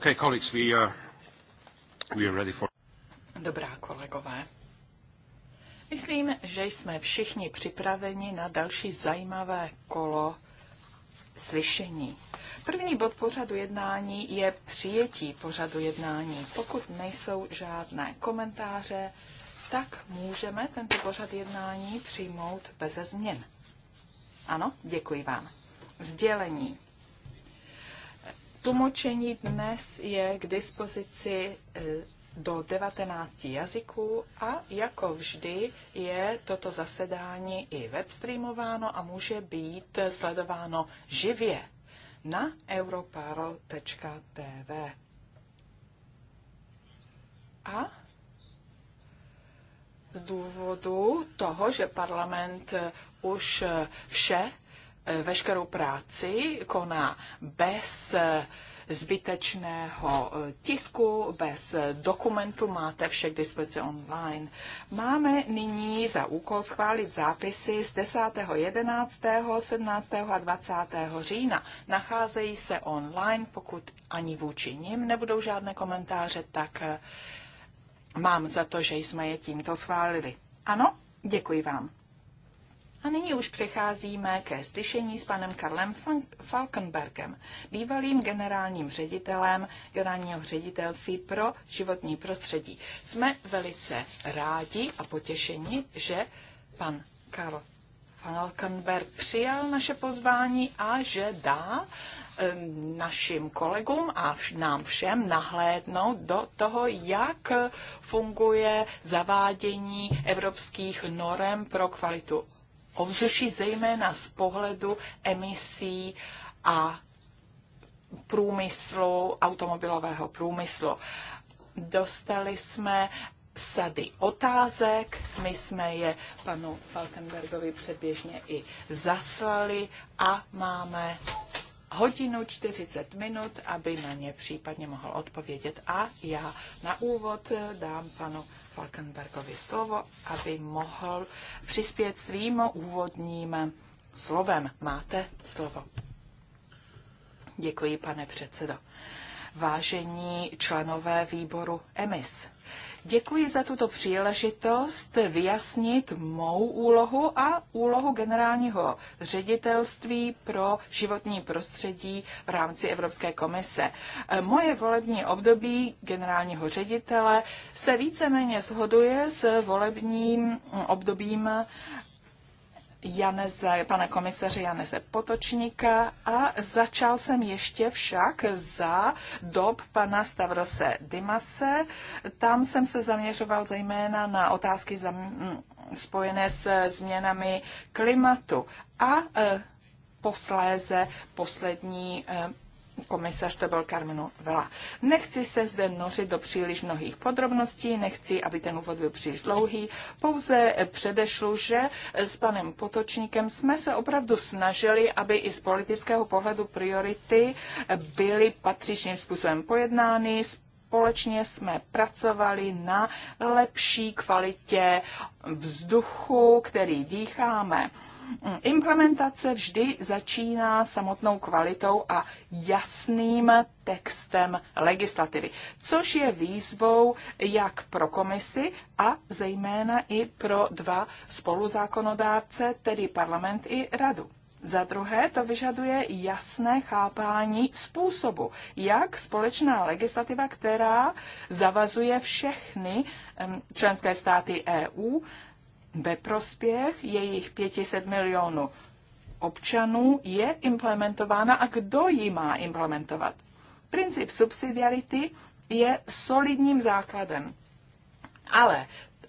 Okay, colleagues, we are, uh, we are ready for... Dobrá, kolegové. Myslím, že jsme všichni připraveni na další zajímavé kolo slyšení. První bod pořadu jednání je přijetí pořadu jednání. Pokud nejsou žádné komentáře, tak můžeme tento pořad jednání přijmout bez změn. Ano, děkuji vám. Vzdělení. Tlumočení dnes je k dispozici e, do 19 jazyků a jako vždy je toto zasedání i webstreamováno a může být sledováno živě na europarl.tv. A z důvodu toho, že parlament už e, vše Eh, veškerou práci koná bez eh, zbytečného eh, tisku, bez dokumentu, máte vše k dispozici online. Máme nyní za úkol schválit zápisy z 10., 11., 17. a 20. října. Nacházejí se online, pokud ani vůči nim nebudou žádné komentáře, tak mám za to, že jsme je tímto schválili. Ano, děkuji vám. A nyní už přecházíme ke slyšení s panem Karlem Falkenbergem, bývalým generálním ředitelem generálního ředitelství pro životní prostředí. Jsme velice rádi a potěšeni, že pan Karl Falkenberg přijal naše pozvání a že dá našim kolegům a nám všem nahlédnout do toho, jak funguje zavádění evropských norem pro kvalitu ovzduší, zejména z pohledu emisí a průmyslu, automobilového průmyslu. Dostali jsme sady otázek, my jsme je panu Falkenbergovi předběžně i zaslali a máme hodinu 40 minut, aby na ně případně mohl odpovědět. A já na úvod dám panu Falkenbergovi slovo, aby mohl přispět svým úvodním slovem. Máte slovo. Děkuji, pane předsedo. Vážení členové výboru EMIS, Děkuji za tuto příležitost vyjasnit mou úlohu a úlohu generálního ředitelství pro životní prostředí v rámci Evropské komise. Moje volební období generálního ředitele se víceméně shoduje s volebním obdobím Janeze, pana komisaře Janeze Potočníka a začal jsem ještě však za dob pana Stavrose Dimase. Tam jsem se zaměřoval zejména na otázky spojené s změnami klimatu a eh, posléze poslední eh, komisař to byl Carmenu Vela. Nechci se zde nořit do příliš mnohých podrobností, nechci, aby ten úvod byl příliš dlouhý, pouze předešlu, že s panem Potočníkem jsme se opravdu snažili, aby i z politického pohledu priority byly patřičným způsobem pojednány, společně jsme pracovali na lepší kvalitě vzduchu, který dýcháme Implementace vždy začíná samotnou kvalitou a jasným textem legislativy, což je výzvou jak pro komisi a zejména i pro dva spoluzákonodárce, tedy parlament i radu. Za druhé, to vyžaduje jasné chápání způsobu, jak společná legislativa, která zavazuje všechny členské státy EU, ve prospěch jejich 500 milionů občanů je implementována a kdo ji má implementovat. Princip subsidiarity je solidním základem. Ale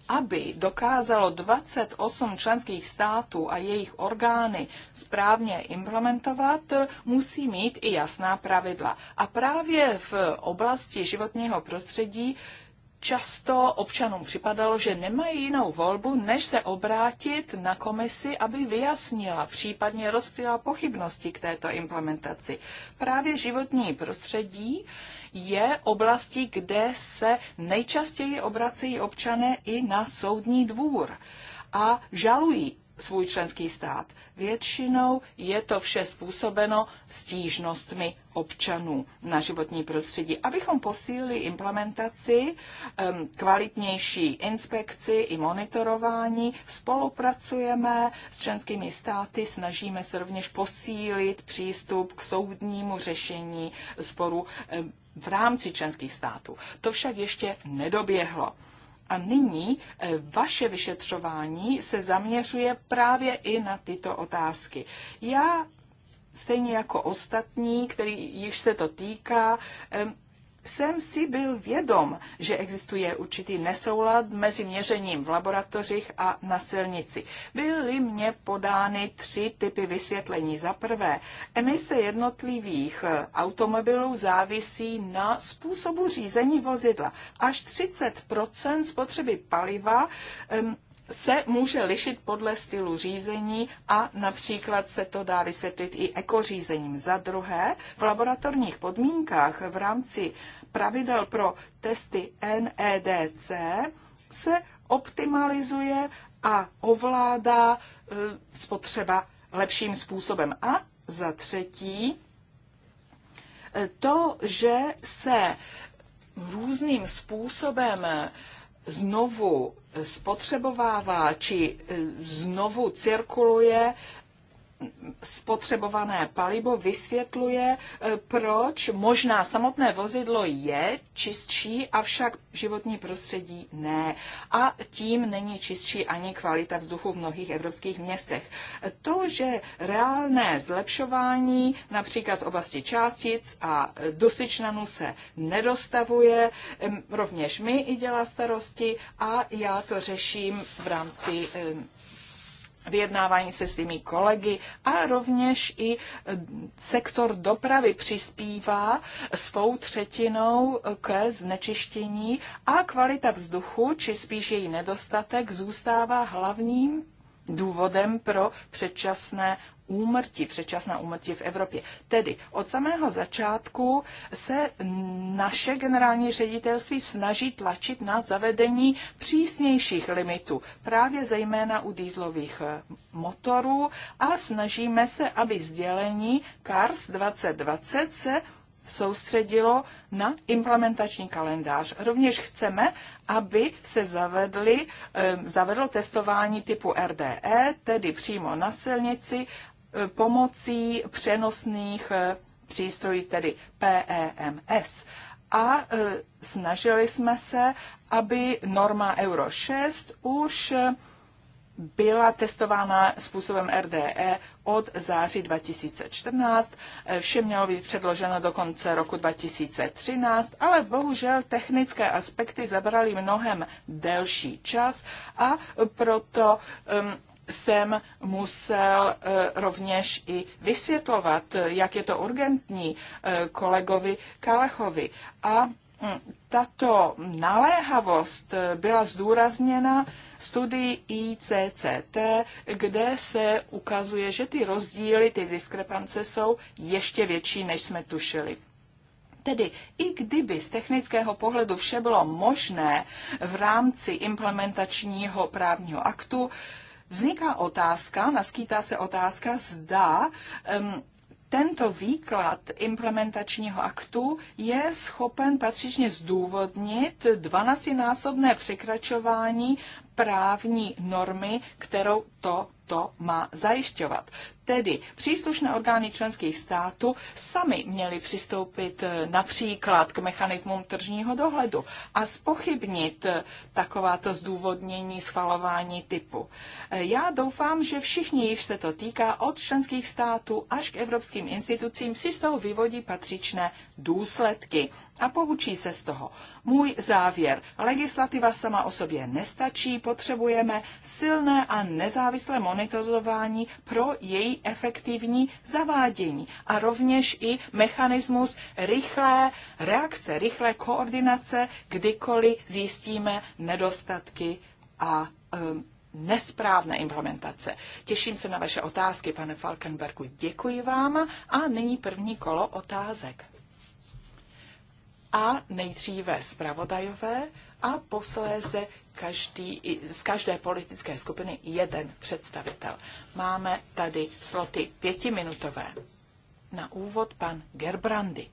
aby dokázalo 28 členských států a jejich orgány správně implementovat, musí mít i jasná pravidla. A právě v oblasti životního prostředí často občanům připadalo, že nemají jinou volbu, než se obrátit na komisi, aby vyjasnila, případně rozkryla pochybnosti k této implementaci. Právě životní prostředí je oblastí, kde se nejčastěji obracejí občané i na soudní dvůr a žalují svůj členský stát. Většinou je to vše způsobeno stížnostmi občanů na životní prostředí. Abychom posílili implementaci, kvalitnější inspekci i monitorování, spolupracujeme s členskými státy, snažíme se rovněž posílit přístup k soudnímu řešení sporu v rámci členských států. To však ještě nedoběhlo. A nyní eh, vaše vyšetřování se zaměřuje právě i na tyto otázky. Já stejně jako ostatní, který již se to týká, jsem si byl vědom, že existuje určitý nesoulad mezi měřením v laboratořích a na silnici. Byly mě podány tři typy vysvětlení. Za prvé, emise jednotlivých eh, automobilů závisí na způsobu řízení vozidla. Až 30 spotřeby paliva um, se může lišit podle stylu řízení a například se to dá vysvětlit i ekořízením. Za druhé, v laboratorních podmínkách v rámci pravidel pro testy NEDC se optimalizuje a ovládá e, spotřeba lepším způsobem. A za třetí, e, to, že se různým způsobem znovu spotřebovává či eh, znovu cirkuluje spotřebované palivo vysvětluje, e, proč možná samotné vozidlo je čistší, avšak životní prostředí ne. A tím není čistší ani kvalita vzduchu v mnohých evropských městech. E, to, že reálné zlepšování například v oblasti částic a dusičnanu se nedostavuje, rovněž mi i dělá starosti a já to řeším v rámci vyjednávání se svými kolegy a rovněž i eh, sektor dopravy přispívá svou třetinou eh, k znečištění a kvalita vzduchu, či spíš její nedostatek, zůstává hlavním důvodem pro předčasné úmrtí, předčasná úmrtí v Evropě. Tedy od samého začátku se naše generální ředitelství snaží tlačit na zavedení přísnějších limitů, právě zejména u dýzlových eh, motorů a snažíme se, aby sdělení CARS 2020 se soustředilo na implementační kalendář. Rovněž chceme, aby se zavedli, zavedlo testování typu RDE, tedy přímo na silnici, e, pomocí přenosných e, přístrojů, tedy PEMS. A e, snažili jsme se, aby norma Euro 6 už byla testována způsobem RDE od září 2014. Vše mělo být předloženo do konce roku 2013, ale bohužel technické aspekty zabraly mnohem delší čas a proto um, jsem musel uh, rovněž i vysvětlovat, jak je to urgentní uh, kolegovi Kalechovi. A tato naléhavost byla zdůrazněna studii ICCT, kde se ukazuje, že ty rozdíly, ty diskrepance jsou ještě větší, než jsme tušili. Tedy i kdyby z technického pohledu vše bylo možné v rámci implementačního právního aktu, vzniká otázka, naskýtá se otázka, zda um, tento výklad implementačního aktu je schopen patřičně zdůvodnit 12-násobné překračování právní normy, kterou to to má zajišťovat. Tedy příslušné orgány členských států sami měly přistoupit e, například k mechanismům tržního dohledu a spochybnit e, takováto zdůvodnění schvalování typu. E, já doufám, že všichni, již se to týká, od členských států až k evropským institucím, si z toho vyvodí patřičné důsledky a poučí se z toho. Můj závěr. Legislativa sama o sobě nestačí, potřebujeme silné a nezávislé monitorování orgánech pro její efektivní zavádění a rovněž i mechanismus rychlé reakce, rychlé koordinace, kdykoliv zjistíme nedostatky a um, nesprávné implementace. Těším se na vaše otázky, pane Falkenbergu. Děkuji vám a nyní první kolo otázek. A nejdříve zpravodajové a posléze každý, z každé politické skupiny jeden představitel. Máme tady sloty pětiminutové. Na úvod pan Gerbrandy.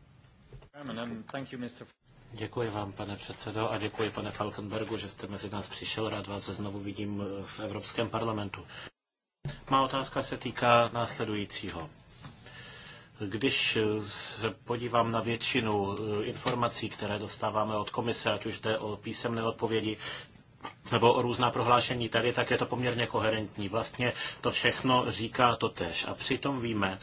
Děkuji vám, pane předsedo, a děkuji, pane Falkenbergu, že jste mezi nás přišel. Rád vás znovu vidím v Evropském parlamentu. Má otázka se týká následujícího. Když se podívám na většinu eh, informací, které dostáváme od komise, ať už jde o písemné odpovědi nebo o různá prohlášení tady, tak je to poměrně koherentní. Vlastně to všechno říká to tež. A přitom víme,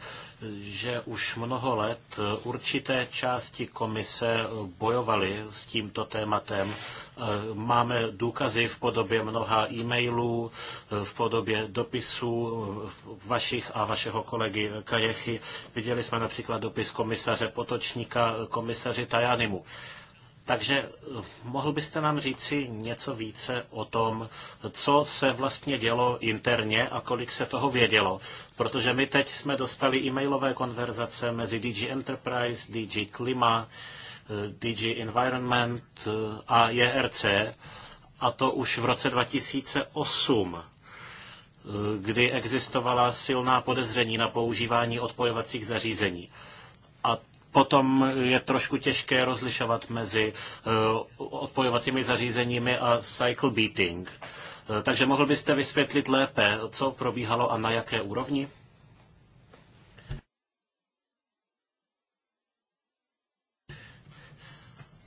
že už mnoho let určité části komise bojovaly s tímto tématem. Máme důkazy v podobě mnoha e-mailů, v podobě dopisů vašich a vašeho kolegy Kajechy. Viděli jsme například dopis komisaře Potočníka komisaři Tajanimu. Takže eh, mohl byste nám říci něco více o tom, co se vlastně dělo interně a kolik se toho vědělo? Protože my teď jsme dostali e-mailové konverzace mezi DG Enterprise, DG Klima, eh, DG Environment eh, a JRC, e a to už v roce 2008 kdy existovala silná podezření na používání odpojovacích zařízení. A potom je trošku těžké rozlišovat mezi eh, odpojovacími zařízeními a cycle beating. Eh, takže mohl byste vysvětlit lépe, co probíhalo a na jaké úrovni?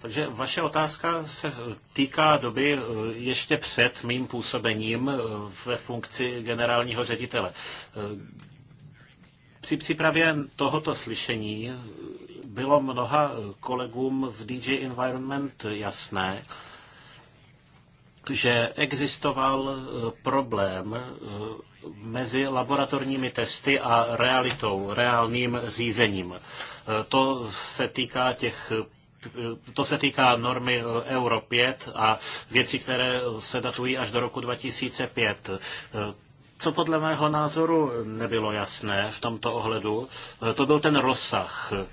Takže vaše otázka se týká doby eh, ještě před mým působením ve funkci generálního ředitele. Při přípravě tohoto slyšení bylo mnoha eh, kolegům v DJ Environment jasné, že existoval eh, problém eh, mezi laboratorními testy a realitou, reálným řízením. To se týká těch to se týká normy Euro 5 a věcí, které se datují až do roku 2005. Co podle mého názoru nebylo jasné v tomto ohledu, eh, to byl ten rozsah eh,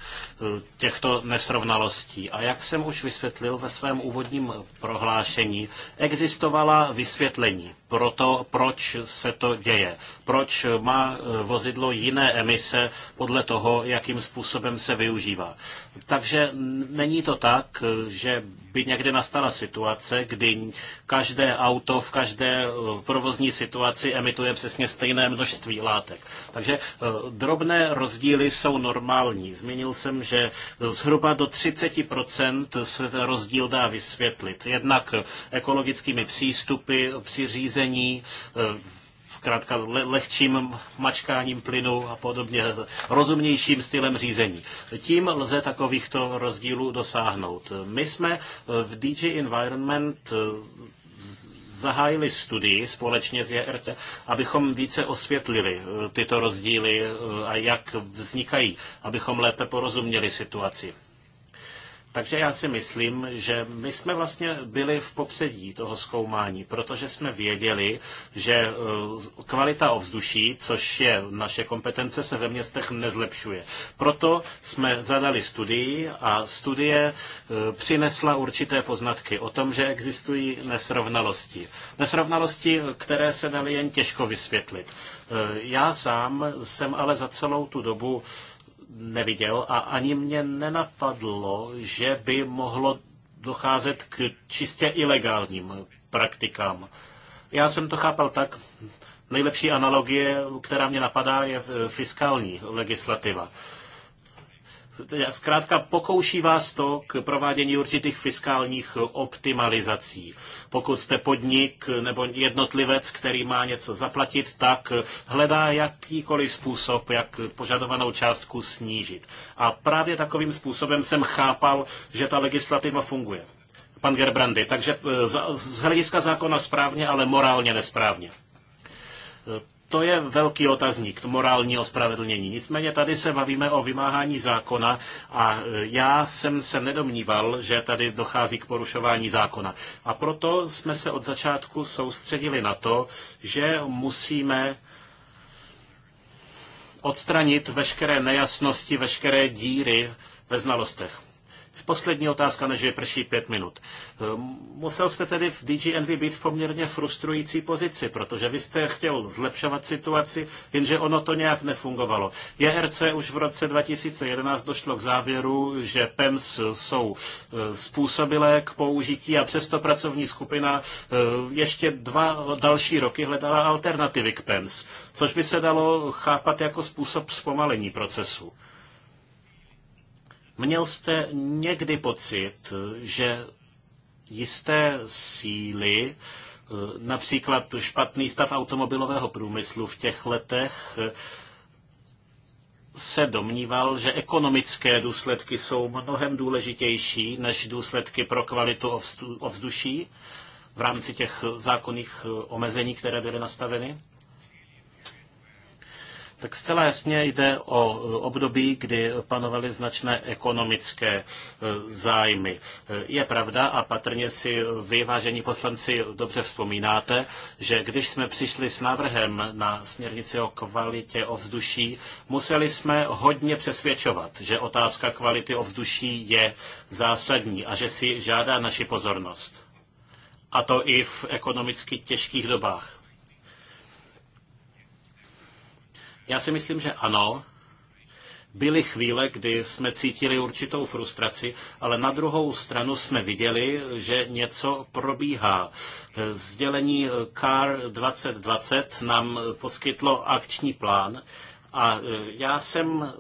těchto nesrovnalostí. A jak jsem už vysvětlil ve svém úvodním prohlášení, existovala vysvětlení pro to, proč se to děje. Proč má eh, vozidlo jiné emise podle toho, jakým způsobem se využívá. Takže není to tak, eh, že by někdy nastala situace, kdy každé auto v každé eh, provozní situaci emituje přesně stejné množství látek. Takže drobné rozdíly jsou normální. Zmínil jsem, že zhruba do 30% se rozdíl dá vysvětlit. Jednak ekologickými přístupy při řízení řízení, eh, zkrátka lehčím mačkáním plynu a podobně, rozumnějším stylem řízení. Tím lze takovýchto rozdílů dosáhnout. My jsme eh, v DG Environment eh, zahájili studii společně s JRC, abychom více osvětlili tyto rozdíly a jak vznikají, abychom lépe porozuměli situaci. Takže já si myslím, že my jsme vlastně byli v popředí toho zkoumání, protože jsme věděli, že e, kvalita ovzduší, což je naše kompetence, se ve městech nezlepšuje. Proto jsme zadali studii a studie e, přinesla určité poznatky o tom, že existují nesrovnalosti. Nesrovnalosti, které se daly jen těžko vysvětlit. E, já sám jsem ale za celou tu dobu neviděl a ani mě nenapadlo, že by mohlo docházet k čistě ilegálním praktikám. Já jsem to chápal tak, nejlepší analogie, která mě napadá, je e, fiskální legislativa zkrátka pokouší vás to k provádění určitých fiskálních optimalizací. Pokud jste podnik nebo jednotlivec, který má něco zaplatit, tak hledá jakýkoliv způsob, jak požadovanou částku snížit. A právě takovým způsobem jsem chápal, že ta legislativa funguje. Pan Gerbrandy, takže e, z hlediska zákona správně, ale morálně nesprávně to je velký otazník, to morální ospravedlnění. Nicméně tady se bavíme o vymáhání zákona a e, já jsem se nedomníval, že tady dochází k porušování zákona. A proto jsme se od začátku soustředili na to, že musíme odstranit veškeré nejasnosti, veškeré díry ve znalostech. Poslední otázka, než je prší pět minut. Ehm, musel jste tedy v DG Envy být v poměrně frustrující pozici, protože vy jste chtěl zlepšovat situaci, jenže ono to nějak nefungovalo. JRC už v roce 2011 došlo k závěru, že PEMS jsou ehm, způsobilé k použití a přesto pracovní skupina ehm, ještě dva další roky hledala alternativy k PEMS, což by se dalo chápat jako způsob zpomalení procesu. Měl jste někdy pocit, že jisté síly, například špatný stav automobilového průmyslu v těch letech, se domníval, že ekonomické důsledky jsou mnohem důležitější než důsledky pro kvalitu ovzduší v rámci těch zákonných omezení, které byly nastaveny? tak zcela jasně jde o období, kdy panovaly značné ekonomické e, zájmy. E, je pravda a patrně si vy, vážení poslanci, dobře vzpomínáte, že když jsme přišli s návrhem na směrnici o kvalitě ovzduší, museli jsme hodně přesvědčovat, že otázka kvality ovzduší je zásadní a že si žádá naši pozornost. A to i v ekonomicky těžkých dobách. Já si myslím, že ano. Byly chvíle, kdy jsme cítili určitou frustraci, ale na druhou stranu jsme viděli, že něco probíhá. Sdělení CAR 2020 nám poskytlo akční plán a e, já jsem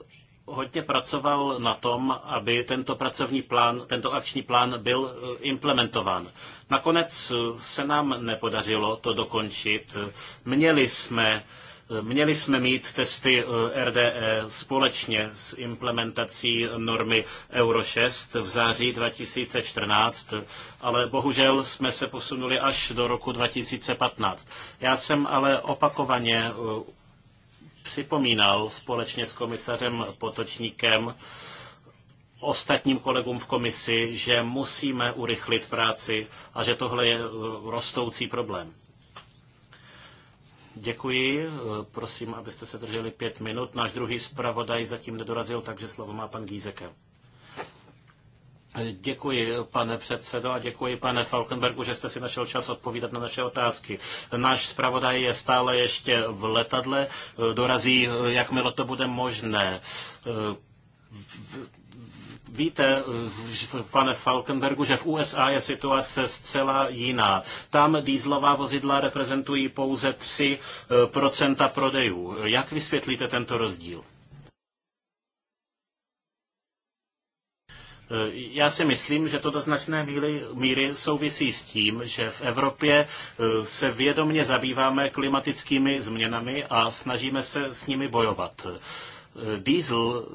hodně pracoval na tom, aby tento pracovní plán, tento akční plán byl e, implementován. Nakonec e, se nám nepodařilo to dokončit. Měli jsme Měli jsme mít testy eh, RDE společně s implementací normy Euro 6 v září 2014, ale bohužel jsme se posunuli až do roku 2015. Já jsem ale opakovaně eh, připomínal společně s komisařem Potočníkem, ostatním kolegům v komisi, že musíme urychlit práci a že tohle je eh, rostoucí problém. Děkuji. Prosím, abyste se drželi pět minut. Náš druhý zpravodaj zatím nedorazil, takže slovo má pan Gízeke. Děkuji, pane předsedo, a děkuji, pane Falkenbergu, že jste si našel čas odpovídat na naše otázky. Náš zpravodaj je stále ještě v letadle, dorazí, jakmile to bude možné Víte, pane Falkenbergu, že v USA je situace zcela jiná. Tam dýzlová vozidla reprezentují pouze 3% eh, prodejů. Jak vysvětlíte tento rozdíl? Eh, já si myslím, že to do značné míry, míry souvisí s tím, že v Evropě eh, se vědomně zabýváme klimatickými změnami a snažíme se s nimi bojovat. Diesel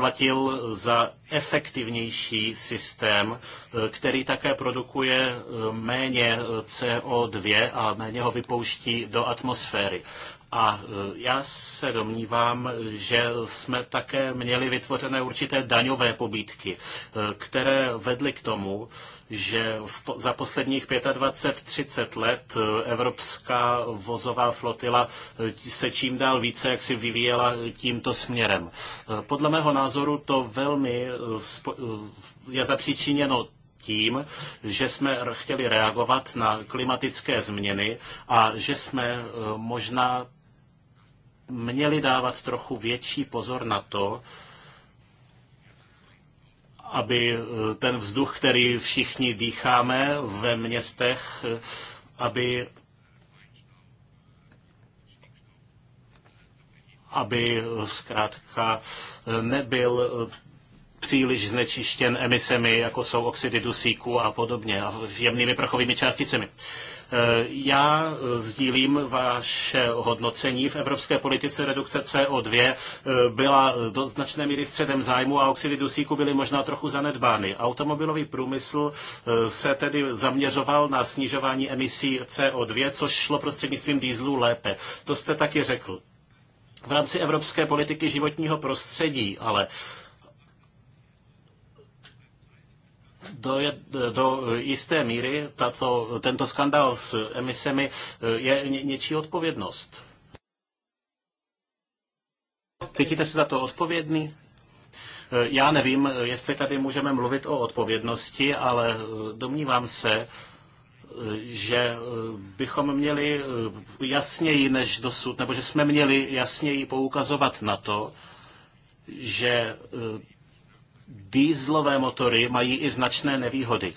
platil za efektivnější systém, e, který také produkuje e, méně e, CO2 a méně ho vypouští do atmosféry. A já se domnívám, že jsme také měli vytvořené určité daňové pobídky, které vedly k tomu, že v, za posledních 25-30 let e, evropská vozová flotila e, se čím dál více jak si vyvíjela tímto směrem. E, podle mého názoru to velmi je zapříčiněno tím, že jsme chtěli reagovat na klimatické změny a že jsme možná měli dávat trochu větší pozor na to, aby eh, ten vzduch, který všichni dýcháme ve městech, eh, aby aby eh, zkrátka nebyl příliš znečištěn emisemi, jako jsou oxidy dusíku a podobně, a jemnými prachovými částicemi. Eh, já eh, sdílím vaše hodnocení v evropské politice redukce CO2 eh, byla do značné míry středem zájmu a oxidy dusíku byly možná trochu zanedbány. Automobilový průmysl se tedy zaměřoval na snižování emisí CO2, což šlo prostřednictvím dýzlu lépe. To jste taky řekl. V rámci evropské politiky životního prostředí, ale uh, do, je, do jisté míry tato, tento skandál s emisemi eh, je ně, něčí odpovědnost. Cítíte se za to odpovědný? Eh, já nevím, jestli tady můžeme mluvit o odpovědnosti, ale eh, domnívám se, že bychom měli jasněji než dosud, nebo že jsme měli jasněji poukazovat na to, že dýzlové motory mají i značné nevýhody. E,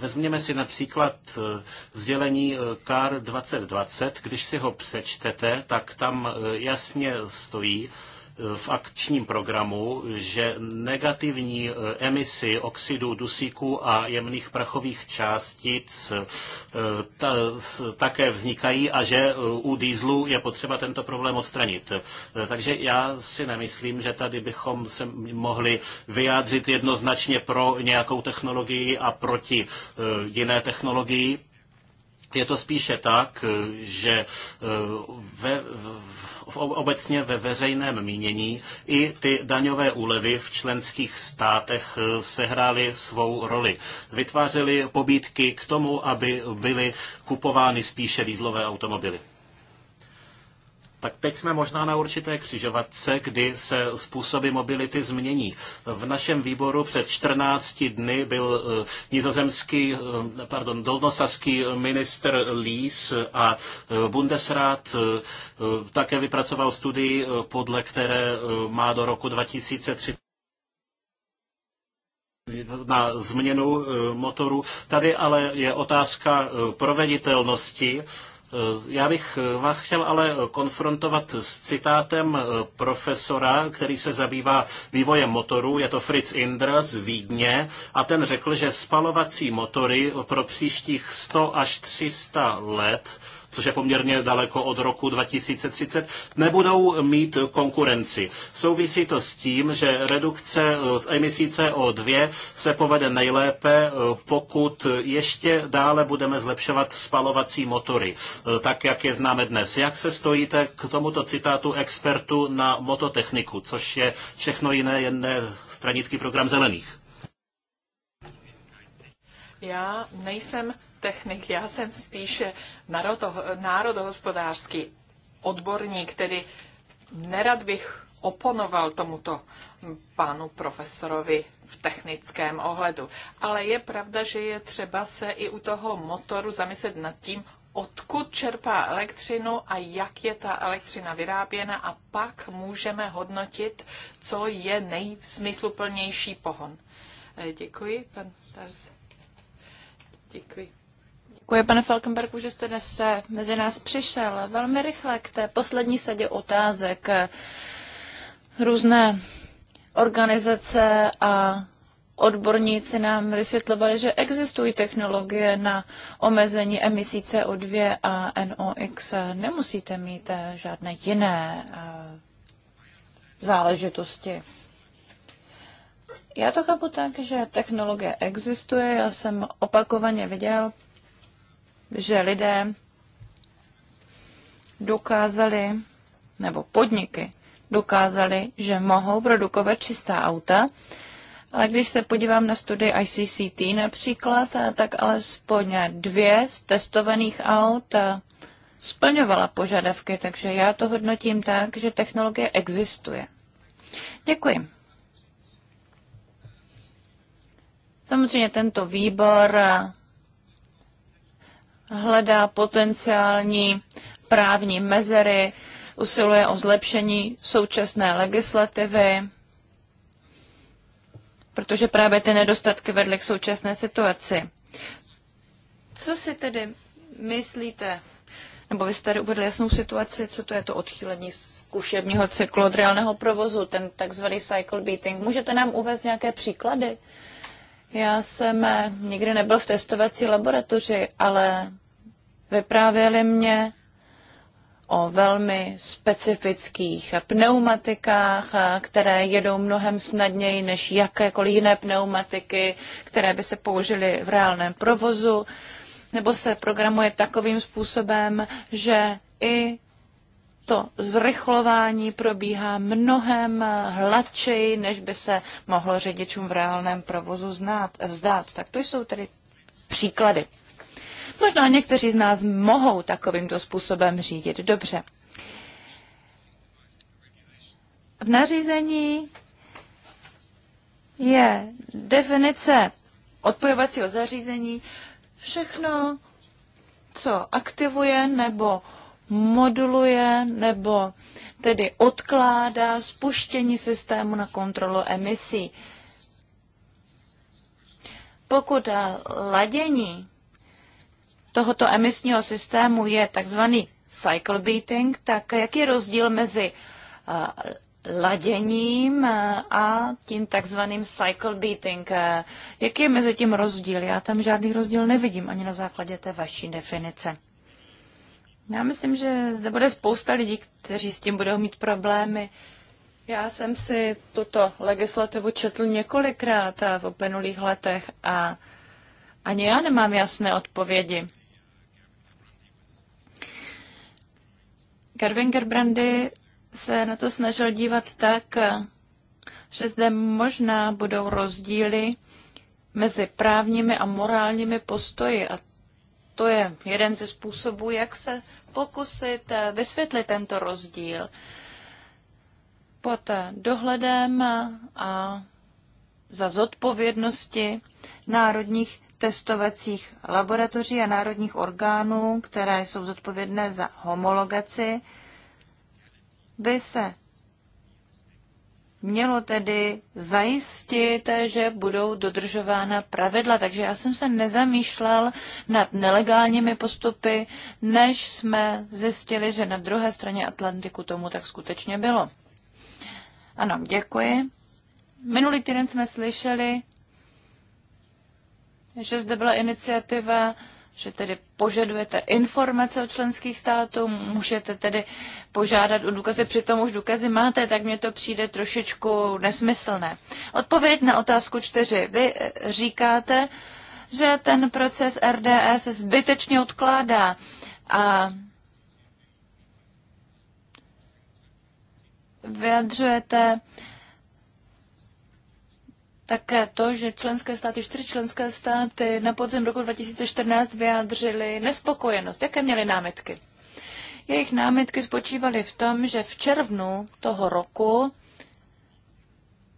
vezměme si například e, sdělení e, CAR 2020, když si ho přečtete, tak tam jasně stojí, v akčním programu, že negativní eh, emisy oxidu dusíku a jemných prachových částic eh, také vznikají a že eh, u dýzlu je potřeba tento problém odstranit. Takže já si nemyslím, že tady bychom se mohli vyjádřit jednoznačně pro nějakou technologii a proti jiné technologii. Je to spíše tak, že ve, v obecně ve veřejném mínění i ty daňové úlevy v členských státech eh, sehrály svou roli. Vytvářely pobídky k tomu, aby byly kupovány spíše dýzlové automobily tak teď jsme možná na určité křižovatce, kdy se způsoby mobility změní. V našem výboru před 14 dny byl eh, nizozemský, eh, pardon, dolnosaský minister Lees a eh, Bundesrat také vypracoval studii, podle které má do roku 2030 na změnu motoru. Tady ale je otázka proveditelnosti Eh, já bych eh, vás chtěl ale konfrontovat s citátem eh, profesora, který se zabývá vývojem motorů, je to Fritz Indra z Vídně, a ten řekl, že spalovací motory pro příštích 100 až 300 let což je poměrně daleko od roku 2030, nebudou mít konkurenci. Souvisí to s tím, že redukce eh, emisí CO2 se povede nejlépe, eh, pokud ještě dále budeme zlepšovat spalovací motory, eh, tak jak je známe dnes. Jak se stojíte k tomuto citátu expertu na mototechniku, což je všechno jiné, jen ne stranický program zelených? Já nejsem technik. Já jsem spíše národohospodářský odborník, tedy nerad bych oponoval tomuto pánu profesorovi v technickém ohledu. Ale je pravda, že je třeba se i u toho motoru zamyslet nad tím, odkud čerpá elektřinu a jak je ta elektřina vyráběna a pak můžeme hodnotit, co je nejsmysluplnější pohon. Eh, děkuji, pan Tars. Děkuji. Děkuji, pane Falkenbergu, že jste dnes mezi nás přišel. Velmi rychle k té poslední sadě otázek. Různé organizace a odborníci nám vysvětlovali, že existují technologie na omezení emisí CO2 a NOx. Nemusíte mít eh, žádné jiné eh, záležitosti. Já to chápu tak, že technologie existuje. Já jsem opakovaně viděl že lidé dokázali, nebo podniky dokázali, že mohou produkovat čistá auta, ale když se podívám na studii ICCT například, tak alespoň dvě z testovaných aut splňovala požadavky, takže já to hodnotím tak, že technologie existuje. Děkuji. Samozřejmě tento výbor hledá potenciální právní mezery, usiluje o zlepšení současné legislativy, protože právě ty nedostatky vedly k současné situaci. Co si tedy myslíte, nebo vy jste tady uvedli jasnou situaci, co to je to odchýlení zkušebního cyklu od reálného provozu, ten takzvaný cycle beating. Můžete nám uvést nějaké příklady? Uh, já jsem eh, nikdy nebyl v testovací laboratoři, ale vyprávěli mě o velmi specifických pneumatikách, eh, které jedou mnohem snadněji než jakékoliv jiné pneumatiky, které by se použily v reálném provozu, nebo se programuje takovým způsobem, že i to zrychlování probíhá mnohem hladčeji, než by se mohlo řidičům v reálném provozu znát, vzdát. Tak to jsou tedy příklady. Možná někteří z nás mohou takovýmto způsobem řídit. Dobře. V nařízení je definice odpojovacího zařízení všechno, co aktivuje nebo moduluje nebo tedy odkládá spuštění systému na kontrolu emisí. Pokud ladění tohoto emisního systému je takzvaný cycle beating, tak jaký je rozdíl mezi laděním a tím takzvaným cycle beating. Jaký je mezi tím rozdíl? Já tam žádný rozdíl nevidím ani na základě té vaší definice. Já myslím, že zde bude spousta lidí, kteří s tím budou mít problémy. Já jsem si tuto legislativu četl několikrát v uplynulých letech a ani já nemám jasné odpovědi. Gervin Gerbrandy se na to snažil dívat tak, že zde možná budou rozdíly mezi právními a morálními postoji a to je jeden ze způsobů, jak se pokusit eh, vysvětlit tento rozdíl pod eh, dohledem eh, a za zodpovědnosti národních testovacích laboratoří a národních orgánů, které jsou zodpovědné za homologaci, by se mělo tedy zajistit, že budou dodržována pravidla. Takže já jsem se nezamýšlel nad nelegálními postupy, než jsme zjistili, že na druhé straně Atlantiku tomu tak skutečně bylo. Ano, děkuji. Minulý týden jsme slyšeli, že zde byla iniciativa že tedy požadujete informace od členských států, můžete tedy požádat o důkazy, přitom už důkazy máte, tak mně to přijde trošičku nesmyslné. Odpověď na otázku čtyři. Vy eh, říkáte, že ten proces RDS zbytečně odkládá a vyjadřujete také to, že členské státy, čtyři členské státy na podzim roku 2014 vyjádřili nespokojenost. Jaké měly námitky? Jejich námitky spočívaly v tom, že v červnu toho roku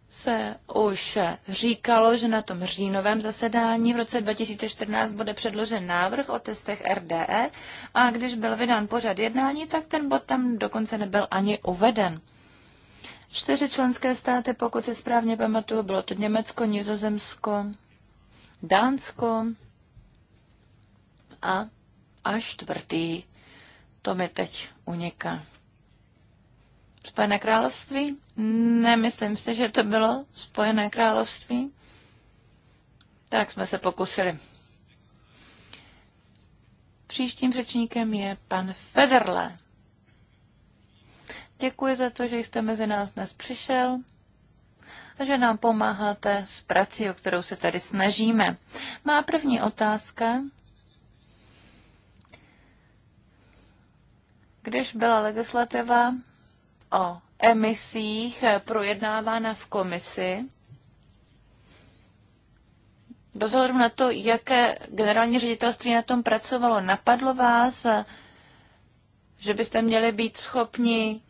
se už říkalo, že na tom říjnovém zasedání v roce 2014 bude předložen návrh o testech RDE a když byl vydán pořad jednání, tak ten bod tam dokonce nebyl ani uveden. Čtyři členské státy, pokud si správně pamatuju, bylo to Německo, Nizozemsko, Dánsko a až čtvrtý. To mi teď uniká. Spojené království? Nemyslím si, že to bylo Spojené království. Tak jsme se pokusili. Příštím řečníkem je pan Federle. Děkuji za to, že jste mezi nás dnes přišel a že nám pomáháte s prací, o kterou se tady snažíme. Má první otázka. Když byla legislativa o emisích projednávána v komisi, bez ohledu na to, jaké generální ředitelství na tom pracovalo, napadlo vás, že byste měli být schopni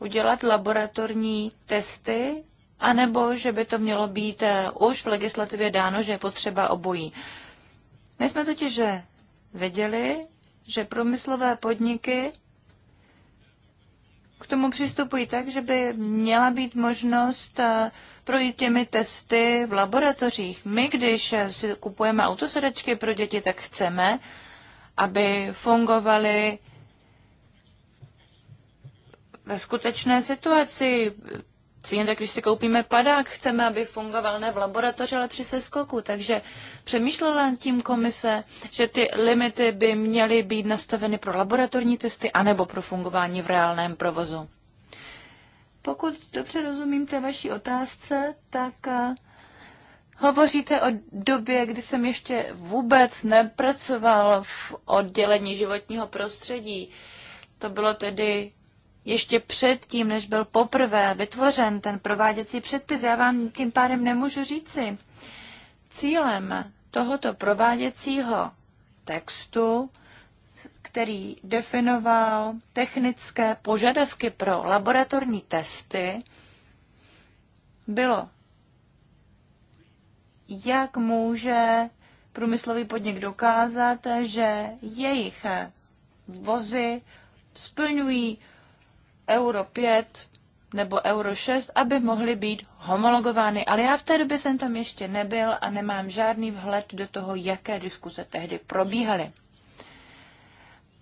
udělat laboratorní testy, anebo že by to mělo být eh, už v legislativě dáno, že je potřeba obojí. My jsme totiž eh, věděli, že průmyslové podniky k tomu přistupují tak, že by měla být možnost eh, projít těmi testy v laboratořích. My, když si kupujeme autosedačky pro děti, tak chceme, aby fungovaly ve skutečné situaci. Cíně, tak když si koupíme padák, chceme, aby fungoval ne v laboratoři, ale při seskoku. Takže přemýšlela tím komise, že ty limity by měly být nastaveny pro laboratorní testy anebo pro fungování v reálném provozu. Pokud dobře rozumím té vaší otázce, tak eh, hovoříte o době, kdy jsem ještě vůbec nepracoval v oddělení životního prostředí. To bylo tedy ještě předtím, než byl poprvé vytvořen ten prováděcí předpis. Já vám tím pádem nemůžu říci. Cílem tohoto prováděcího textu, který definoval technické požadavky pro laboratorní testy, bylo, jak může průmyslový podnik dokázat, že jejich vozy splňují Euro 5 nebo Euro 6, aby mohly být homologovány. Ale já v té době jsem tam ještě nebyl a nemám žádný vhled do toho, jaké diskuze tehdy probíhaly.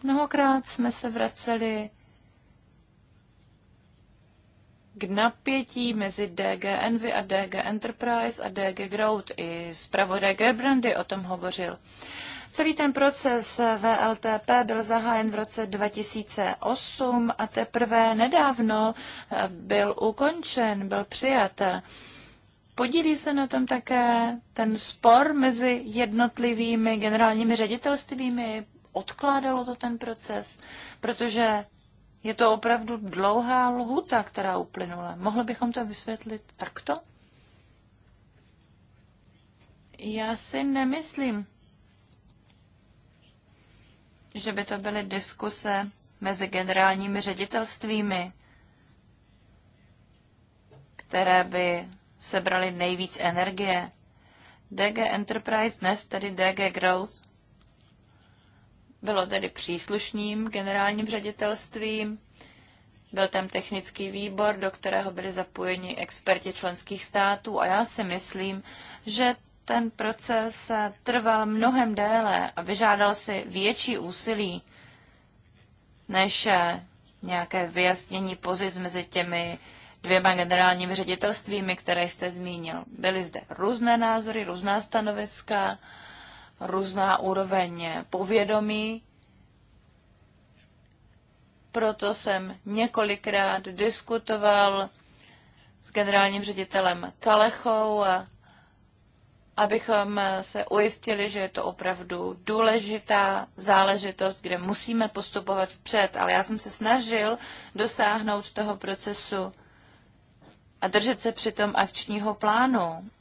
Mnohokrát jsme se vraceli k napětí mezi DG Envy a DG Enterprise a DG Growth. I zpravodaj Gerbrandy o tom hovořil. Celý ten proces VLTP byl zahájen v roce 2008 a teprve nedávno eh, byl ukončen, byl přijat. Podílí se na tom také ten spor mezi jednotlivými generálními ředitelstvími? Odkládalo to ten proces? Protože je to opravdu dlouhá lhuta, která uplynula. Mohli bychom to vysvětlit takto? Já si nemyslím, že by to byly diskuse mezi generálními ředitelstvími, které by sebraly nejvíc energie. DG Enterprise, dnes tedy DG Growth, bylo tedy příslušným generálním ředitelstvím. Byl tam technický výbor, do kterého byli zapojeni experti členských států a já si myslím, že ten proces trval mnohem déle a vyžádal si větší úsilí než nějaké vyjasnění pozic mezi těmi dvěma generálními ředitelstvími, které jste zmínil. Byly zde různé názory, různá stanoviska, různá úroveň povědomí. Proto jsem několikrát diskutoval s generálním ředitelem Kalechou a abychom se ujistili, že je to opravdu důležitá záležitost, kde musíme postupovat vpřed. Ale já jsem se snažil dosáhnout toho procesu a držet se přitom akčního plánu.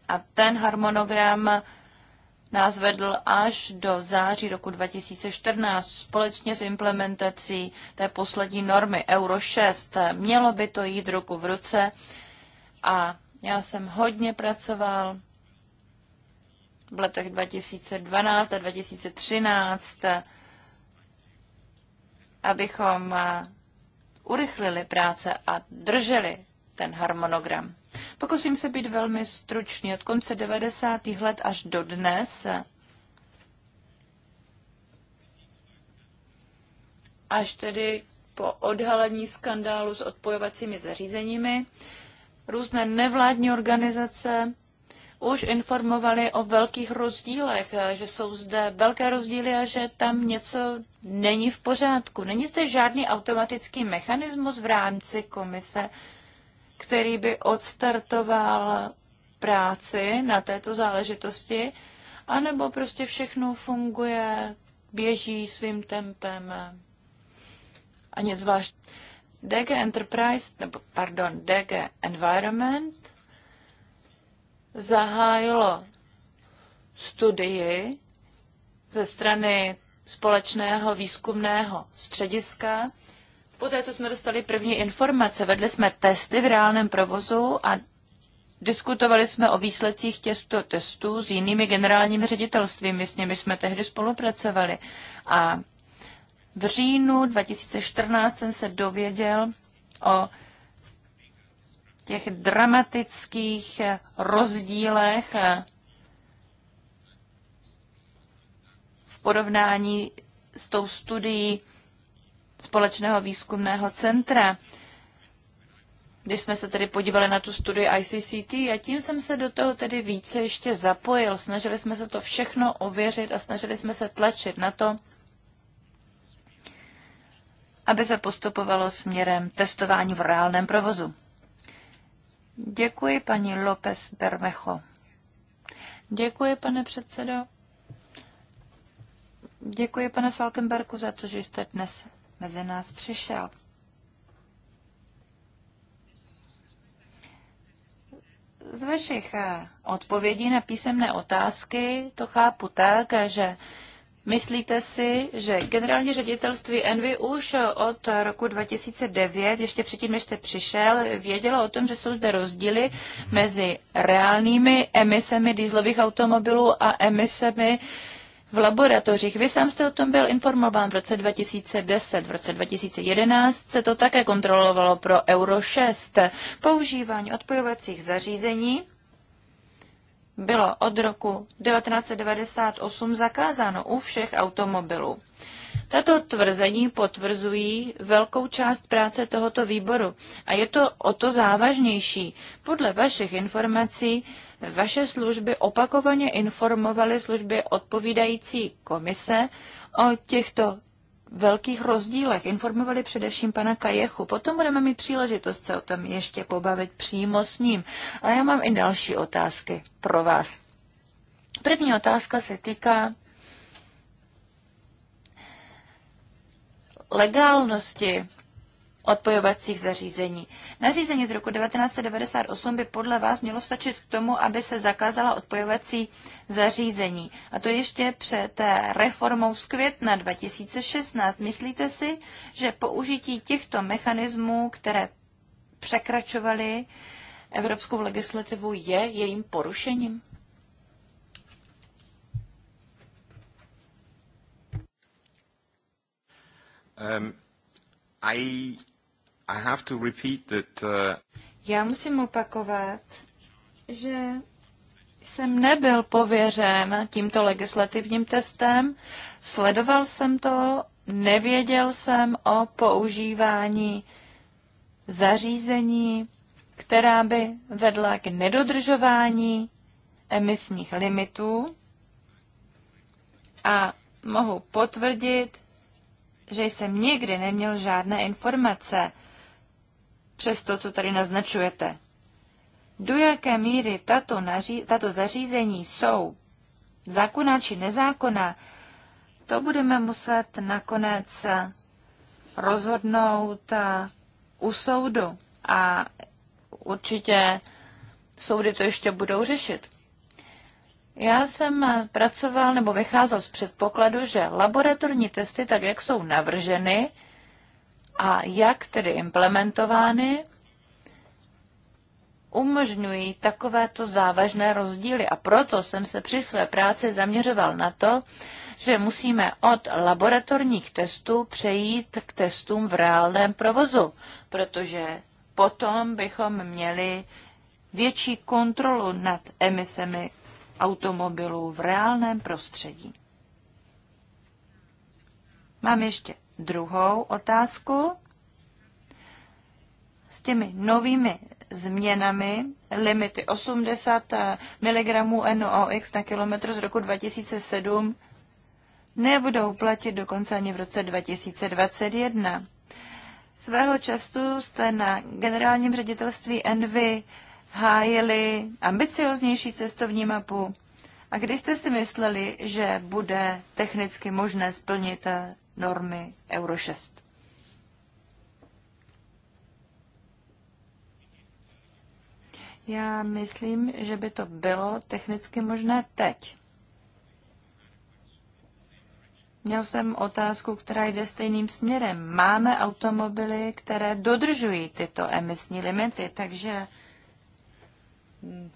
A ten harmonogram nás vedl až do září roku 2014 společně s implementací té poslední normy Euro 6. Mělo by to jít ruku v ruce a já jsem hodně pracoval v letech 2012 a 2013, abychom eh, urychlili práce a drželi ten harmonogram. Pokusím se být velmi stručný. Od konce 90. let až do dnes, až tedy po odhalení skandálu s odpojovacími zařízeními, různé nevládní organizace už informovali o velkých rozdílech, eh, že jsou zde velké rozdíly a že tam něco není v pořádku. Není zde žádný automatický mechanismus v rámci komise, který by odstartoval práci na této záležitosti, anebo prostě všechno funguje, běží svým tempem a nic zvlášť. DG Enterprise, nebo pardon, DG Environment zahájilo studii ze strany společného výzkumného střediska. Poté, co jsme dostali první informace, vedli jsme testy v reálném provozu a diskutovali jsme o výsledcích těchto testů s jinými generálními ředitelstvími, s nimi jsme tehdy spolupracovali. A v říjnu 2014 jsem se dověděl o těch dramatických rozdílech v porovnání s tou studií Společného výzkumného centra, když jsme se tedy podívali na tu studii ICCT a tím jsem se do toho tedy více ještě zapojil. Snažili jsme se to všechno ověřit a snažili jsme se tlačit na to, aby se postupovalo směrem testování v reálném provozu. Děkuji, paní López Bermecho. Děkuji, pane předsedo. Děkuji, pane Falkenberku, za to, že jste dnes mezi nás přišel. Z vašich eh, odpovědí na písemné otázky to chápu tak, že Myslíte si, že generální ředitelství Envy už od roku 2009, ještě předtím, než jste přišel, vědělo o tom, že jsou zde rozdíly mezi reálnými emisemi dýzlových automobilů a emisemi v laboratořích. Vy sám jste o tom byl informován v roce 2010, v roce 2011 se to také kontrolovalo pro Euro 6. Používání odpojovacích zařízení bylo od roku 1998 zakázáno u všech automobilů. Tato tvrzení potvrzují velkou část práce tohoto výboru a je to o to závažnější. Podle vašich informací vaše služby opakovaně informovaly služby odpovídající komise o těchto velkých rozdílech. Informovali především pana Kajechu. Potom budeme mít příležitost se o tom ještě pobavit přímo s ním. Ale já mám i další otázky pro vás. První otázka se týká legálnosti odpojovacích zařízení. Nařízení z roku 1998 by podle vás mělo stačit k tomu, aby se zakázala odpojovací zařízení. A to ještě před eh, reformou z května 2016. Myslíte si, že použití těchto mechanismů, které překračovaly evropskou legislativu, je jejím porušením? Um, I i have to repeat that, uh... Já musím opakovat, že jsem nebyl pověřen tímto legislativním testem, sledoval jsem to, nevěděl jsem o používání zařízení, která by vedla k nedodržování emisních limitů a mohu potvrdit, že jsem nikdy neměl žádné informace přes to, co tady naznačujete. Do jaké míry tato, naří, tato zařízení jsou zákonná či nezákonná, to budeme muset nakonec rozhodnout eh, u soudu. A určitě soudy to ještě budou řešit. Já jsem pracoval nebo vycházel z předpokladu, že laboratorní testy, tak jak jsou navrženy, a jak tedy implementovány, umožňují takovéto závažné rozdíly. A proto jsem se při své práci zaměřoval na to, že musíme od laboratorních testů přejít k testům v reálném provozu, protože potom bychom měli větší kontrolu nad emisemi automobilů v reálném prostředí. Mám ještě druhou otázku. S těmi novými změnami limity 80 mg NOx na kilometr z roku 2007 nebudou platit dokonce ani v roce 2021. Svého času jste na generálním ředitelství Envy hájili ambicioznější cestovní mapu. A kdy jste si mysleli, že bude technicky možné splnit normy Euro 6. Já myslím, že by to bylo technicky možné teď. Měl jsem otázku, která jde stejným směrem. Máme automobily, které dodržují tyto emisní limity, takže hm,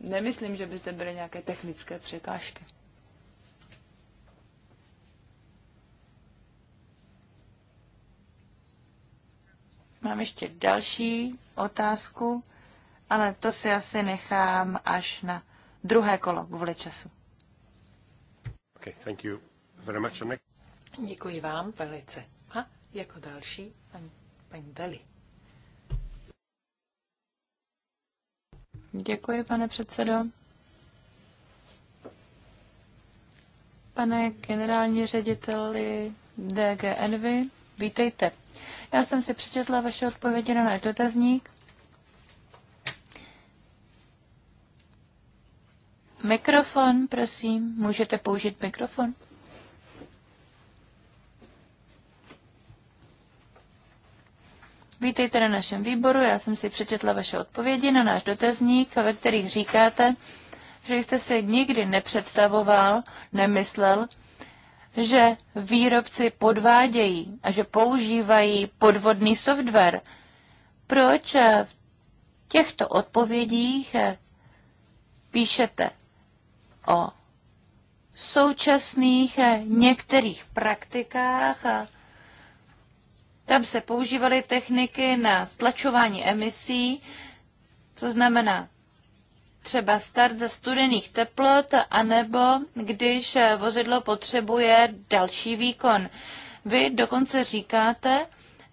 nemyslím, že by zde byly nějaké technické překážky. Mám ještě další otázku, ale to si asi nechám až na druhé kolo kvůli času. Okay, thank you very much. Děkuji vám velice. A jako další paní, paní Deli. Děkuji, pane předsedo. Pane generální řediteli DGNV, vítejte já jsem si přečetla vaše odpovědi na náš dotazník. Mikrofon, prosím. Můžete použít mikrofon? Vítejte na našem výboru. Já jsem si přečetla vaše odpovědi na náš dotazník, ve kterých říkáte, že jste si nikdy nepředstavoval, nemyslel, že výrobci podvádějí a že používají podvodný software. Proč v těchto odpovědích píšete o současných některých praktikách tam se používaly techniky na stlačování emisí, to znamená třeba start ze studených teplot, anebo když vozidlo potřebuje další výkon. Vy dokonce říkáte,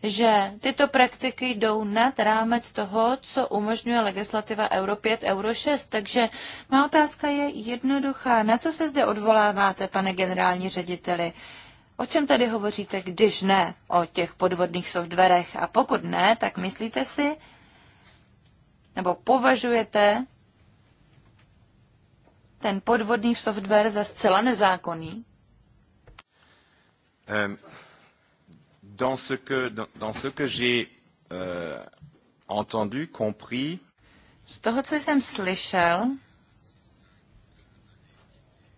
že tyto praktiky jdou nad rámec toho, co umožňuje legislativa Euro 5, Euro 6. Takže má otázka je jednoduchá. Na co se zde odvoláváte, pane generální řediteli? O čem tady hovoříte, když ne o těch podvodných softwarech? A pokud ne, tak myslíte si, nebo považujete ten podvodný software za zcela nezákonný? Um, dans ce que, dans, dans ce que j'ai uh, entendu, compris, z toho, co jsem slyšel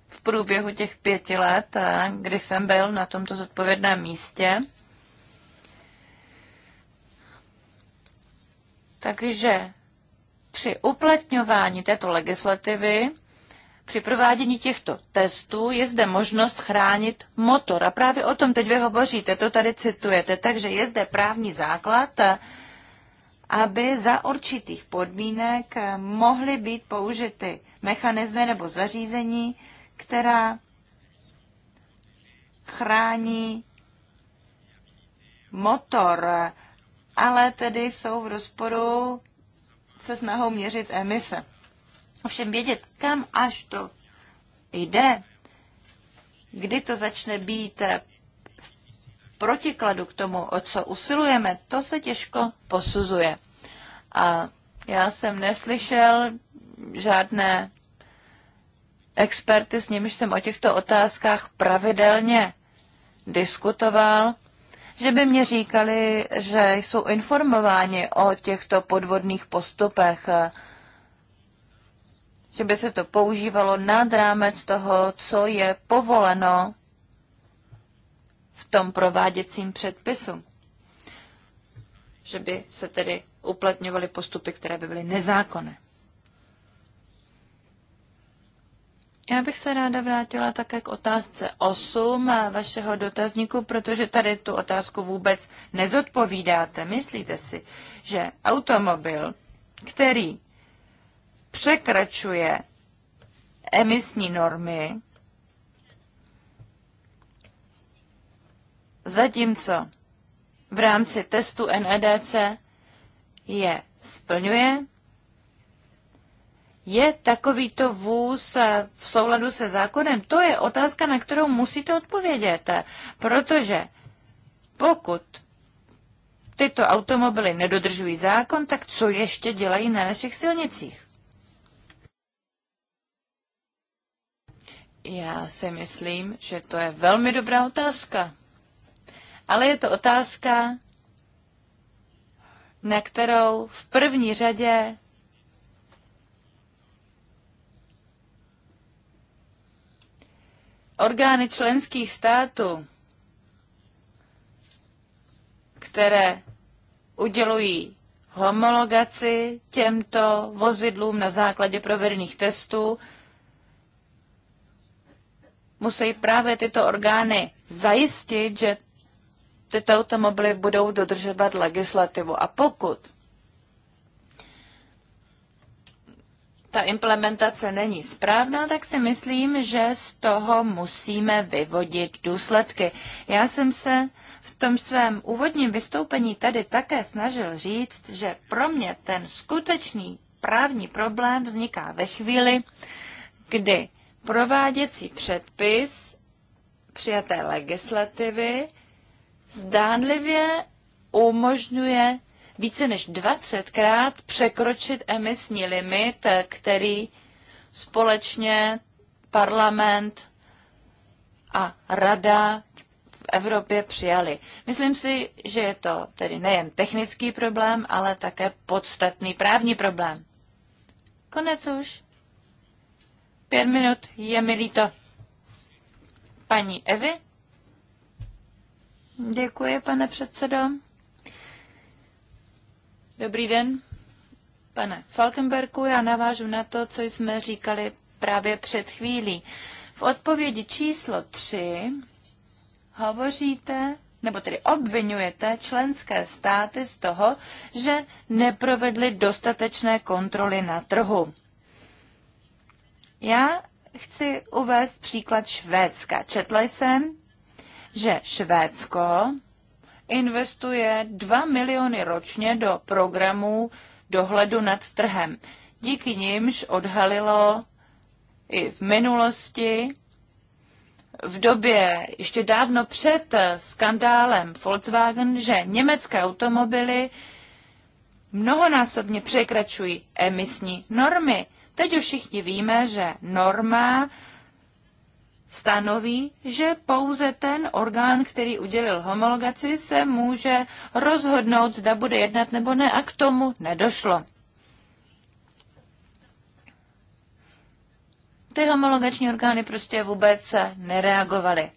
v průběhu těch pěti let, eh, kdy jsem byl na tomto zodpovědném místě, takže při uplatňování této legislativy při provádění těchto testů je zde možnost chránit motor. A právě o tom teď vy hovoříte, to tady citujete. Takže je zde právní základ, aby za určitých podmínek mohly být použity mechanismy nebo zařízení, která chrání motor, ale tedy jsou v rozporu se snahou měřit emise. Ovšem vědět, kam až to jde, kdy to začne být v protikladu k tomu, o co usilujeme, to se těžko posuzuje. A já jsem neslyšel žádné experty, s nimiž jsem o těchto otázkách pravidelně diskutoval, že by mě říkali, že jsou informováni o těchto podvodných postupech že by se to používalo nad rámec toho, co je povoleno v tom prováděcím předpisu. Že by se tedy uplatňovaly postupy, které by byly nezákonné. Já bych se ráda vrátila také k otázce 8 a vašeho dotazníku, protože tady tu otázku vůbec nezodpovídáte. Myslíte si, že automobil, který překračuje emisní normy, zatímco v rámci testu NEDC je splňuje, je takovýto vůz eh, v souladu se zákonem? To je otázka, na kterou musíte odpovědět, protože pokud tyto automobily nedodržují zákon, tak co ještě dělají na našich silnicích? Já si myslím, že to je velmi dobrá otázka. Ale je to otázka, na kterou v první řadě orgány členských států, které udělují homologaci těmto vozidlům na základě provedených testů, musí právě tyto orgány zajistit, že tyto automobily budou dodržovat legislativu. A pokud ta implementace není správná, tak si myslím, že z toho musíme vyvodit důsledky. Já jsem se v tom svém úvodním vystoupení tady také snažil říct, že pro mě ten skutečný právní problém vzniká ve chvíli, kdy prováděcí předpis přijaté legislativy zdánlivě umožňuje více než 20krát překročit emisní limit, který společně parlament a rada v Evropě přijali. Myslím si, že je to tedy nejen technický problém, ale také podstatný právní problém. Konec už. Pět minut, je mi líto. Paní Evy? Děkuji, pane předsedo. Dobrý den, pane Falkenberku. Já navážu na to, co jsme říkali právě před chvílí. V odpovědi číslo 3 hovoříte, nebo tedy obvinujete členské státy z toho, že neprovedly dostatečné kontroly na trhu. Já chci uvést příklad Švédska. Četla jsem, že Švédsko investuje 2 miliony ročně do programů dohledu nad trhem. Díky nimž odhalilo i v minulosti, v době ještě dávno před skandálem Volkswagen, že německé automobily mnohonásobně překračují emisní normy. Teď už všichni víme, že norma stanoví, že pouze ten orgán, který udělil homologaci, se může rozhodnout, zda bude jednat nebo ne, a k tomu nedošlo. Ty homologační orgány prostě vůbec nereagovaly.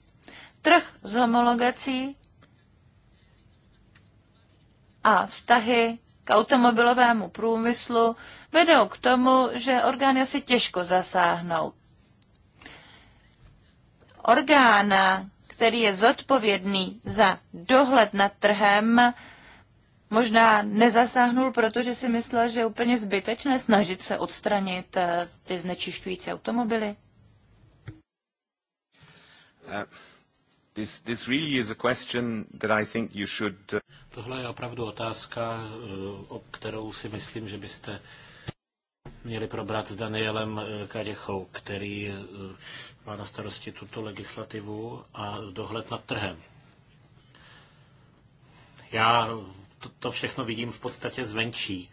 Trh s homologací a vztahy k automobilovému průmyslu vedou k tomu, že orgány asi těžko zasáhnou. Orgán, který je zodpovědný za dohled nad trhem, možná nezasáhnul, protože si myslel, že je úplně zbytečné snažit se odstranit eh, ty znečišťující automobily? Uh, uh, Tohle je opravdu otázka, eh, o kterou si myslím, že byste měli probrat s Danielem eh, Kaděchou, který eh, má na starosti tuto legislativu a dohled nad trhem. Já to, to všechno vidím v podstatě zvenčí.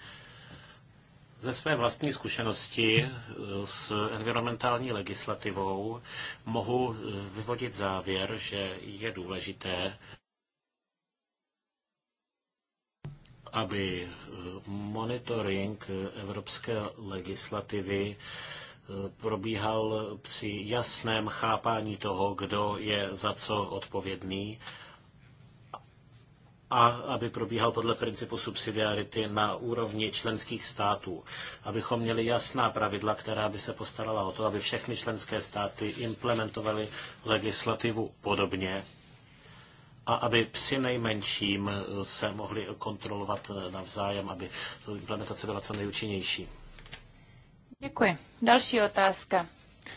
Ze své vlastní zkušenosti eh, s environmentální legislativou mohu vyvodit závěr, že je důležité, aby eh, monitoring evropské legislativy eh, probíhal při jasném chápání toho, kdo je za co odpovědný a aby probíhal podle principu subsidiarity na úrovni členských států. Abychom měli jasná pravidla, která by se postarala o to, aby všechny členské státy implementovaly legislativu podobně a aby při nejmenším eh, se mohli kontrolovat eh, navzájem, aby implementace byla co nejúčinnější. Děkuji. Další otázka.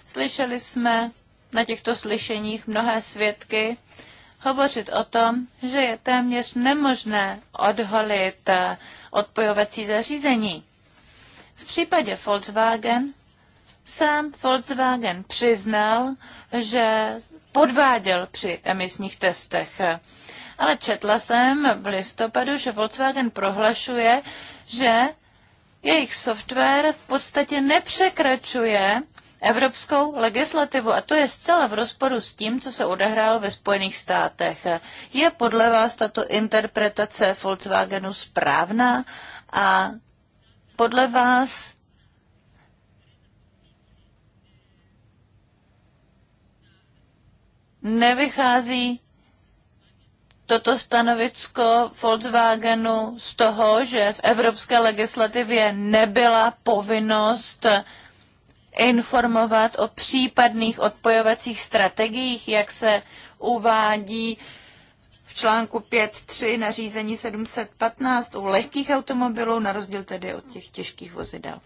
Slyšeli jsme na těchto slyšeních mnohé svědky hovořit o tom, že je téměř nemožné odholit eh, odpojovací zařízení. V případě Volkswagen sám Volkswagen přiznal, že podváděl při emisních testech. Ale četla jsem v listopadu, že Volkswagen prohlašuje, že jejich software v podstatě nepřekračuje evropskou legislativu a to je zcela v rozporu s tím, co se odehrálo ve Spojených státech. Je podle vás tato interpretace Volkswagenu správná a podle vás nevychází toto stanovisko Volkswagenu z toho, že v evropské legislativě nebyla povinnost informovat o případných odpojovacích strategiích, jak se uvádí v článku 5.3 nařízení 715 u lehkých automobilů, na rozdíl tedy od těch těžkých vozidel.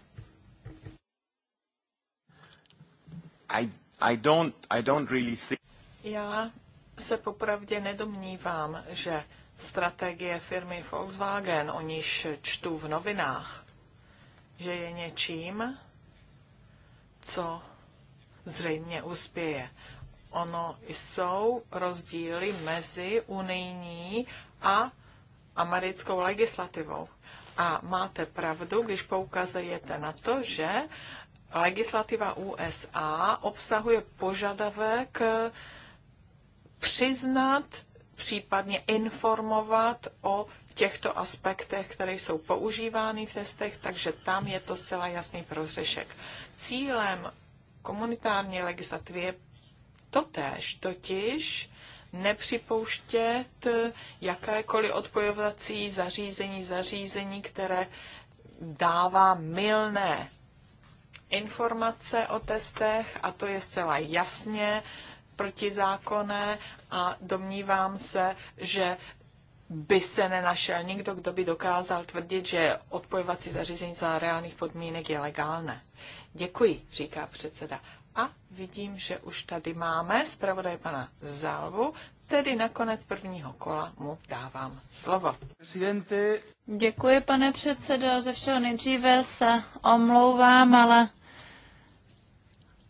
I, I don't, I don't really think... Já se popravdě nedomnívám, že strategie firmy Volkswagen, o níž čtu v novinách, že je něčím, co zřejmě uspěje. Ono jsou rozdíly mezi unijní a americkou legislativou. A máte pravdu, když poukazujete na to, že legislativa USA obsahuje požadavek přiznat, případně informovat o těchto aspektech, které jsou používány v testech, takže tam je to zcela jasný prořešek. Cílem komunitární legislativy je totéž, totiž nepřipouštět jakékoliv odpojovací zařízení, zařízení, které dává mylné informace o testech a to je zcela jasně protizákonné a domnívám se, že by se nenašel nikdo, kdo by dokázal tvrdit, že odpojovací zařízení za reálných podmínek je legálné. Děkuji, říká předseda. A vidím, že už tady máme zpravodaj pana Zálvu, tedy nakonec prvního kola mu dávám slovo. Presidente. Děkuji, pane předsedo. Ze všeho nejdříve se omlouvám, ale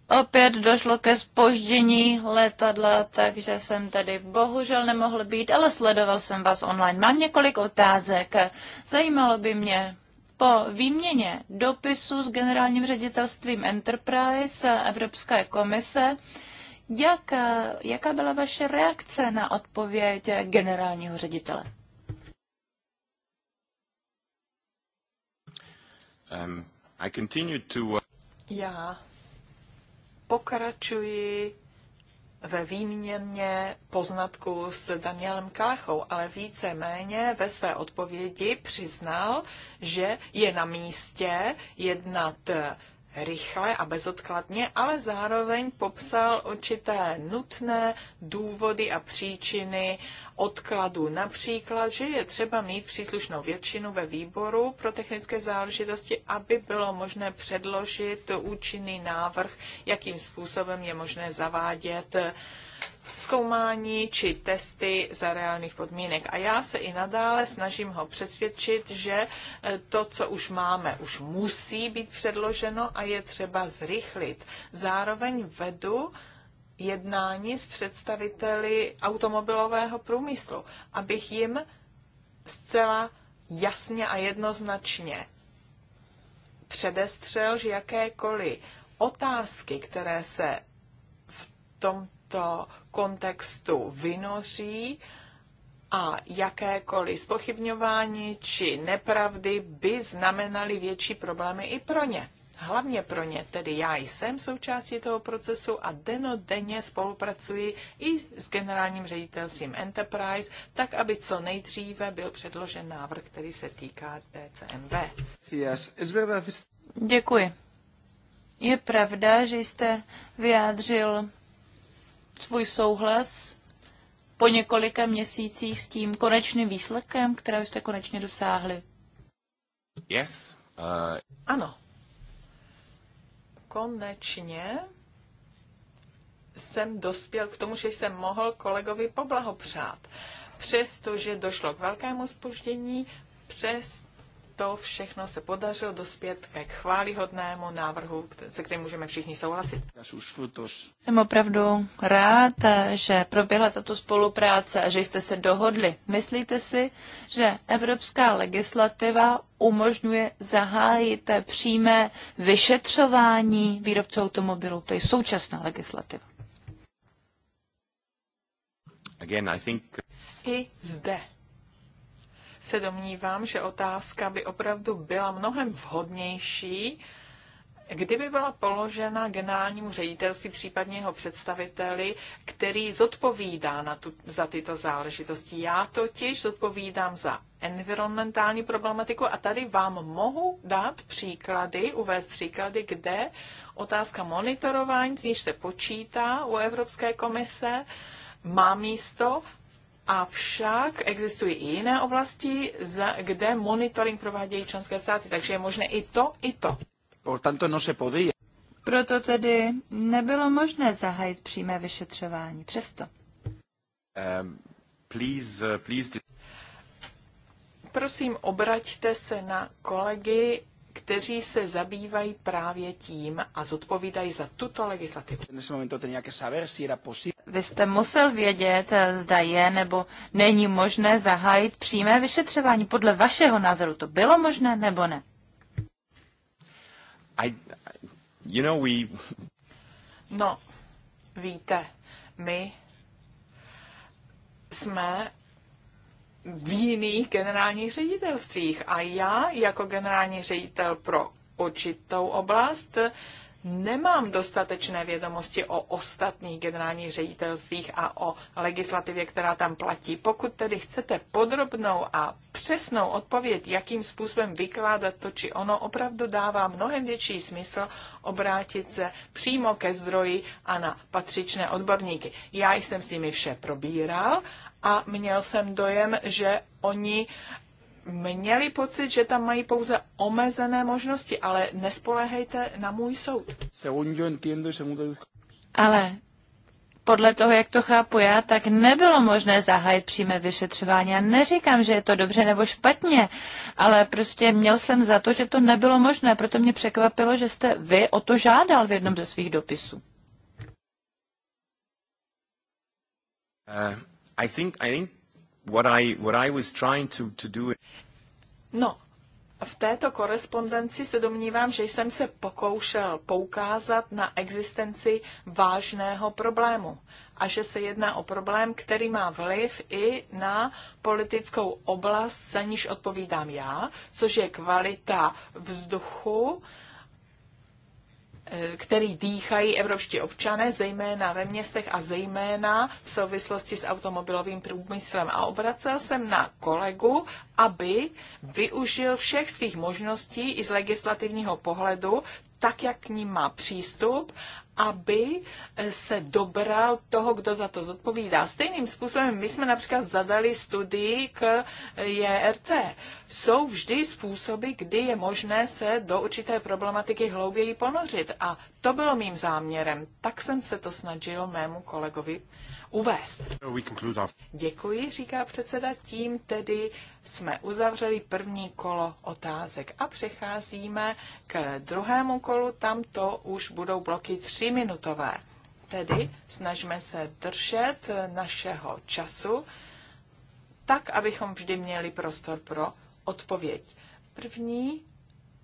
Opět došlo ke spoždění letadla, takže jsem tady bohužel nemohl být, ale sledoval jsem vás online. Mám několik otázek. Zajímalo by mě po výměně dopisu s generálním ředitelstvím Enterprise Evropské komise, jak, jaká byla vaše reakce na odpověď generálního ředitele? Um, I to... Uh, Já pokračuji ve výměně poznatku s Danielem Kalachou, ale více-méně ve své odpovědi přiznal, že je na místě jednat rychle a bezodkladně, ale zároveň popsal určité nutné důvody a příčiny odkladu. Například, že je třeba mít příslušnou většinu ve výboru pro technické záležitosti, aby bylo možné předložit účinný návrh, jakým způsobem je možné zavádět zkoumání či testy za reálných podmínek. A já se i nadále snažím ho přesvědčit, že e, to, co už máme, už musí být předloženo a je třeba zrychlit. Zároveň vedu jednání s představiteli automobilového průmyslu, abych jim zcela jasně a jednoznačně předestřel, že jakékoliv otázky, které se v tom tomto kontextu vynoří a jakékoliv spochybňování či nepravdy by znamenaly větší problémy i pro ně. Hlavně pro ně, tedy já jsem součástí toho procesu a denodenně spolupracuji i s generálním ředitelstvím Enterprise, tak aby co nejdříve byl předložen návrh, který se týká TCMB. Děkuji. Je pravda, že jste vyjádřil svůj souhlas po několika měsících s tím konečným výsledkem, kterého jste konečně dosáhli? Yes. Uh... Ano. Konečně jsem dospěl k tomu, že jsem mohl kolegovi poblahopřát. Přestože došlo k velkému spoždění, přes to všechno se podařilo dospět ke chválihodnému návrhu, se kterým můžeme všichni souhlasit. Jsem opravdu rád, že proběhla tato spolupráce a že jste se dohodli. Myslíte si, že evropská legislativa umožňuje zahájit přímé vyšetřování výrobců automobilů? To je současná legislativa. Again, I think... I zde se domnívám, že otázka by opravdu byla mnohem vhodnější, kdyby byla položena generálnímu ředitelství, případně jeho představiteli, který zodpovídá na tu, za tyto záležitosti. Já totiž zodpovídám za environmentální problematiku a tady vám mohu dát příklady, uvést příklady, kde otázka monitorování, z níž se počítá u Evropské komise, má místo Avšak existují i jiné oblasti, kde monitoring provádějí členské státy, takže je možné i to, i to. tanto no se Proto tedy nebylo možné zahájit přímé vyšetřování. Přesto. Um, please, uh, please... Prosím, obraťte se na kolegy kteří se zabývají právě tím a zodpovídají za tuto legislativu. Vy jste musel vědět, eh, zda je nebo není možné zahájit přímé vyšetřování. Podle vašeho názoru to bylo možné nebo ne? I, you know, we... No, víte, my jsme v jiných generálních ředitelstvích. A já jako generální ředitel pro určitou oblast nemám dostatečné vědomosti o ostatních generálních ředitelstvích a o legislativě, která tam platí. Pokud tedy chcete podrobnou a přesnou odpověď, jakým způsobem vykládat to či ono, opravdu dává mnohem větší smysl obrátit se přímo ke zdroji a na patřičné odborníky. Já jsem s nimi vše probíral a měl jsem dojem, že oni měli pocit, že tam mají pouze omezené možnosti, ale nespoléhejte na můj soud. Ale podle toho, jak to chápu já, tak nebylo možné zahájit přímé vyšetřování. Já neříkám, že je to dobře nebo špatně, ale prostě měl jsem za to, že to nebylo možné. Proto mě překvapilo, že jste vy o to žádal v jednom ze svých dopisů. Eh, i think, I think what I, what I was trying to, to do... No, v této korespondenci se domnívám, že jsem se pokoušel poukázat na existenci vážného problému a že se jedná o problém, který má vliv i na politickou oblast, za níž odpovídám já, což je kvalita vzduchu, který dýchají evropští občané, zejména ve městech a zejména v souvislosti s automobilovým průmyslem. A obracel jsem na kolegu, aby využil všech svých možností i z legislativního pohledu, tak, jak k ním má přístup aby se dobral toho, kdo za to zodpovídá. Stejným způsobem my jsme například zadali studii k JRC. Jsou vždy způsoby, kdy je možné se do určité problematiky hlouběji ponořit a to bylo mým záměrem. Tak jsem se to snažil mému kolegovi uvést. Děkuji, říká předseda. Tím tedy jsme uzavřeli první kolo otázek a přecházíme k druhému kolu. Tam to už budou bloky minutové. Tedy snažíme se držet našeho času tak, abychom vždy měli prostor pro odpověď. První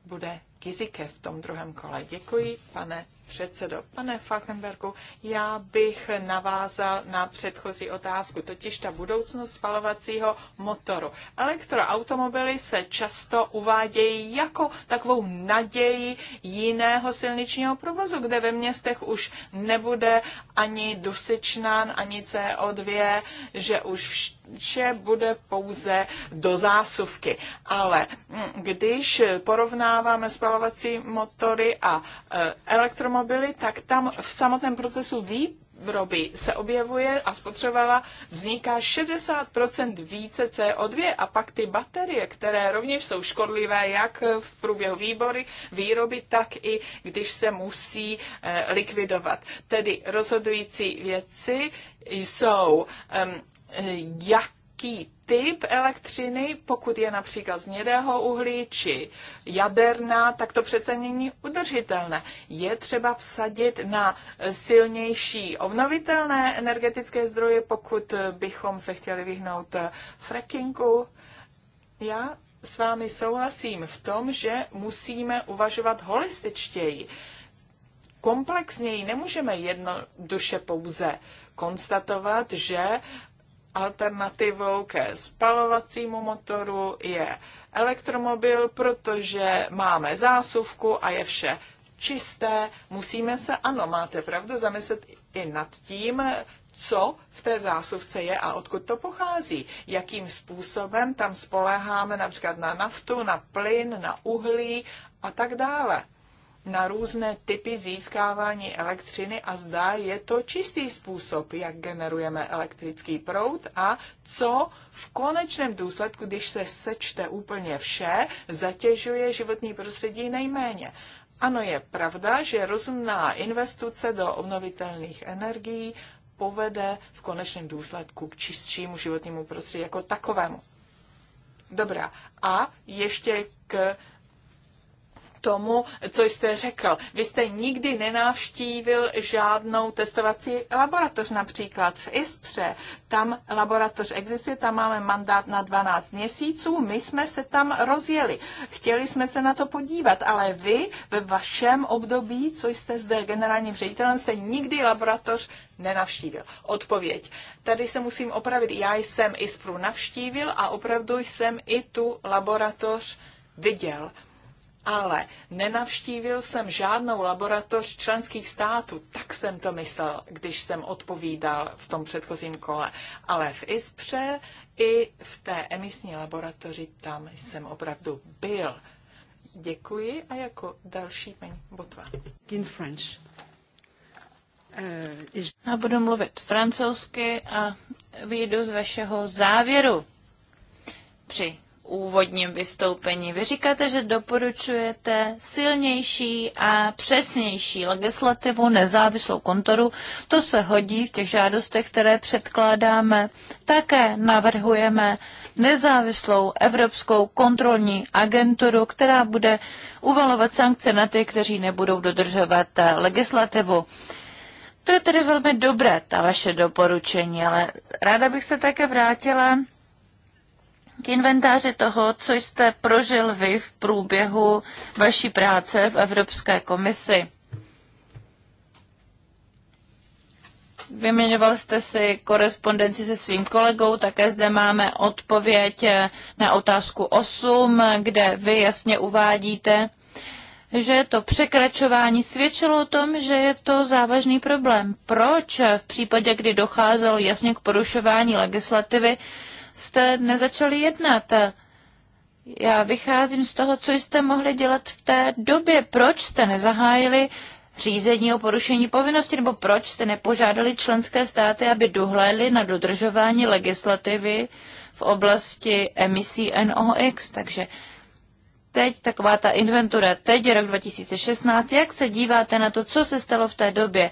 bude Kizike v tom druhém kole. Děkuji, pane předsedo. Pane Falkenbergu, já bych navázal na předchozí otázku, totiž ta budoucnost spalovacího motoru. Elektroautomobily se často uvádějí jako takovou naději jiného silničního provozu, kde ve městech už nebude ani dusičnán, ani CO2, že už vše bude pouze do zásuvky. Ale hm, když porovnáváme spalovací motory a e, elektromobily, automobily, tak tam v samotném procesu výroby se objevuje a spotřebovává vzniká 60% více CO2 a pak ty baterie, které rovněž jsou škodlivé jak v průběhu výbory, výroby, tak i když se musí eh, likvidovat. Tedy rozhodující věci jsou, ehm, eh, jak jaký typ elektřiny, pokud je například z nědého uhlí či jaderná, tak to přece není udržitelné. Je třeba vsadit na silnější obnovitelné energetické zdroje, pokud bychom se chtěli vyhnout frackingu. Já s vámi souhlasím v tom, že musíme uvažovat holističtěji komplexněji nemůžeme jednoduše pouze konstatovat, že Alternativou ke spalovacímu motoru je elektromobil, protože máme zásuvku a je vše čisté. Musíme se, ano, máte pravdu, zamyslet i nad tím, co v té zásuvce je a odkud to pochází. Jakým způsobem tam spoléháme například na naftu, na plyn, na uhlí a tak dále na různé typy získávání elektřiny a zdá je to čistý způsob, jak generujeme elektrický proud a co v konečném důsledku, když se sečte úplně vše, zatěžuje životní prostředí nejméně. Ano, je pravda, že rozumná investice do obnovitelných energií povede v konečném důsledku k čistšímu životnímu prostředí jako takovému. Dobrá. A ještě k tomu, co jste řekl. Vy jste nikdy nenavštívil žádnou testovací laboratoř, například v ISPře. Tam laboratoř existuje, tam máme mandát na 12 měsíců, my jsme se tam rozjeli. Chtěli jsme se na to podívat, ale vy ve vašem období, co jste zde generálním ředitelem, jste nikdy laboratoř nenavštívil. Odpověď. Tady se musím opravit. Já jsem ISPRu navštívil a opravdu jsem i tu laboratoř viděl ale nenavštívil jsem žádnou laboratoř členských států, tak jsem to myslel, když jsem odpovídal v tom předchozím kole. Ale v ISPře i v té emisní laboratoři tam jsem opravdu byl. Děkuji a jako další paní Botva. In French. Uh, Já budu mluvit francouzsky a vyjdu z vašeho závěru při úvodním vystoupení. Vy říkáte, že doporučujete silnější a přesnější legislativu, nezávislou kontoru. To se hodí v těch žádostech, které předkládáme. Také navrhujeme nezávislou evropskou kontrolní agenturu, která bude uvalovat sankce na ty, kteří nebudou dodržovat eh, legislativu. To je tedy velmi dobré, ta vaše doporučení, ale ráda bych se také vrátila k inventáři toho, co jste prožil vy v průběhu vaší práce v Evropské komisi. Vyměňoval jste si korespondenci se svým kolegou, také zde máme odpověď na otázku 8, kde vy jasně uvádíte, že to překračování svědčilo o tom, že je to závažný problém. Proč v případě, kdy docházelo jasně k porušování legislativy, jste nezačali jednat. Já vycházím z toho, co jste mohli dělat v té době. Proč jste nezahájili řízení o porušení povinnosti, nebo proč jste nepožádali členské státy, aby dohlédli na dodržování legislativy v oblasti emisí NOx. Takže teď taková ta inventura, teď je rok 2016, jak se díváte na to, co se stalo v té době?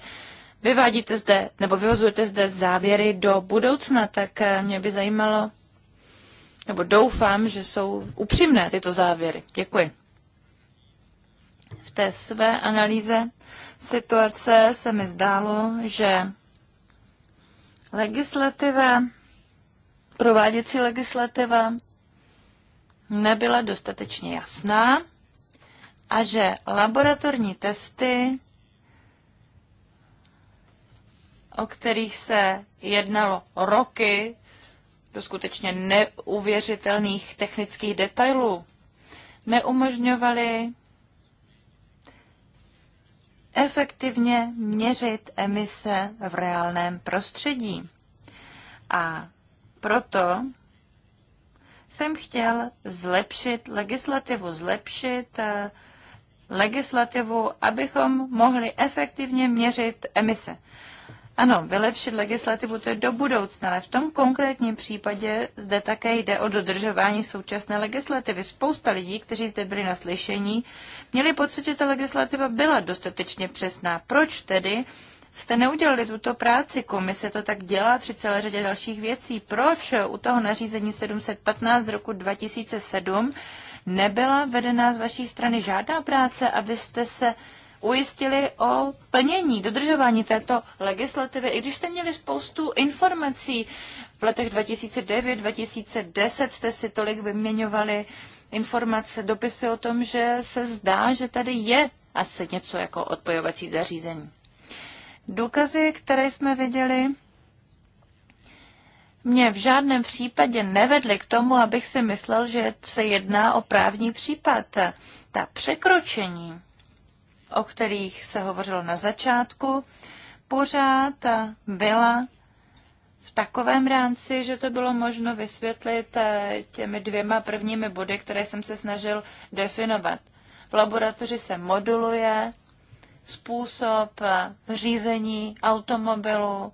vyvádíte zde, nebo vyvozujete zde závěry do budoucna, tak eh, mě by zajímalo, nebo doufám, že jsou upřímné tyto závěry. Děkuji. V té své analýze situace se mi zdálo, že legislativa, prováděcí legislativa nebyla dostatečně jasná a že laboratorní testy o kterých se jednalo roky, do skutečně neuvěřitelných technických detailů, neumožňovaly efektivně měřit emise v reálném prostředí. A proto jsem chtěl zlepšit legislativu, zlepšit eh, legislativu, abychom mohli efektivně měřit emise. Ano, vylepšit legislativu to je do budoucna, ale v tom konkrétním případě zde také jde o dodržování současné legislativy. Spousta lidí, kteří zde byli na slyšení, měli pocit, že ta legislativa byla dostatečně přesná. Proč tedy jste neudělali tuto práci? Komise to tak dělá při celé řadě dalších věcí. Proč u toho nařízení 715 z roku 2007 nebyla vedená z vaší strany žádná práce, abyste se ujistili o plnění, dodržování této legislativy, i když jste měli spoustu informací. V letech 2009, 2010 jste si tolik vyměňovali informace, dopisy o tom, že se zdá, že tady je asi něco jako odpojovací zařízení. Důkazy, které jsme viděli, mě v žádném případě nevedly k tomu, abych si myslel, že se jedná o právní případ. Ta překročení o kterých se hovořilo na začátku, pořád byla v takovém rámci, že to bylo možno vysvětlit eh, těmi dvěma prvními body, které jsem se snažil definovat. V laboratoři se moduluje způsob eh, řízení automobilu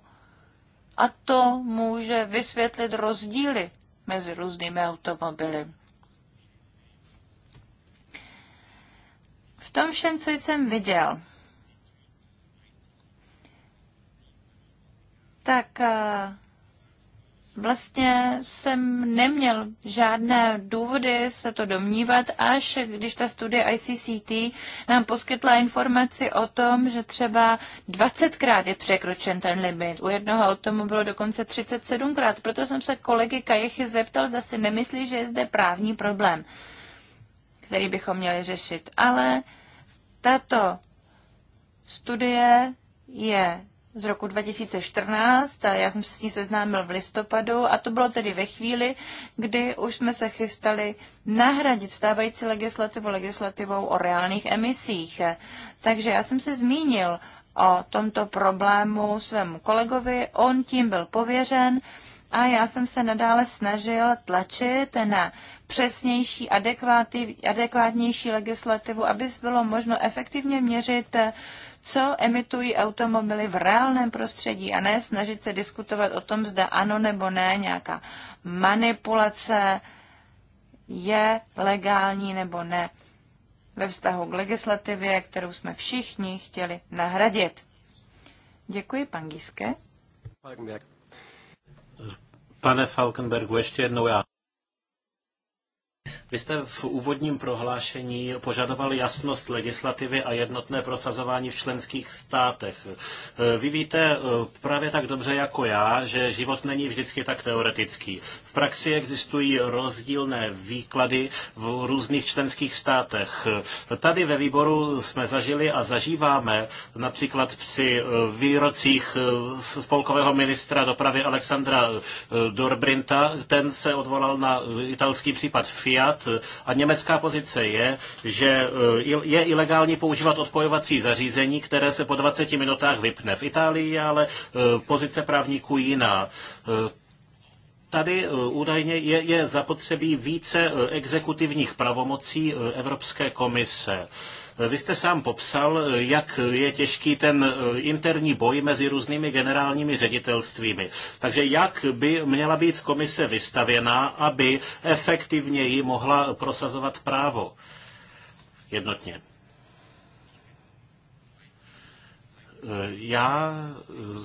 a to může vysvětlit rozdíly mezi různými automobily. tom všem, co jsem viděl, tak eh, vlastně jsem neměl žádné důvody se to domnívat, až když ta studie ICCT nám poskytla informaci o tom, že třeba 20krát je překročen ten limit. U jednoho automobilu dokonce 37krát. Proto jsem se kolegy Kajechy zeptal, zda si nemyslí, že je zde právní problém, který bychom měli řešit. Ale tato studie je z roku 2014, a já jsem se s ní seznámil v listopadu a to bylo tedy ve chvíli, kdy už jsme se chystali nahradit stávající legislativu legislativou o reálných emisích. Takže já jsem se zmínil o tomto problému svému kolegovi, on tím byl pověřen a já jsem se nadále snažil tlačit na přesnější, adekvátnější legislativu, aby bylo možno efektivně měřit, co emitují automobily v reálném prostředí a ne snažit se diskutovat o tom, zda ano nebo ne, nějaká manipulace je legální nebo ne ve vztahu k legislativě, kterou jsme všichni chtěli nahradit. Děkuji, pan Gíske. Falkenberg. Pane Falkenbergu, ještě jednou já. Vy jste v úvodním prohlášení požadoval jasnost legislativy a jednotné prosazování v členských státech. Eh, vy víte eh, právě tak dobře jako já, že život není vždycky tak teoretický. V praxi existují rozdílné výklady v různých členských státech. Tady ve výboru jsme zažili a zažíváme například při eh, výrocích spolkového ministra dopravy Alexandra Dorbrinta, ten se odvolal na italský případ FIA, přijat. a německá pozice je, že eh, je ilegální používat odpojovací zařízení, které se po 20 minutách vypne. V Itálii je ale eh, pozice právníků jiná eh, tady údajně je, je zapotřebí více exekutivních pravomocí Evropské komise. Vy jste sám popsal, jak je těžký ten eh, interní boj mezi různými generálními ředitelstvími. Takže jak by měla být komise vystavěná, aby efektivněji mohla prosazovat právo jednotně? Eh, já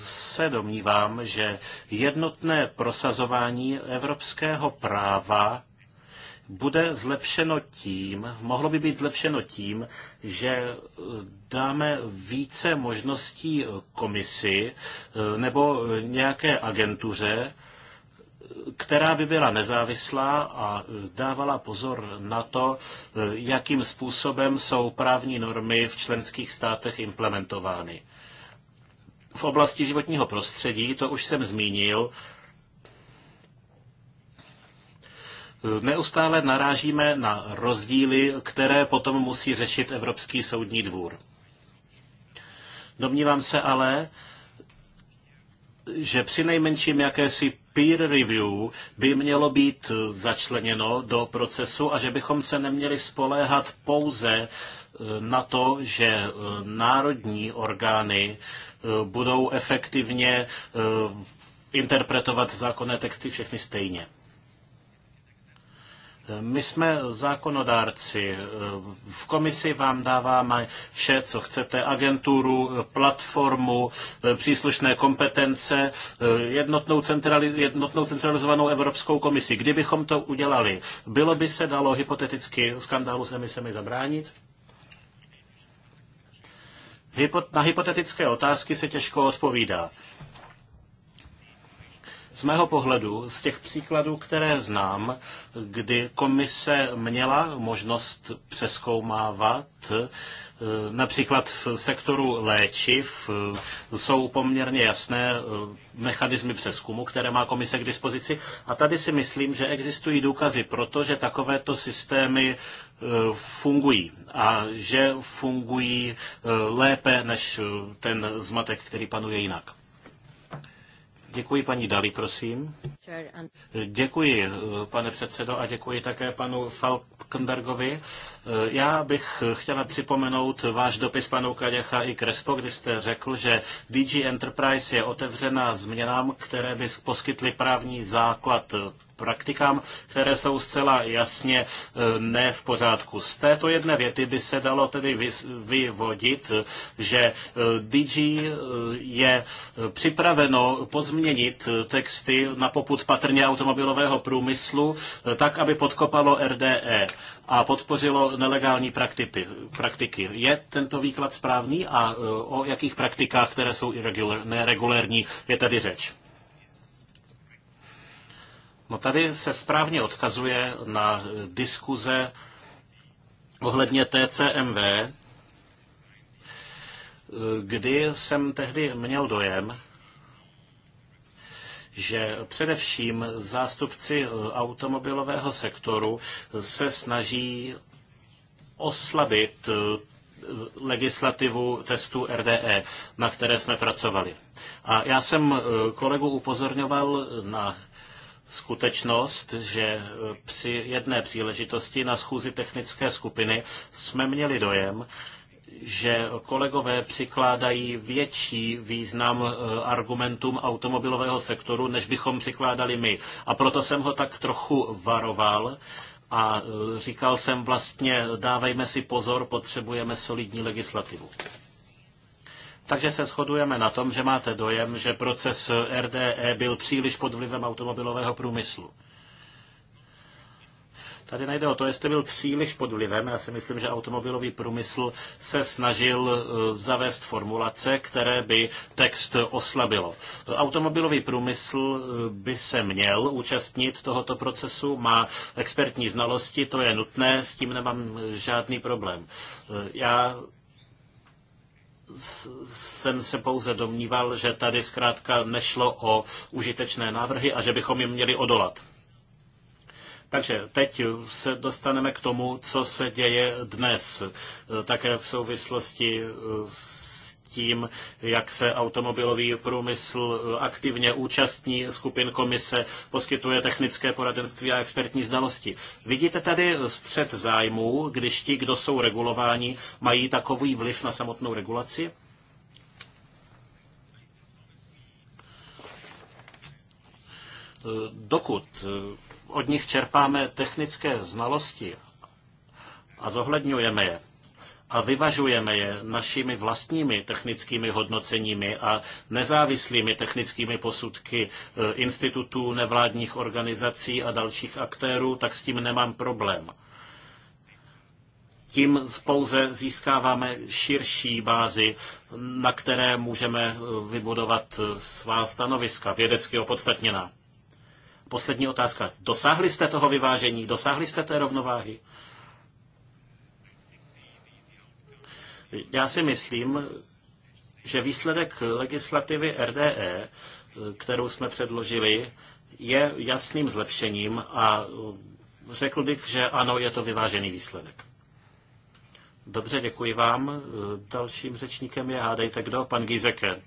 se domnívám, že jednotné prosazování evropského práva bude zlepšeno tím, mohlo by být zlepšeno tím, že eh, dáme více možností eh, komisi eh, nebo nějaké agentuře, která by byla nezávislá a dávala pozor na to, jakým způsobem jsou právní normy v členských státech implementovány. V oblasti životního prostředí, to už jsem zmínil, Neustále narážíme na rozdíly, které potom musí řešit Evropský soudní dvůr. Domnívám se ale, že při nejmenším jakési peer review by mělo být začleněno do procesu a že bychom se neměli spoléhat pouze eh, na to, že eh, národní orgány eh, budou efektivně interpretovat zákonné texty všechny stejně. My jsme zákonodárci. V komisi vám dáváme vše, co chcete. Agenturu, platformu, příslušné kompetence, jednotnou, centrali- jednotnou centralizovanou Evropskou komisi. Kdybychom to udělali, bylo by se dalo hypoteticky skandálu s emisemi zabránit? Na hypotetické otázky se těžko odpovídá. Z mého pohledu, z těch příkladů, které znám, kdy komise měla možnost přeskoumávat, eh, například v sektoru léčiv, eh, jsou poměrně jasné eh, mechanismy přeskumu, které má komise k dispozici. A tady si myslím, že existují důkazy pro to, že takovéto systémy fungují a že fungují lépe než ten zmatek, který panuje jinak. Děkuji paní Dali, prosím. Děkuji, pane předsedo, a děkuji také panu Falkenbergovi. Já bych chtěla připomenout váš dopis panu Kaděcha i Krespo, kdy jste řekl, že DG Enterprise je otevřená změnám, které by poskytly právní základ praktikám, které jsou zcela jasně eh, ne v pořádku. Z této jedné věty by se dalo tedy vyvodit, že eh, DG eh, je připraveno pozměnit texty na poput patrně automobilového průmyslu tak, aby podkopalo RDE a podpořilo nelegální praktiky. praktiky. Je tento výklad správný a o jakých praktikách, které jsou irregular, neregulérní, je tady řeč? No tady se správně odkazuje na diskuze ohledně TCMV, kdy jsem tehdy měl dojem, že především zástupci automobilového sektoru se snaží oslabit eh, legislativu testu RDE, na které jsme pracovali. A já jsem eh, kolegu upozorňoval na skutečnost, že eh, při jedné příležitosti na schůzi technické skupiny jsme měli dojem, že kolegové přikládají větší význam eh, argumentům automobilového sektoru, než bychom přikládali my. A proto jsem ho tak trochu varoval a eh, říkal jsem vlastně, dávejme si pozor, potřebujeme solidní legislativu. Takže se shodujeme na tom, že máte dojem, že proces RDE byl příliš pod vlivem automobilového průmyslu. Tady nejde o to, jestli byl příliš pod vlivem. Já si myslím, že automobilový průmysl se snažil e, zavést formulace, které by text oslabilo. Automobilový průmysl e, by se měl účastnit tohoto procesu, má expertní znalosti, to je nutné, s tím nemám žádný problém. E, já jsem se pouze domníval, že tady zkrátka nešlo o užitečné návrhy a že bychom jim měli odolat. Takže teď se dostaneme k tomu, co se děje dnes, také v souvislosti s tím, jak se automobilový průmysl aktivně účastní skupin komise, poskytuje technické poradenství a expertní znalosti. Vidíte tady střed zájmů, když ti, kdo jsou regulováni, mají takový vliv na samotnou regulaci? Dokud od nich čerpáme technické znalosti a zohledňujeme je, a vyvažujeme je našimi vlastními technickými hodnoceními a nezávislými technickými posudky e, institutů, nevládních organizací a dalších aktérů, tak s tím nemám problém. Tím pouze získáváme širší bázi, na které můžeme e, vybudovat e, svá stanoviska, vědecky opodstatněná. Poslední otázka. Dosáhli jste toho vyvážení? Dosáhli jste té rovnováhy? Já si myslím, že výsledek legislativy RDE, kterou jsme předložili, je jasným zlepšením a řekl bych, že ano, je to vyvážený výsledek. Dobře, děkuji vám. Dalším řečníkem je, hádejte kdo, pan Gizeke.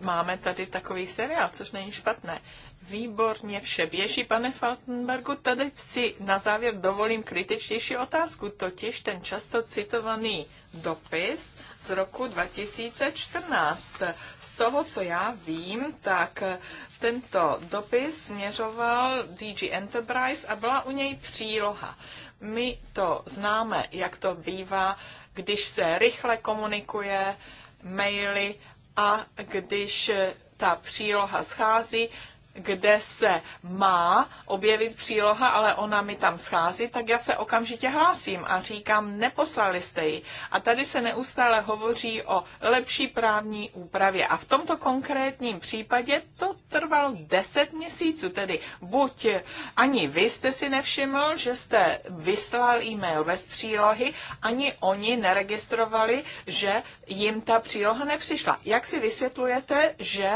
Máme tady takový seriál, což není špatné. Výborně vše běží, pane Faltenbergu. Tady si na závěr dovolím kritičtější otázku, totiž ten často citovaný dopis z roku 2014. Z toho, co já vím, tak tento dopis směřoval DG Enterprise a byla u něj příloha. My to známe, jak to bývá, když se rychle komunikuje maily a když ta příloha schází, kde se má objevit příloha, ale ona mi tam schází, tak já se okamžitě hlásím a říkám, neposlali jste ji. A tady se neustále hovoří o lepší právní úpravě. A v tomto konkrétním případě to trvalo 10 měsíců, tedy buď ani vy jste si nevšiml, že jste vyslal e-mail bez přílohy, ani oni neregistrovali, že jim ta příloha nepřišla. Jak si vysvětlujete, že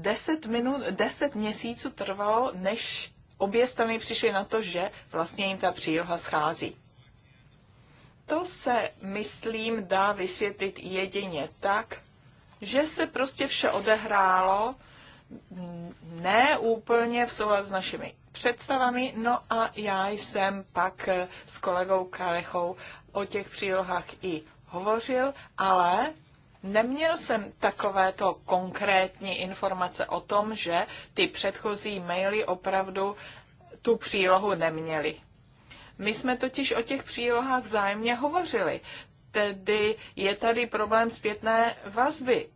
10, minut, 10 měsíců trvalo, než obě strany přišly na to, že vlastně jim ta příloha schází. To se, myslím, dá vysvětlit jedině tak, že se prostě vše odehrálo mm, ne úplně v souladu s našimi představami, no a já jsem pak eh, s kolegou Kalechou o těch přílohách i hovořil, ale Neměl jsem takovéto konkrétní informace o tom, že ty předchozí maily opravdu tu přílohu neměly. My jsme totiž o těch přílohách vzájemně hovořili. Tedy je tady problém zpětné vazby.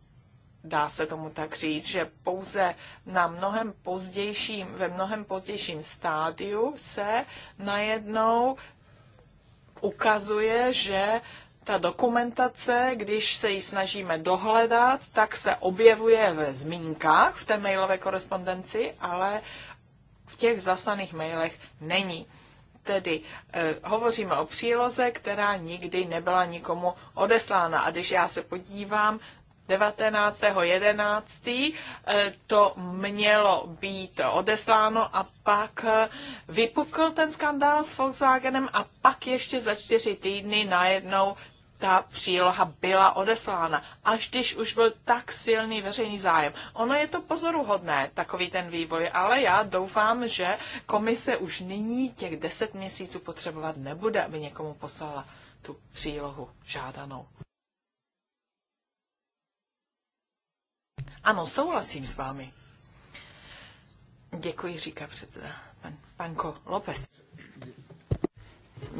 Dá se tomu tak říct, že pouze na mnohem pozdějším, ve mnohem pozdějším stádiu se najednou ukazuje, že ta dokumentace, když se ji snažíme dohledat, tak se objevuje ve zmínkách v té mailové korespondenci, ale v těch zaslaných mailech není. Tedy eh, hovoříme o příloze, která nikdy nebyla nikomu odeslána. A když já se podívám 19.11. Eh, to mělo být odesláno a pak eh, vypukl ten skandál s Volkswagenem a pak ještě za čtyři týdny najednou ta příloha byla odeslána, až když už byl tak silný veřejný zájem. Ono je to pozoruhodné, takový ten vývoj, ale já doufám, že komise už nyní těch deset měsíců potřebovat nebude, aby někomu poslala tu přílohu žádanou. Ano, souhlasím s vámi. Děkuji, říká předseda pan, panko López.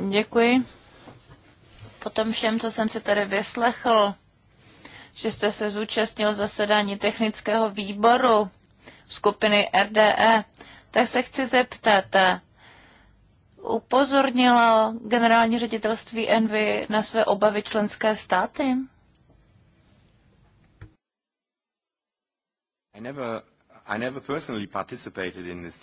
Děkuji. Po tom všem, co jsem si tady vyslechl, že jste se zúčastnil zasedání technického výboru skupiny RDE, tak se chci zeptat, upozornila generální ředitelství Envy na své obavy členské státy? I never, I never personally participated in this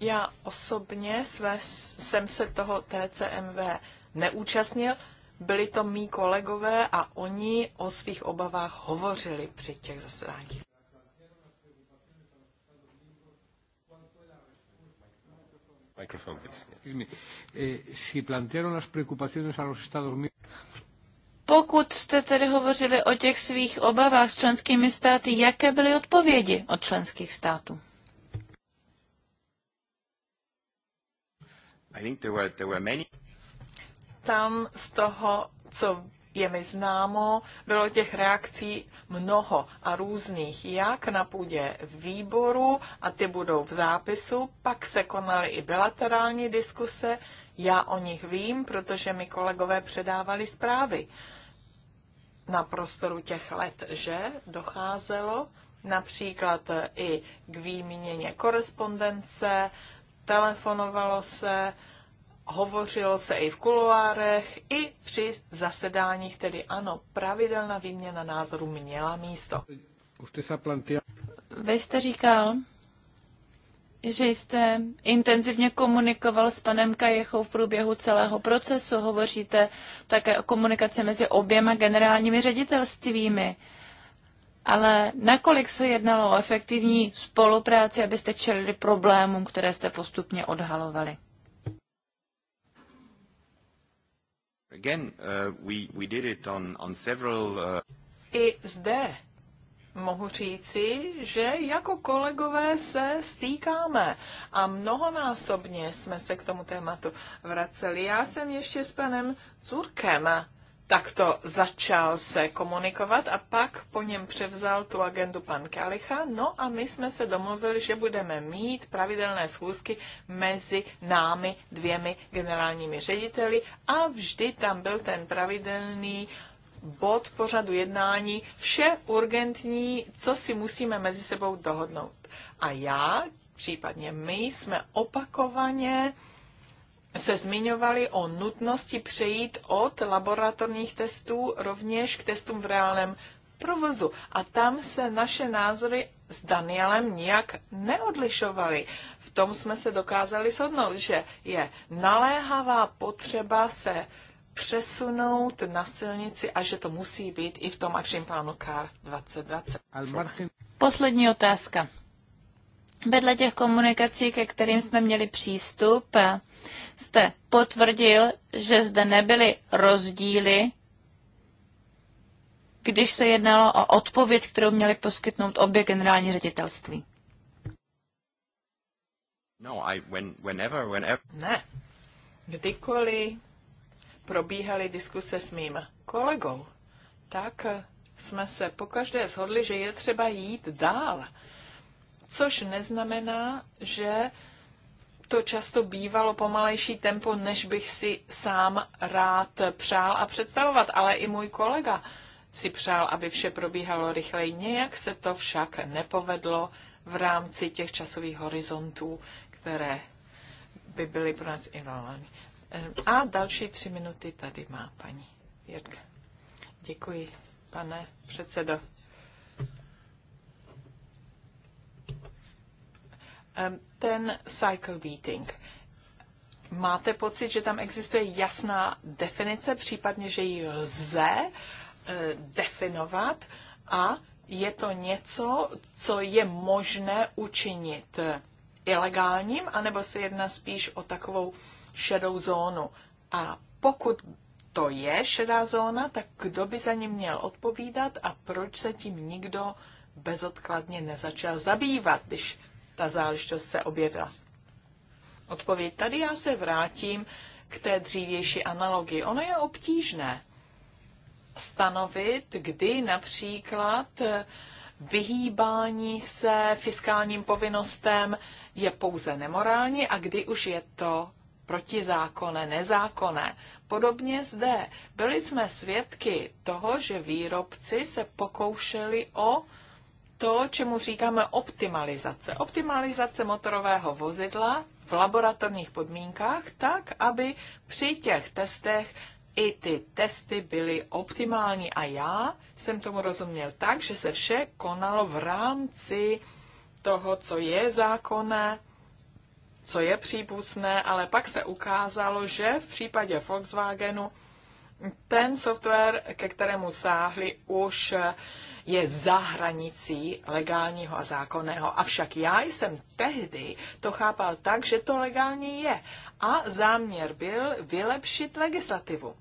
já osobně své, jsem se toho TCMV neúčastnil, byli to mý kolegové a oni o svých obavách hovořili při těch zasedáních. Eh, pokud jste tedy hovořili o těch svých obavách s členskými státy, jaké byly odpovědi od členských států? I think there were, there were many. Tam z toho, co je mi známo, bylo těch reakcí mnoho a různých, jak na půdě výboru, a ty budou v zápisu, pak se konaly i bilaterální diskuse, já o nich vím, protože mi kolegové předávali zprávy na prostoru těch let, že docházelo například i k výměně korespondence, telefonovalo se, hovořilo se i v kuloárech, i při zasedáních, tedy ano, pravidelná výměna názoru měla místo. Vy jste říkal, že jste intenzivně komunikoval s panem Kajechou v průběhu celého procesu. Hovoříte také o komunikaci mezi oběma generálními ředitelstvími. Ale nakolik se jednalo o efektivní spolupráci, abyste čelili problémům, které jste postupně odhalovali? Again, uh, we, we did it on, on several, uh... I zde mohu říci, že jako kolegové se stýkáme a mnohonásobně jsme se k tomu tématu vraceli. Já jsem ještě s panem Curkem takto začal se komunikovat a pak po něm převzal tu agendu pan Kalicha. No a my jsme se domluvili, že budeme mít pravidelné schůzky mezi námi dvěmi generálními řediteli a vždy tam byl ten pravidelný bod pořadu jednání, vše urgentní, co si musíme mezi sebou dohodnout. A já, případně my, jsme opakovaně se zmiňovali o nutnosti přejít od laboratorních testů rovněž k testům v reálném provozu. A tam se naše názory s Danielem nijak neodlišovaly. V tom jsme se dokázali shodnout, že je naléhavá potřeba se přesunout na silnici a že to musí být i v tom akčním plánu CAR 2020. Poslední otázka. Vedle těch komunikací, ke kterým jsme měli přístup, jste potvrdil, že zde nebyly rozdíly, když se jednalo o odpověď, kterou měly poskytnout obě generální ředitelství. No, I, when, whenever, whenever. Ne, kdykoliv probíhaly diskuse s mým kolegou, tak jsme se pokaždé shodli, že je třeba jít dál. Což neznamená, že to často bývalo pomalejší tempo, než bych si sám rád přál a představovat, ale i můj kolega si přál, aby vše probíhalo rychleji. Nějak se to však nepovedlo v rámci těch časových horizontů, které by byly pro nás inovány. A další tři minuty tady má paní Jirka. Děkuji, pane předsedo. Ehm, ten cycle beating. Máte pocit, že tam existuje jasná definice, případně, že ji lze eh, definovat a je to něco, co je možné učinit ilegálním, anebo se jedná spíš o takovou šedou zónu. A pokud to je šedá zóna, tak kdo by za ním měl odpovídat a proč se tím nikdo bezodkladně nezačal zabývat, když ta záležitost se objevila. Odpověď tady já se vrátím k té dřívější analogii. Ono je obtížné stanovit, kdy například eh, vyhýbání se fiskálním povinnostem je pouze nemorální a kdy už je to protizákonné, nezákonné. Podobně zde byli jsme svědky toho, že výrobci se pokoušeli o to, čemu říkáme optimalizace. Optimalizace motorového vozidla v laboratorních podmínkách tak, aby při těch testech i ty testy byly optimální a já jsem tomu rozuměl tak, že se vše konalo v rámci toho, co je zákonné, co je přípustné, ale pak se ukázalo, že v případě Volkswagenu ten software, ke kterému sáhli, už je za hranicí legálního a zákonného. Avšak já jsem tehdy to chápal tak, že to legální je. A záměr byl vylepšit legislativu.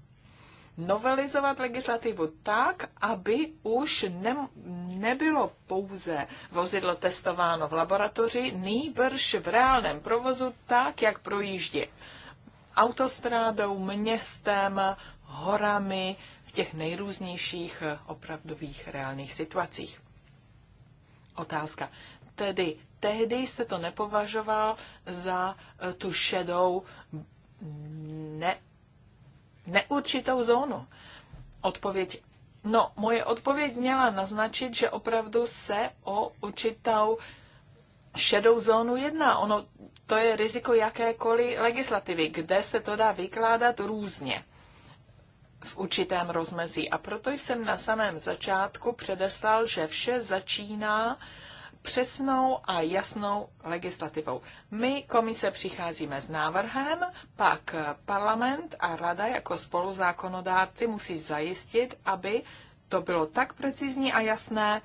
Novelizovat legislativu tak, aby už ne, nebylo pouze vozidlo testováno v laboratoři, nýbrž v reálném provozu tak, jak projíždí autostrádou, městem, horami v těch nejrůznějších eh, opravdových reálných situacích. Otázka. Tedy tehdy jste to nepovažoval za eh, tu šedou mm, ne, neurčitou zónu. Odpověď No, moje odpověď měla naznačit, že opravdu se o určitou šedou zónu jedná. Ono, to je riziko jakékoliv legislativy, kde se to dá vykládat různě v určitém rozmezí. A proto jsem na samém začátku předeslal, že vše začíná přesnou a jasnou legislativou. My, komise, přicházíme s návrhem, pak parlament a rada jako spoluzákonodárci musí zajistit, aby to bylo tak precizní a jasné,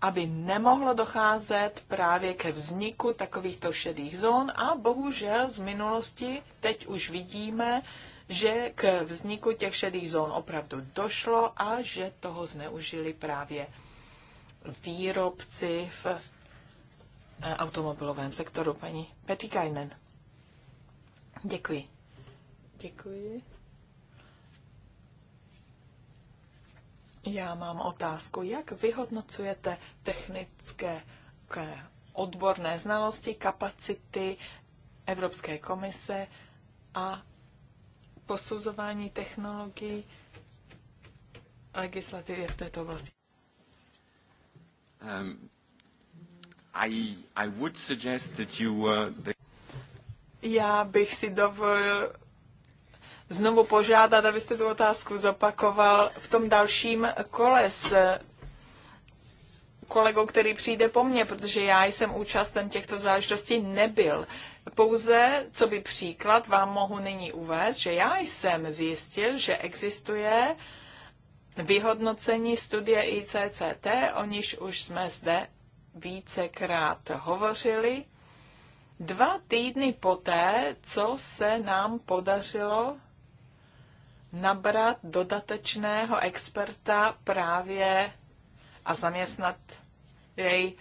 aby nemohlo docházet právě ke vzniku takovýchto šedých zón a bohužel z minulosti teď už vidíme, že k vzniku těch šedých zón opravdu došlo a že toho zneužili právě výrobci v eh, automobilovém sektoru. Paní Kajnen. Děkuji. Děkuji. Já mám otázku, jak vyhodnocujete technické eh, odborné znalosti, kapacity Evropské komise a posuzování technologií legislativy v této oblasti? Um, I, I would suggest that you, uh, that... Já bych si dovolil znovu požádat, abyste tu otázku zopakoval v tom dalším kole s kolegou, který přijde po mně, protože já jsem účasten těchto záležitostí nebyl. Pouze, co by příklad, vám mohu nyní uvést, že já jsem zjistil, že existuje vyhodnocení studie ICCT, o níž už jsme zde vícekrát hovořili. Dva týdny poté, co se nám podařilo nabrat dodatečného experta právě a zaměstnat jej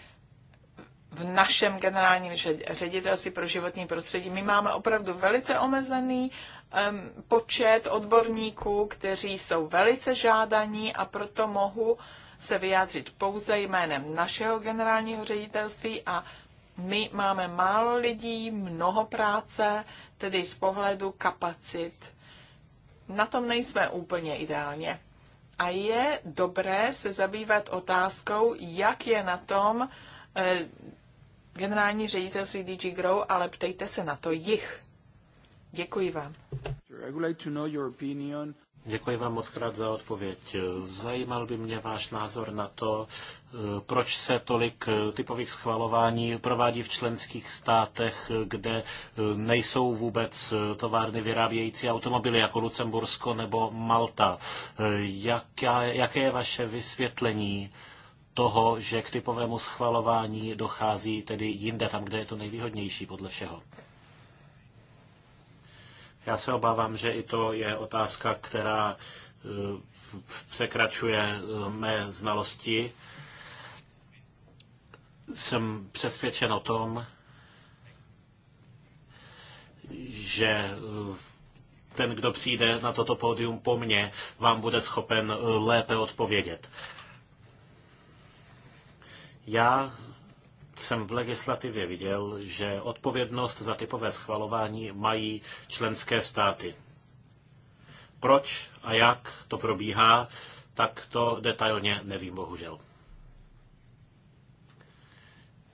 v našem generálním ředitelství pro životní prostředí. My máme opravdu velice omezený um, počet odborníků, kteří jsou velice žádaní a proto mohu se vyjádřit pouze jménem našeho generálního ředitelství a my máme málo lidí, mnoho práce, tedy z pohledu kapacit. Na tom nejsme úplně ideálně. A je dobré se zabývat otázkou, jak je na tom eh, generální ředitelství DG Grow, ale ptejte se na to jich. Děkuji vám. Děkuji vám moc krát za odpověď. Zajímal by mě váš názor na to, eh, proč se tolik eh, typových schvalování provádí v členských státech, kde eh, nejsou vůbec továrny vyrábějící automobily jako Lucembursko nebo Malta. jaké je vaše vysvětlení? toho, že k typovému schvalování dochází tedy jinde, tam, kde je to nejvýhodnější podle všeho. Já se obávám, že i to je otázka, která e, překračuje e, mé znalosti. Jsem přesvědčen o tom, že e, ten, kdo přijde na toto pódium po mně, vám bude schopen lépe odpovědět. Já jsem v legislativě viděl, že odpovědnost za typové schvalování mají členské státy. Proč a jak to probíhá, tak to detailně nevím, bohužel.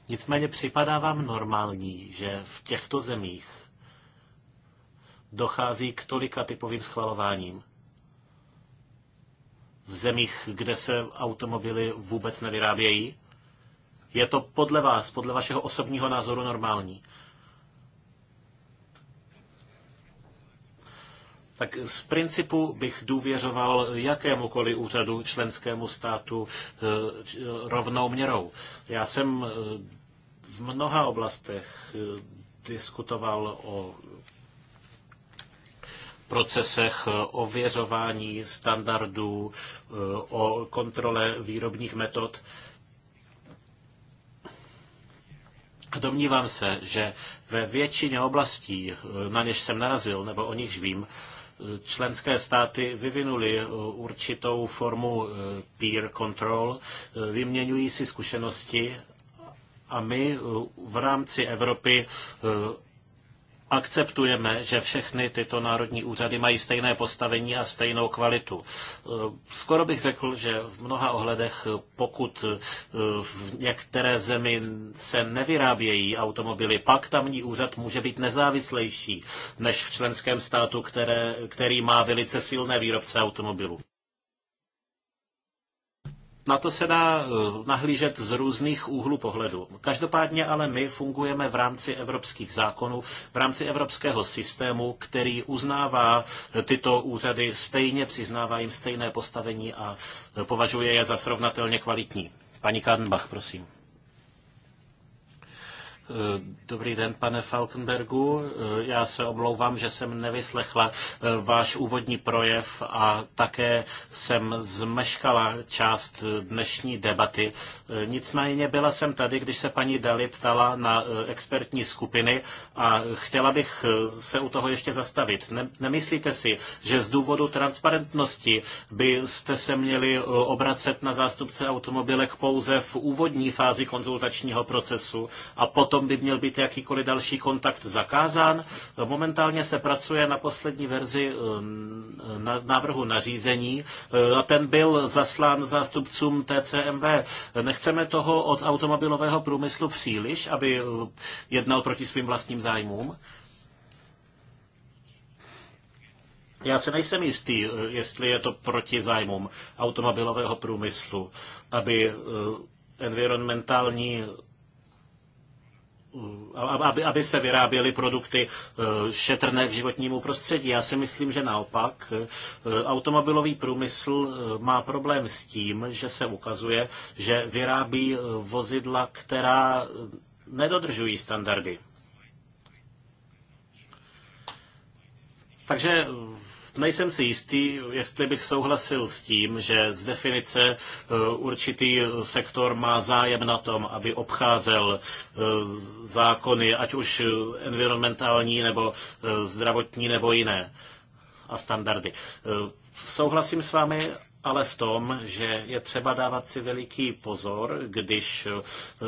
Nicméně připadá vám normální, že v těchto zemích dochází k tolika typovým schvalováním? V zemích, kde se automobily vůbec nevyrábějí? Je to podle vás, podle vašeho osobního názoru normální? Tak z principu bych důvěřoval jakémukoliv úřadu členskému státu eh, rovnou měrou. Já jsem eh, v mnoha oblastech eh, diskutoval o procesech ověřování standardů, o kontrole výrobních metod Domnívám se, že ve většině oblastí, eh, na něž jsem narazil, nebo o nichž vím, eh, členské státy vyvinuly eh, určitou formu peer control, vyměňují si zkušenosti a my v rámci Evropy akceptujeme, že všechny tyto národní úřady mají stejné postavení a stejnou kvalitu. E, skoro bych řekl, že v mnoha ohledech, pokud e, v některé zemi se nevyrábějí automobily, pak tamní úřad může být nezávislejší než v členském státu, které, který má velice silné výrobce automobilů na to se dá eh, nahlížet z různých úhlů pohledu. Každopádně ale my fungujeme v rámci evropských zákonů, v rámci evropského systému, který uznává eh, tyto úřady stejně, přiznává jim stejné postavení a eh, považuje je za srovnatelně kvalitní. Paní Kadenbach, prosím. Eh, dobrý den, pane Falkenbergu. Eh, já se omlouvám, že jsem nevyslechla eh, váš úvodní projev a také jsem zmeškala část dnešní debaty. Nicméně byla jsem tady, když se paní Dali ptala na expertní skupiny a chtěla bych se u toho ještě zastavit. Nemyslíte si, že z důvodu transparentnosti byste se měli obracet na zástupce automobilek pouze v úvodní fázi konzultačního procesu a potom potom by měl být jakýkoliv další kontakt zakázán. Momentálně se pracuje na poslední verzi eh, návrhu nařízení eh, a ten byl zaslán zástupcům TCMV. Nechceme toho od automobilového průmyslu příliš, aby eh, jednal proti svým vlastním zájmům. Já se nejsem jistý, jestli je to proti zájmům automobilového průmyslu, aby environmentální Mm, aby, aby se vyráběly produkty eh, šetrné k životnímu prostředí. Já si myslím, že naopak eh, automobilový průmysl eh, má problém s tím, že se ukazuje, že vyrábí vozidla, která nedodržují standardy. Takže Nejsem si jistý, jestli bych souhlasil s tím, že z definice e, určitý sektor má zájem na tom, aby obcházel e, zákony, ať už environmentální nebo e, zdravotní nebo jiné a standardy. Souhlasím s vámi ale v tom, že je třeba dávat si veliký pozor, když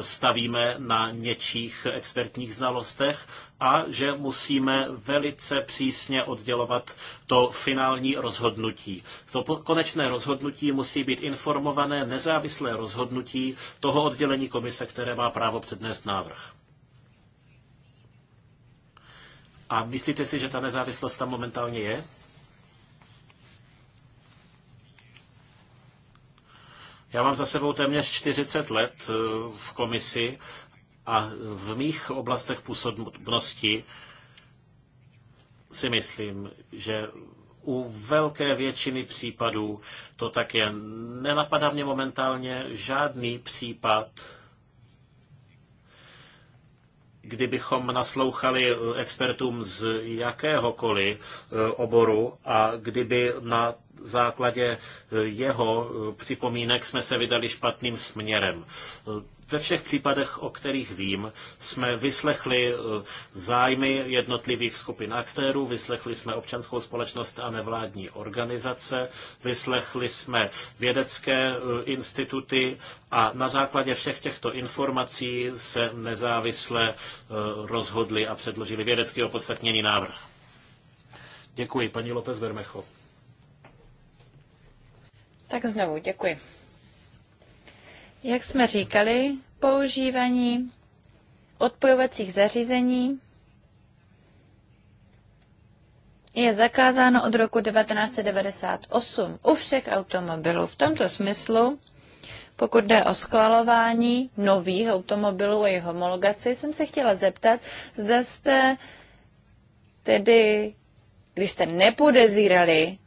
stavíme na něčích expertních znalostech a že musíme velice přísně oddělovat to finální rozhodnutí. To konečné rozhodnutí musí být informované nezávislé rozhodnutí toho oddělení komise, které má právo přednést návrh. A myslíte si, že ta nezávislost tam momentálně je? Já mám za sebou téměř 40 let eh, v komisi a v mých oblastech působnosti si myslím, že u velké většiny případů to tak je. Nenapadá mě momentálně žádný případ, kdybychom naslouchali eh, expertům z jakéhokoliv eh, oboru a kdyby na základě eh, jeho eh, připomínek jsme se vydali špatným směrem. Eh, ve všech případech, o kterých vím, jsme vyslechli zájmy jednotlivých skupin aktérů, vyslechli jsme občanskou společnost a nevládní organizace, vyslechli jsme vědecké instituty a na základě všech těchto informací se nezávisle rozhodli a předložili vědecky opodstatněný návrh. Děkuji, paní López Vermecho. Tak znovu děkuji. Jak jsme říkali, používání odpojovacích zařízení je zakázáno od roku 1998 u všech automobilů. V tomto smyslu, pokud jde o schvalování nových automobilů a jejich homologaci, jsem se chtěla zeptat, zda jste tedy, když jste nepodezírali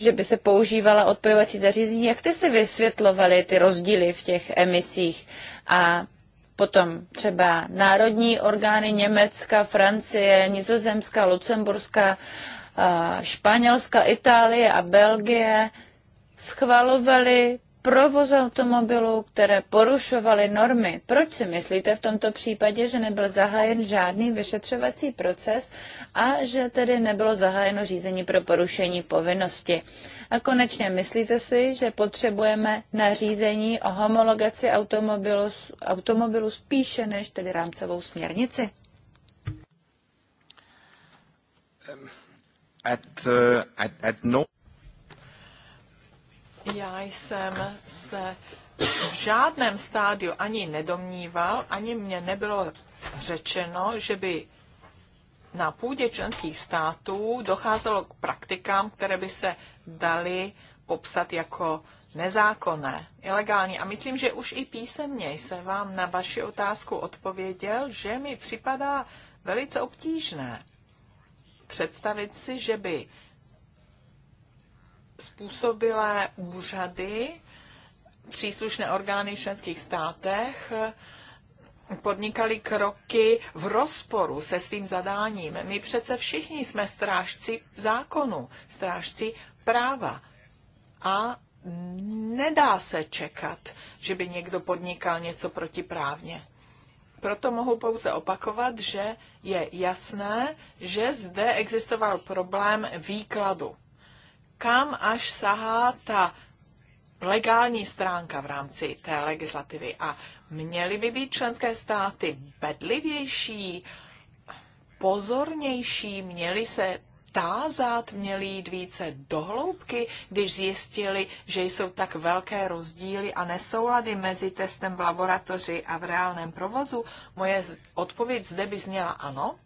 že by se používala odpojovací zařízení. Jak jste si vysvětlovali ty rozdíly v těch emisích a potom třeba národní orgány Německa, Francie, Nizozemska, Lucemburska, Španělska, Itálie a Belgie schvalovali provoz automobilů, které porušovaly normy. Proč si myslíte v tomto případě, že nebyl zahájen žádný vyšetřovací proces a že tedy nebylo zahájeno řízení pro porušení povinnosti? A konečně myslíte si, že potřebujeme nařízení o homologaci automobilu, automobilu spíše než tedy rámcovou směrnici? Um, at, uh, at, at no... Já jsem se v žádném stádiu ani nedomníval, ani mě nebylo řečeno, že by na půdě členských států docházelo k praktikám, které by se daly popsat jako nezákonné, ilegální. A myslím, že už i písemně jsem vám na vaši otázku odpověděl, že mi připadá velice obtížné představit si, že by způsobilé úřady, příslušné orgány v členských státech podnikali kroky v rozporu se svým zadáním. My přece všichni jsme strážci zákonu, strážci práva. A nedá se čekat, že by někdo podnikal něco protiprávně. Proto mohu pouze opakovat, že je jasné, že zde existoval problém výkladu kam až sahá ta legální stránka v rámci té legislativy. A měly by být členské státy bedlivější, pozornější, měly se tázat, měli jít více dohloubky, když zjistili, že jsou tak velké rozdíly a nesoulady mezi testem v laboratoři a v reálném provozu? Moje odpověď zde by zněla ano.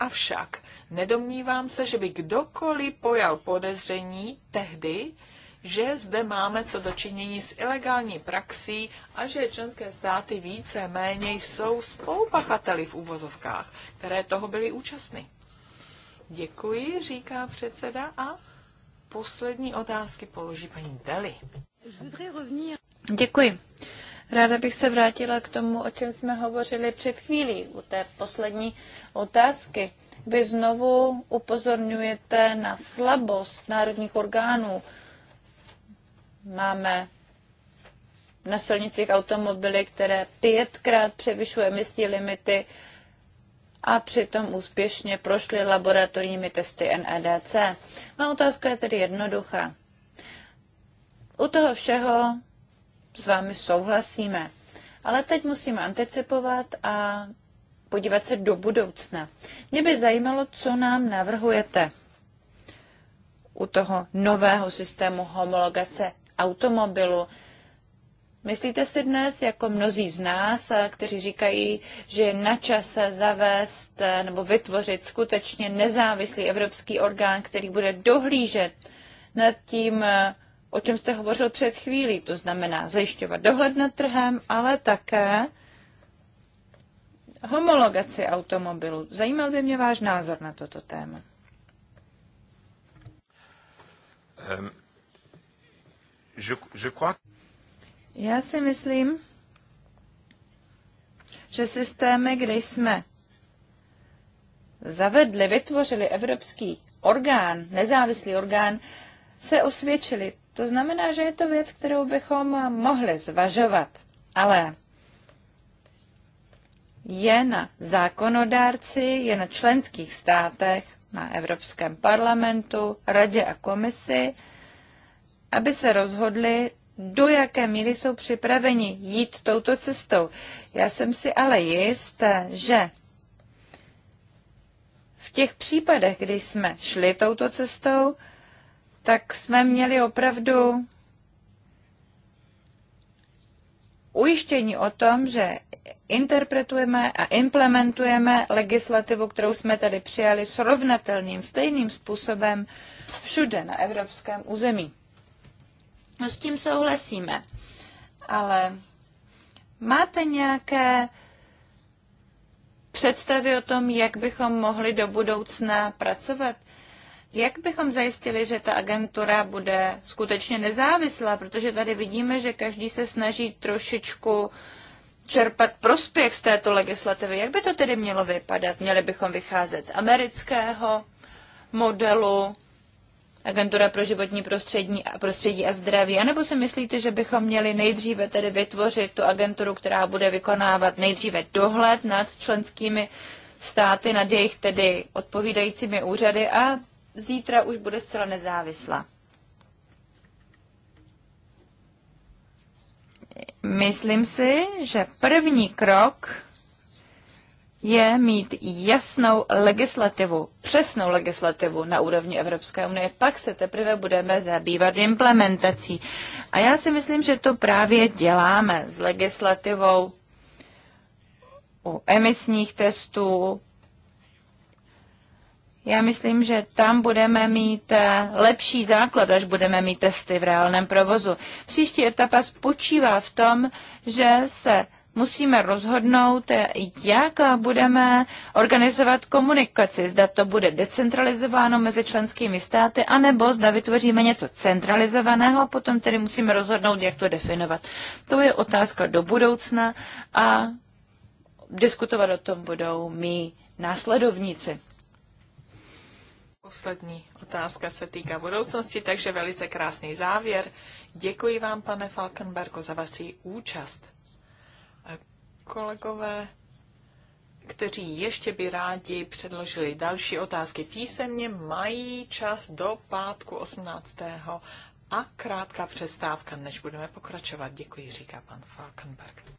Avšak nedomnívám se, že by kdokoliv pojal podezření tehdy, že zde máme co dočinění s ilegální praxí a že členské státy více méně jsou spolupachateli v úvozovkách, které toho byly účastny. Děkuji, říká předseda a poslední otázky položí paní Deli. Děkuji. Ráda bych se vrátila k tomu, o čem jsme hovořili před chvílí, u té poslední otázky. Vy znovu upozorňujete na slabost národních orgánů. Máme na silnicích automobily, které pětkrát převyšují emisní limity a přitom úspěšně prošly laboratorními testy NEDC. Má no, otázka je tedy jednoduchá. U toho všeho s vámi souhlasíme. Ale teď musím anticipovat a podívat se do budoucna. Mě by zajímalo, co nám navrhujete u toho nového systému homologace automobilu. Myslíte si dnes, jako mnozí z nás, kteří říkají, že je na čase zavést e, nebo vytvořit skutečně nezávislý evropský orgán, který bude dohlížet nad tím, e, o čem jste hovořil před chvílí, to znamená zajišťovat dohled nad trhem, ale také homologaci automobilů. Zajímal by mě váš názor na toto téma. Um, je, je crois... Já si myslím, že systémy, kde jsme zavedli, vytvořili evropský orgán, nezávislý orgán, se osvědčili. To znamená, že je to věc, kterou bychom mohli zvažovat, ale je na zákonodárci, je na členských státech, na Evropském parlamentu, radě a komisi, aby se rozhodli, do jaké míry jsou připraveni jít touto cestou. Já jsem si ale jist, že v těch případech, kdy jsme šli touto cestou, tak jsme měli opravdu ujištění o tom, že interpretujeme a implementujeme legislativu, kterou jsme tady přijali srovnatelným, stejným způsobem všude na evropském území. No s tím souhlasíme, ale máte nějaké představy o tom, jak bychom mohli do budoucna pracovat? Jak bychom zajistili, že ta agentura bude skutečně nezávislá, protože tady vidíme, že každý se snaží trošičku čerpat prospěch z této legislativy. Jak by to tedy mělo vypadat? Měli bychom vycházet z amerického modelu, agentura pro životní prostředí a, prostředí a zdraví? anebo nebo si myslíte, že bychom měli nejdříve tedy vytvořit tu agenturu, která bude vykonávat nejdříve dohled nad členskými státy, nad jejich tedy odpovídajícími úřady a zítra už bude zcela nezávislá. Myslím si, že první krok je mít jasnou legislativu, přesnou legislativu na úrovni Evropské unie. Pak se teprve budeme zabývat implementací. A já si myslím, že to právě děláme s legislativou u emisních testů, já myslím, že tam budeme mít eh, lepší základ, až budeme mít testy v reálném provozu. Příští etapa spočívá v tom, že se musíme rozhodnout, eh, jak budeme organizovat komunikaci. Zda to bude decentralizováno mezi členskými státy, anebo zda vytvoříme něco centralizovaného, potom tedy musíme rozhodnout, jak to definovat. To je otázka do budoucna a diskutovat o tom budou mý následovníci. Poslední otázka se týká budoucnosti, takže velice krásný závěr. Děkuji vám, pane Falkenbergo, za vaši účast. Kolegové, kteří ještě by rádi předložili další otázky písemně, mají čas do pátku 18. a krátká přestávka, než budeme pokračovat. Děkuji, říká pan Falkenberg.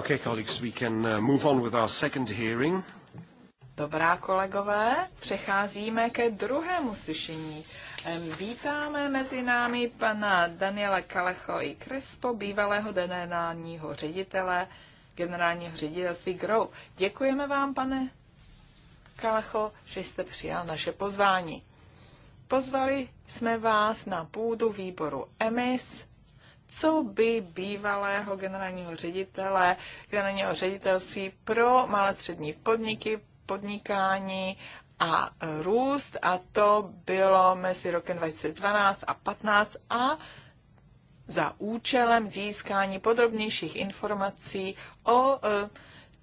Okay, colleagues, we can uh, move on with our second hearing. Dobrá, kolegové, přecházíme ke druhému slyšení. Vítáme mezi námi pana Daniela Kalecho i Krespo, bývalého generálního ředitele generálního ředitelství GROW. Děkujeme vám, pane Kalecho, že jste přijal naše pozvání. Pozvali jsme vás na půdu výboru EMIS co by bývalého generálního ředitele, generálního ředitelství pro malé střední podniky, podnikání a růst a to bylo mezi rokem 2012 a 15 a za účelem získání podrobnějších informací o e,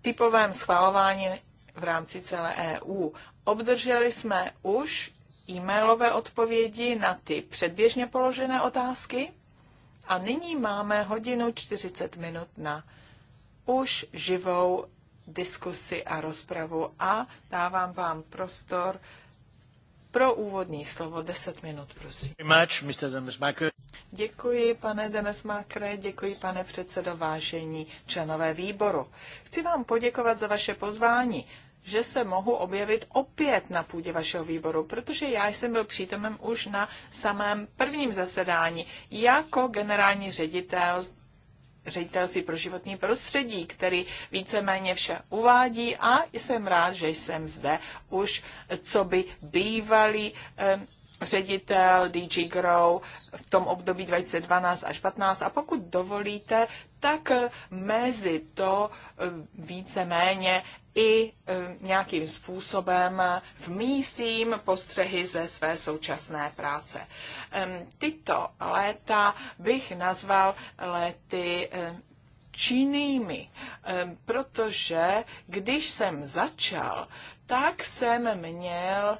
typovém schvalování v rámci celé EU. Obdrželi jsme už e-mailové odpovědi na ty předběžně položené otázky a nyní máme hodinu 40 minut na už živou diskusi a rozpravu a dávám vám prostor pro úvodní slovo 10 minut, prosím. Děkuji, pane Demesmakre, děkuji, pane předsedo, vážení členové výboru. Chci vám poděkovat za vaše pozvání že se mohu objevit opět na půdě vašeho výboru, protože já jsem byl přítomen už na samém prvním zasedání jako generální ředitel ředitelství pro životní prostředí, který víceméně vše uvádí a jsem rád, že jsem zde už co by bývalý eh, ředitel DG Grow v tom období 2012 až 2015. a pokud dovolíte, tak eh, mezi to eh, víceméně i eh, nějakým způsobem vmísím postřehy ze své současné práce. Ehm, tyto léta bych nazval léty činnými, ehm, protože když jsem začal, tak jsem měl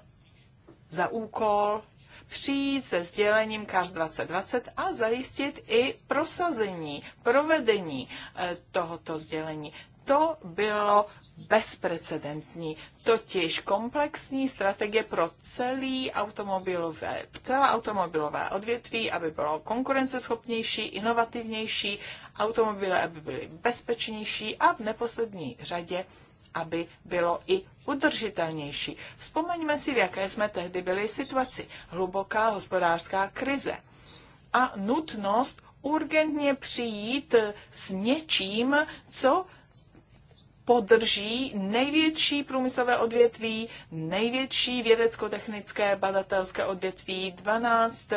za úkol přijít se sdělením CARS 2020 a zajistit i prosazení, provedení eh, tohoto sdělení. To bylo bezprecedentní, totiž komplexní strategie pro celý automobilové, celé automobilové odvětví, aby bylo konkurenceschopnější, inovativnější, automobily, aby byly bezpečnější a v neposlední řadě aby bylo i udržitelnější. Vzpomeňme si, v jaké jsme tehdy byli situaci. Hluboká hospodářská krize a nutnost urgentně přijít s něčím, co podrží největší průmyslové odvětví, největší vědecko-technické badatelské odvětví, 12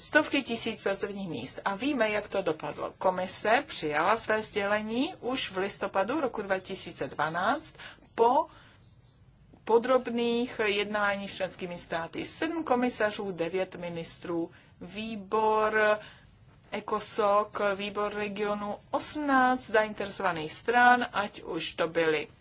stovky tisíc pracovních míst. A víme, jak to dopadlo. Komise přijala své sdělení už v listopadu roku 2012 po podrobných jednání s členskými státy. Sedm komisařů, devět ministrů, výbor ECOSOC, výbor regionu, 18 zainteresovaných stran, ať už to byly um,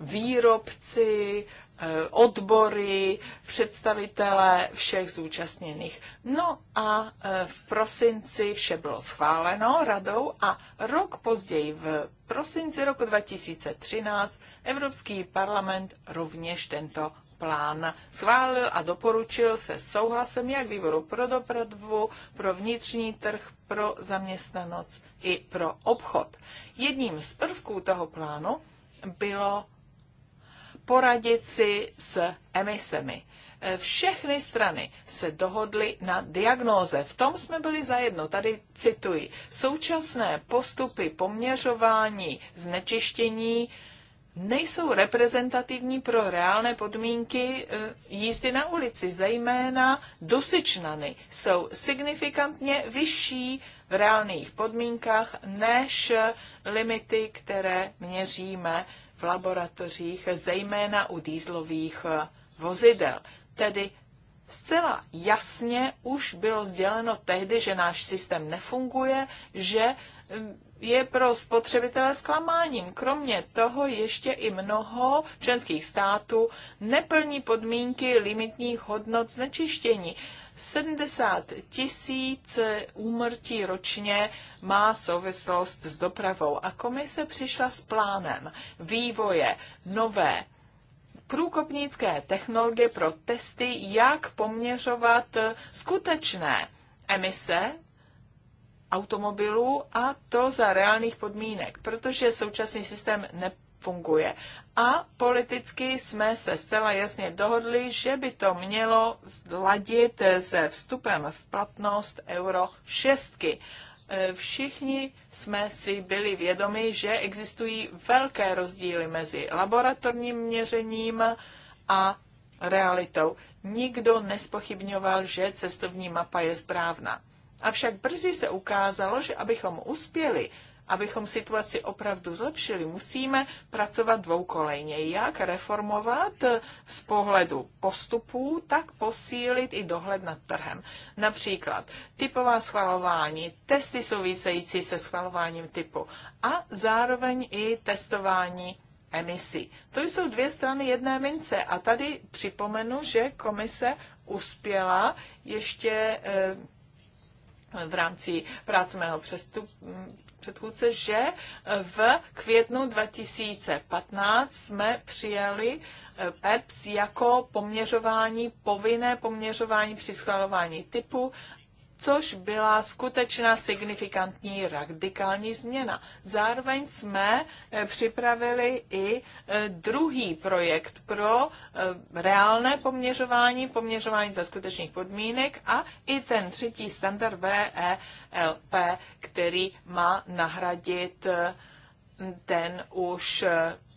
výrobci, Eh, odbory, představitele všech zúčastněných. No a eh, v prosinci vše bylo schváleno radou a rok později, v prosinci roku 2013, Evropský parlament rovněž tento plán schválil a doporučil se souhlasem jak výboru pro dopravu, pro vnitřní trh, pro zaměstnanost i pro obchod. Jedním z prvků toho plánu bylo poradit si s emisemi. Eh, všechny strany se dohodly na diagnóze. V tom jsme byli zajedno. Tady cituji. Současné postupy poměřování znečištění nejsou reprezentativní pro reálné podmínky eh, jízdy na ulici, zejména dusičnany jsou signifikantně vyšší v reálných podmínkách než limity, které měříme v laboratořích, zejména u dýzlových eh, vozidel. Tedy zcela jasně už bylo sděleno tehdy, že náš systém nefunguje, že mm, je pro spotřebitele zklamáním. Kromě toho ještě i mnoho členských států neplní podmínky limitních hodnot znečištění. 70 tisíc úmrtí ročně má souvislost s dopravou a komise přišla s plánem vývoje nové průkopnické technologie pro testy, jak poměřovat skutečné emise automobilů a to za reálných podmínek, protože současný systém nefunguje. A politicky jsme se zcela jasně dohodli, že by to mělo zladit se vstupem v platnost euro 6 e, všichni jsme si byli vědomi, že existují velké rozdíly mezi laboratorním měřením a realitou. Nikdo nespochybňoval, že cestovní mapa je správná. Avšak brzy se ukázalo, že abychom uspěli abychom situaci opravdu zlepšili, musíme pracovat dvoukolejně. Jak reformovat eh, z pohledu postupů, tak posílit i dohled nad trhem. Například typová schvalování, testy související se schvalováním typu a zároveň i testování emisí. To jsou dvě strany jedné mince a tady připomenu, že komise uspěla ještě eh, v rámci práce mého přestup, předchůdce, že v květnu 2015 jsme přijeli EPS eh, jako poměřování, povinné poměřování při schvalování typu což byla skutečná signifikantní radikální změna. Zároveň jsme eh, připravili i eh, druhý projekt pro eh, reálné poměřování, poměřování za skutečných podmínek a i ten třetí standard VELP, který má nahradit ten už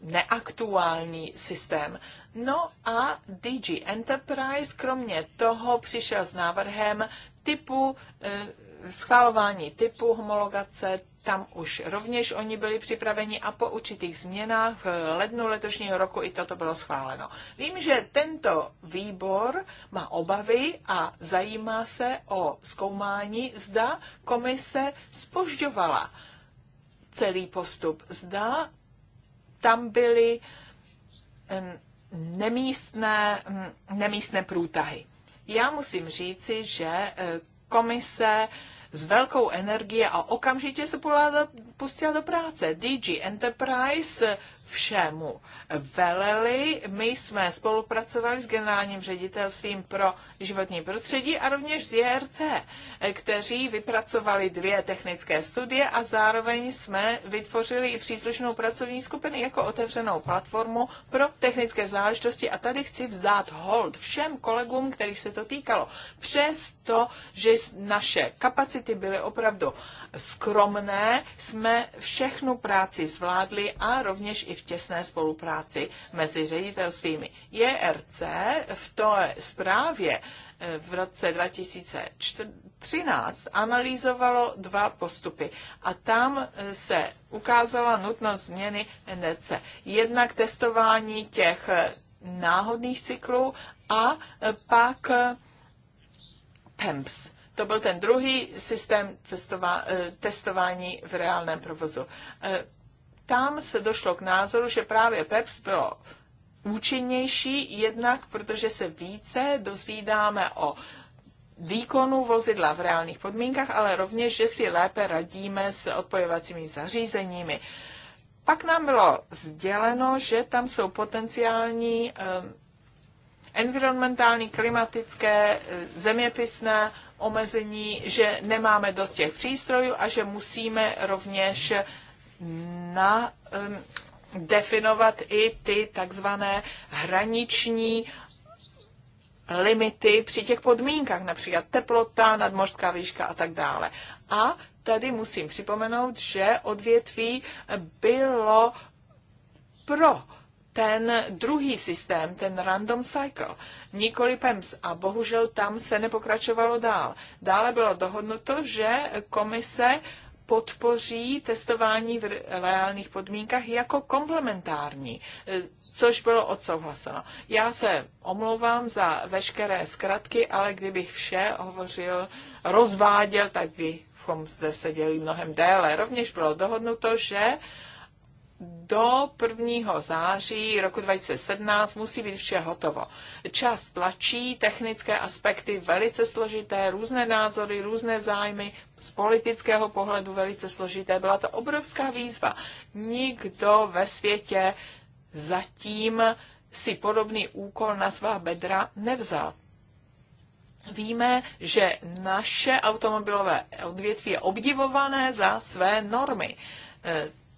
neaktuální systém. No a DG Enterprise kromě toho přišel s návrhem typu eh, schvalování typu homologace, tam už rovněž oni byli připraveni a po určitých změnách v lednu letošního roku i toto bylo schváleno. Vím, že tento výbor má obavy a zajímá se o zkoumání, zda komise spožďovala celý postup, zda tam byly nemístné, nemístné průtahy. Já musím říci, že eh, komise s velkou energií a okamžitě se pustila do práce. DG Enterprise všemu veleli. My jsme spolupracovali s generálním ředitelstvím pro životní prostředí a rovněž s JRC, kteří vypracovali dvě technické studie a zároveň jsme vytvořili i příslušnou pracovní skupinu jako otevřenou platformu pro technické záležitosti a tady chci vzdát hold všem kolegům, kterých se to týkalo. Přesto, že naše kapacity byly opravdu skromné, jsme všechnu práci zvládli a rovněž i v těsné spolupráci mezi ředitelstvími. JRC v té zprávě eh, v roce 2013 analyzovalo dva postupy a tam eh, se ukázala nutnost změny NDC. Jednak testování těch eh, náhodných cyklů a pak PEMPS. To byl ten druhý systém cestová, testování v reálném provozu tam se došlo k názoru, že právě PEPS bylo účinnější, jednak protože se více dozvídáme o výkonu vozidla v reálných podmínkách, ale rovněž, že si lépe radíme s odpojovacími zařízeními. Pak nám bylo sděleno, že tam jsou potenciální ehm, environmentální, klimatické, eh, zeměpisné omezení, že nemáme dost těch přístrojů a že musíme rovněž na, um, definovat i ty takzvané hraniční limity při těch podmínkách, například teplota, nadmořská výška a tak dále. A tady musím připomenout, že odvětví bylo pro ten druhý systém, ten random cycle, nikoli PEMS a bohužel tam se nepokračovalo dál. Dále bylo dohodnuto, že komise podpoří testování v reálných podmínkách jako komplementární, e, což bylo odsouhlaseno. Já se omlouvám za veškeré zkratky, ale kdybych vše hovořil, rozváděl, tak bychom zde seděli mnohem déle. Rovněž bylo dohodnuto, že do 1. září roku 2017 musí být vše hotovo. Čas tlačí, technické aspekty velice složité, různé názory, různé zájmy, z politického pohledu velice složité. Byla to obrovská výzva. Nikdo ve světě zatím si podobný úkol na svá bedra nevzal. Víme, že naše automobilové odvětví je obdivované za své normy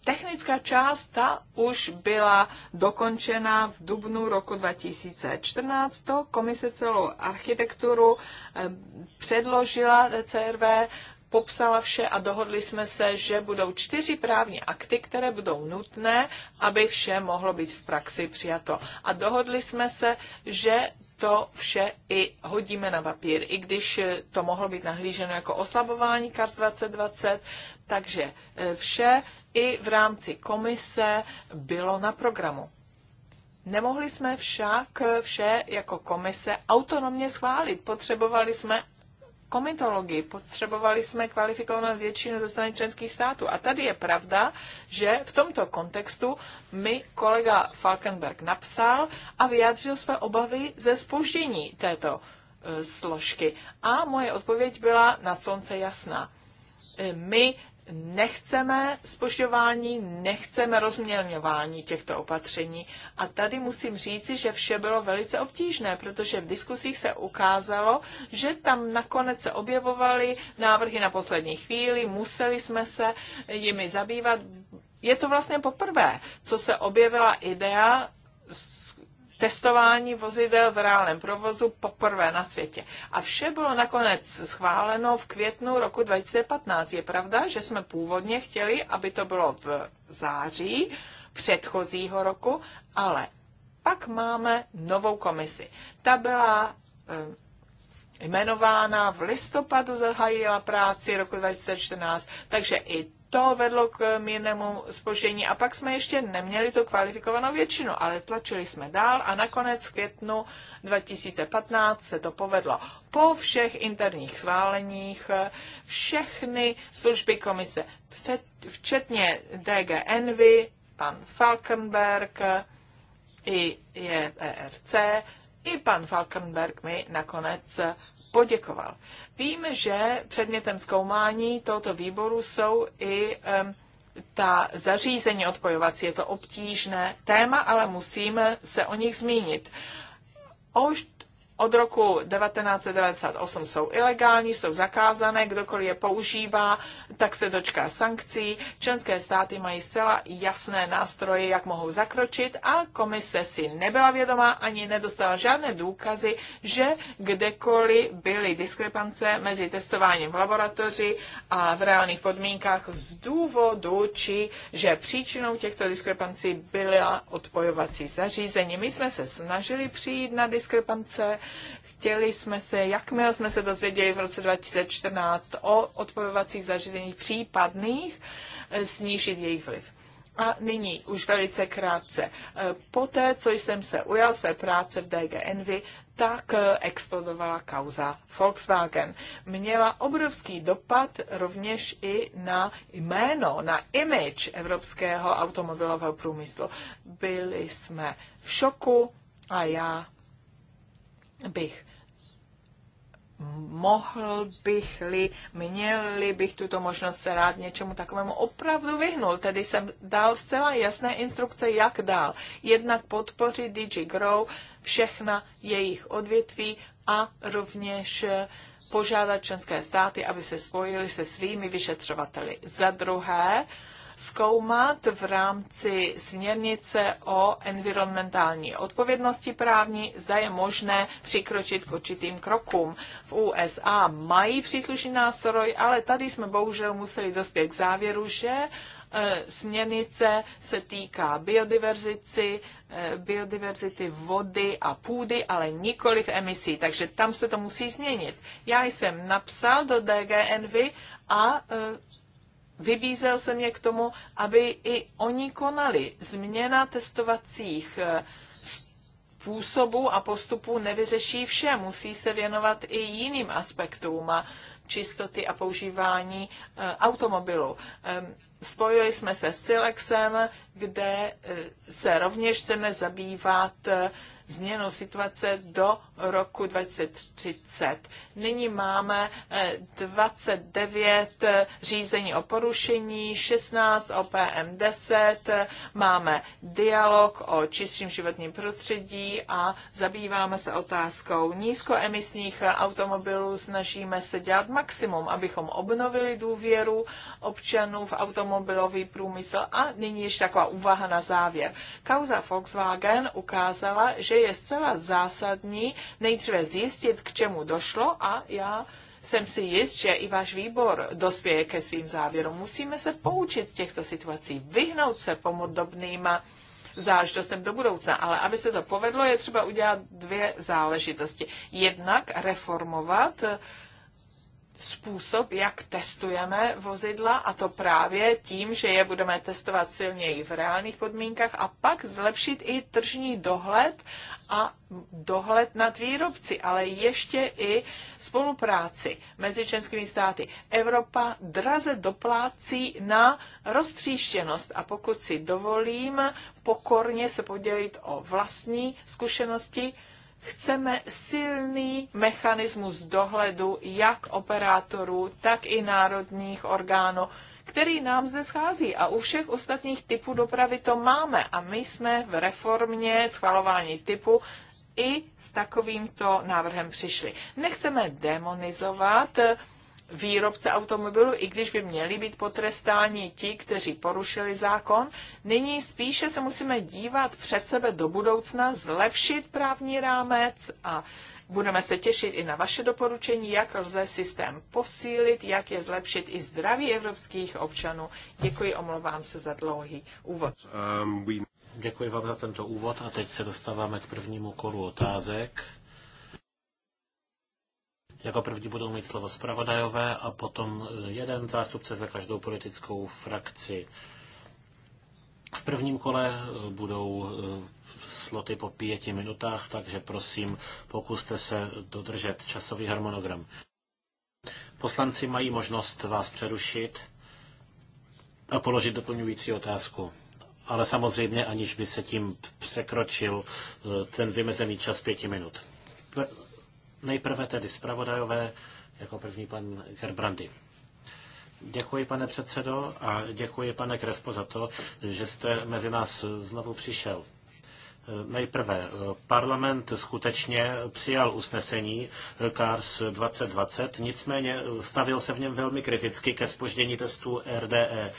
Technická část ta už byla dokončena v dubnu roku 2014. To komise celou architekturu eh, předložila CRV, popsala vše a dohodli jsme se, že budou čtyři právní akty, které budou nutné, aby vše mohlo být v praxi přijato. A dohodli jsme se, že to vše i hodíme na papír, i když eh, to mohlo být nahlíženo jako oslabování CARS 2020, takže eh, vše i v rámci komise bylo na programu. Nemohli jsme však vše jako komise autonomně schválit. Potřebovali jsme komitologii, potřebovali jsme kvalifikovanou většinu ze strany členských států. A tady je pravda, že v tomto kontextu mi kolega Falkenberg napsal a vyjádřil své obavy ze spoždění této e, složky. A moje odpověď byla na slunce jasná. E, my nechceme spošťování, nechceme rozmělňování těchto opatření. A tady musím říci, že vše bylo velice obtížné, protože v diskusích se ukázalo, že tam nakonec se objevovaly návrhy na poslední chvíli, museli jsme se jimi zabývat. Je to vlastně poprvé, co se objevila idea testování vozidel v reálném provozu poprvé na světě. A vše bylo nakonec schváleno v květnu roku 2015. Je pravda, že jsme původně chtěli, aby to bylo v září předchozího roku, ale pak máme novou komisi. Ta byla eh, jmenována v listopadu, zahájila práci roku 2014, takže i to vedlo k mírnému spoždění. A pak jsme ještě neměli tu kvalifikovanou většinu, ale tlačili jsme dál a nakonec v květnu 2015 se to povedlo. Po všech interních schváleních eh, všechny služby komise, včetně DG Envy, pan Falkenberg eh, i JRC, e i pan Falkenberg mi nakonec poděkoval. Vím, že předmětem zkoumání tohoto výboru jsou i ta zařízení odpojovací. Je to obtížné téma, ale musíme se o nich zmínit. Ož od roku 1998 jsou ilegální, jsou zakázané, kdokoliv je používá, tak se dočká sankcí. Členské státy mají zcela jasné nástroje, jak mohou zakročit a komise si nebyla vědomá ani nedostala žádné důkazy, že kdekoliv byly diskrepance mezi testováním v laboratoři a v reálných podmínkách z důvodu, či že příčinou těchto diskrepancí byla odpojovací zařízení. My jsme se snažili přijít na diskrepance, Chtěli jsme se, jakmile jsme se dozvěděli v roce 2014 o odpojovacích zařízeních případných, eh, snížit jejich vliv. A nyní už velice krátce. Eh, poté, co jsem se ujal své práce v DG Envy, tak eh, explodovala kauza Volkswagen. Měla obrovský dopad rovněž i na jméno, na image evropského automobilového průmyslu. Byli jsme v šoku a já bych mohl bych-li, měl bych tuto možnost se rád něčemu takovému opravdu vyhnul. Tedy jsem dal zcela jasné instrukce, jak dál. Jednak podpořit DigiGrow, všechna jejich odvětví a rovněž eh, požádat členské státy, aby se spojili se svými vyšetřovateli. Za druhé, zkoumat v rámci směrnice o environmentální odpovědnosti právní, zda je možné přikročit k určitým krokům. V USA mají příslušný nástroj, ale tady jsme bohužel museli dospět k závěru, že e, směrnice se týká biodiverzity, e, biodiverzity vody a půdy, ale nikoli v emisí, takže tam se to musí změnit. Já jsem napsal do DGNV a e, vybízel jsem je k tomu, aby i oni konali. Změna testovacích eh, způsobů a postupů nevyřeší vše, musí se věnovat i jiným aspektům a čistoty a používání eh, automobilu. Ehm, spojili jsme se s Silexem, kde eh, se rovněž chceme zabývat změnou situace do roku 2030. Nyní máme 29 eh, eh, řízení o porušení, 16 o PM10, eh, máme dialog o čistším životním prostředí a zabýváme se otázkou nízkoemisních automobilů. Snažíme se dělat maximum, abychom obnovili důvěru občanů v automobilový průmysl a nyní ještě taková úvaha na závěr. Kauza Volkswagen ukázala, že je zcela zásadní nejdříve zjistit, k čemu došlo a já jsem si jist, že i váš výbor dospěje ke svým závěrům. Musíme se poučit z těchto situací, vyhnout se pomodobným záležitostem do budoucna, ale aby se to povedlo, je třeba udělat dvě záležitosti. Jednak reformovat způsob, jak testujeme vozidla a to právě tím, že je budeme testovat silněji v reálných podmínkách a pak zlepšit i tržní dohled a dohled nad výrobci, ale ještě i spolupráci mezi členskými státy. Evropa draze doplácí na roztříštěnost a pokud si dovolím pokorně se podělit o vlastní zkušenosti, Chceme silný mechanismus dohledu jak operátorů, tak i národních orgánů, který nám zde schází. A u všech ostatních typů dopravy to máme. A my jsme v reformě schvalování typu i s takovýmto návrhem přišli. Nechceme demonizovat výrobce automobilů, i když by měli být potrestáni ti, kteří porušili zákon. Nyní spíše se musíme dívat před sebe do budoucna, zlepšit právní rámec a budeme se těšit i na vaše doporučení, jak lze systém posílit, jak je zlepšit i zdraví evropských občanů. Děkuji, omlouvám se za dlouhý úvod. Um, Děkuji vám za tento úvod a teď se dostáváme k prvnímu kolu otázek. Jako první budou mít slovo zpravodajové a potom eh, jeden zástupce za každou politickou frakci. V prvním kole eh, budou eh, sloty po pěti minutách, takže prosím, pokuste se dodržet časový harmonogram. Poslanci mají možnost vás přerušit a položit doplňující otázku. Ale samozřejmě, aniž by se tím překročil ten vymezený čas pěti minut. Nejprve tedy zpravodajové, jako první pan Gerbrandy. Děkuji, pane předsedo, a děkuji, pane Krespo, za to, že jste mezi nás znovu přišel. Nejprve, eh, parlament skutečně přijal usnesení eh, CARS 2020, nicméně eh, stavil se v něm velmi kriticky ke spoždění testů RDE.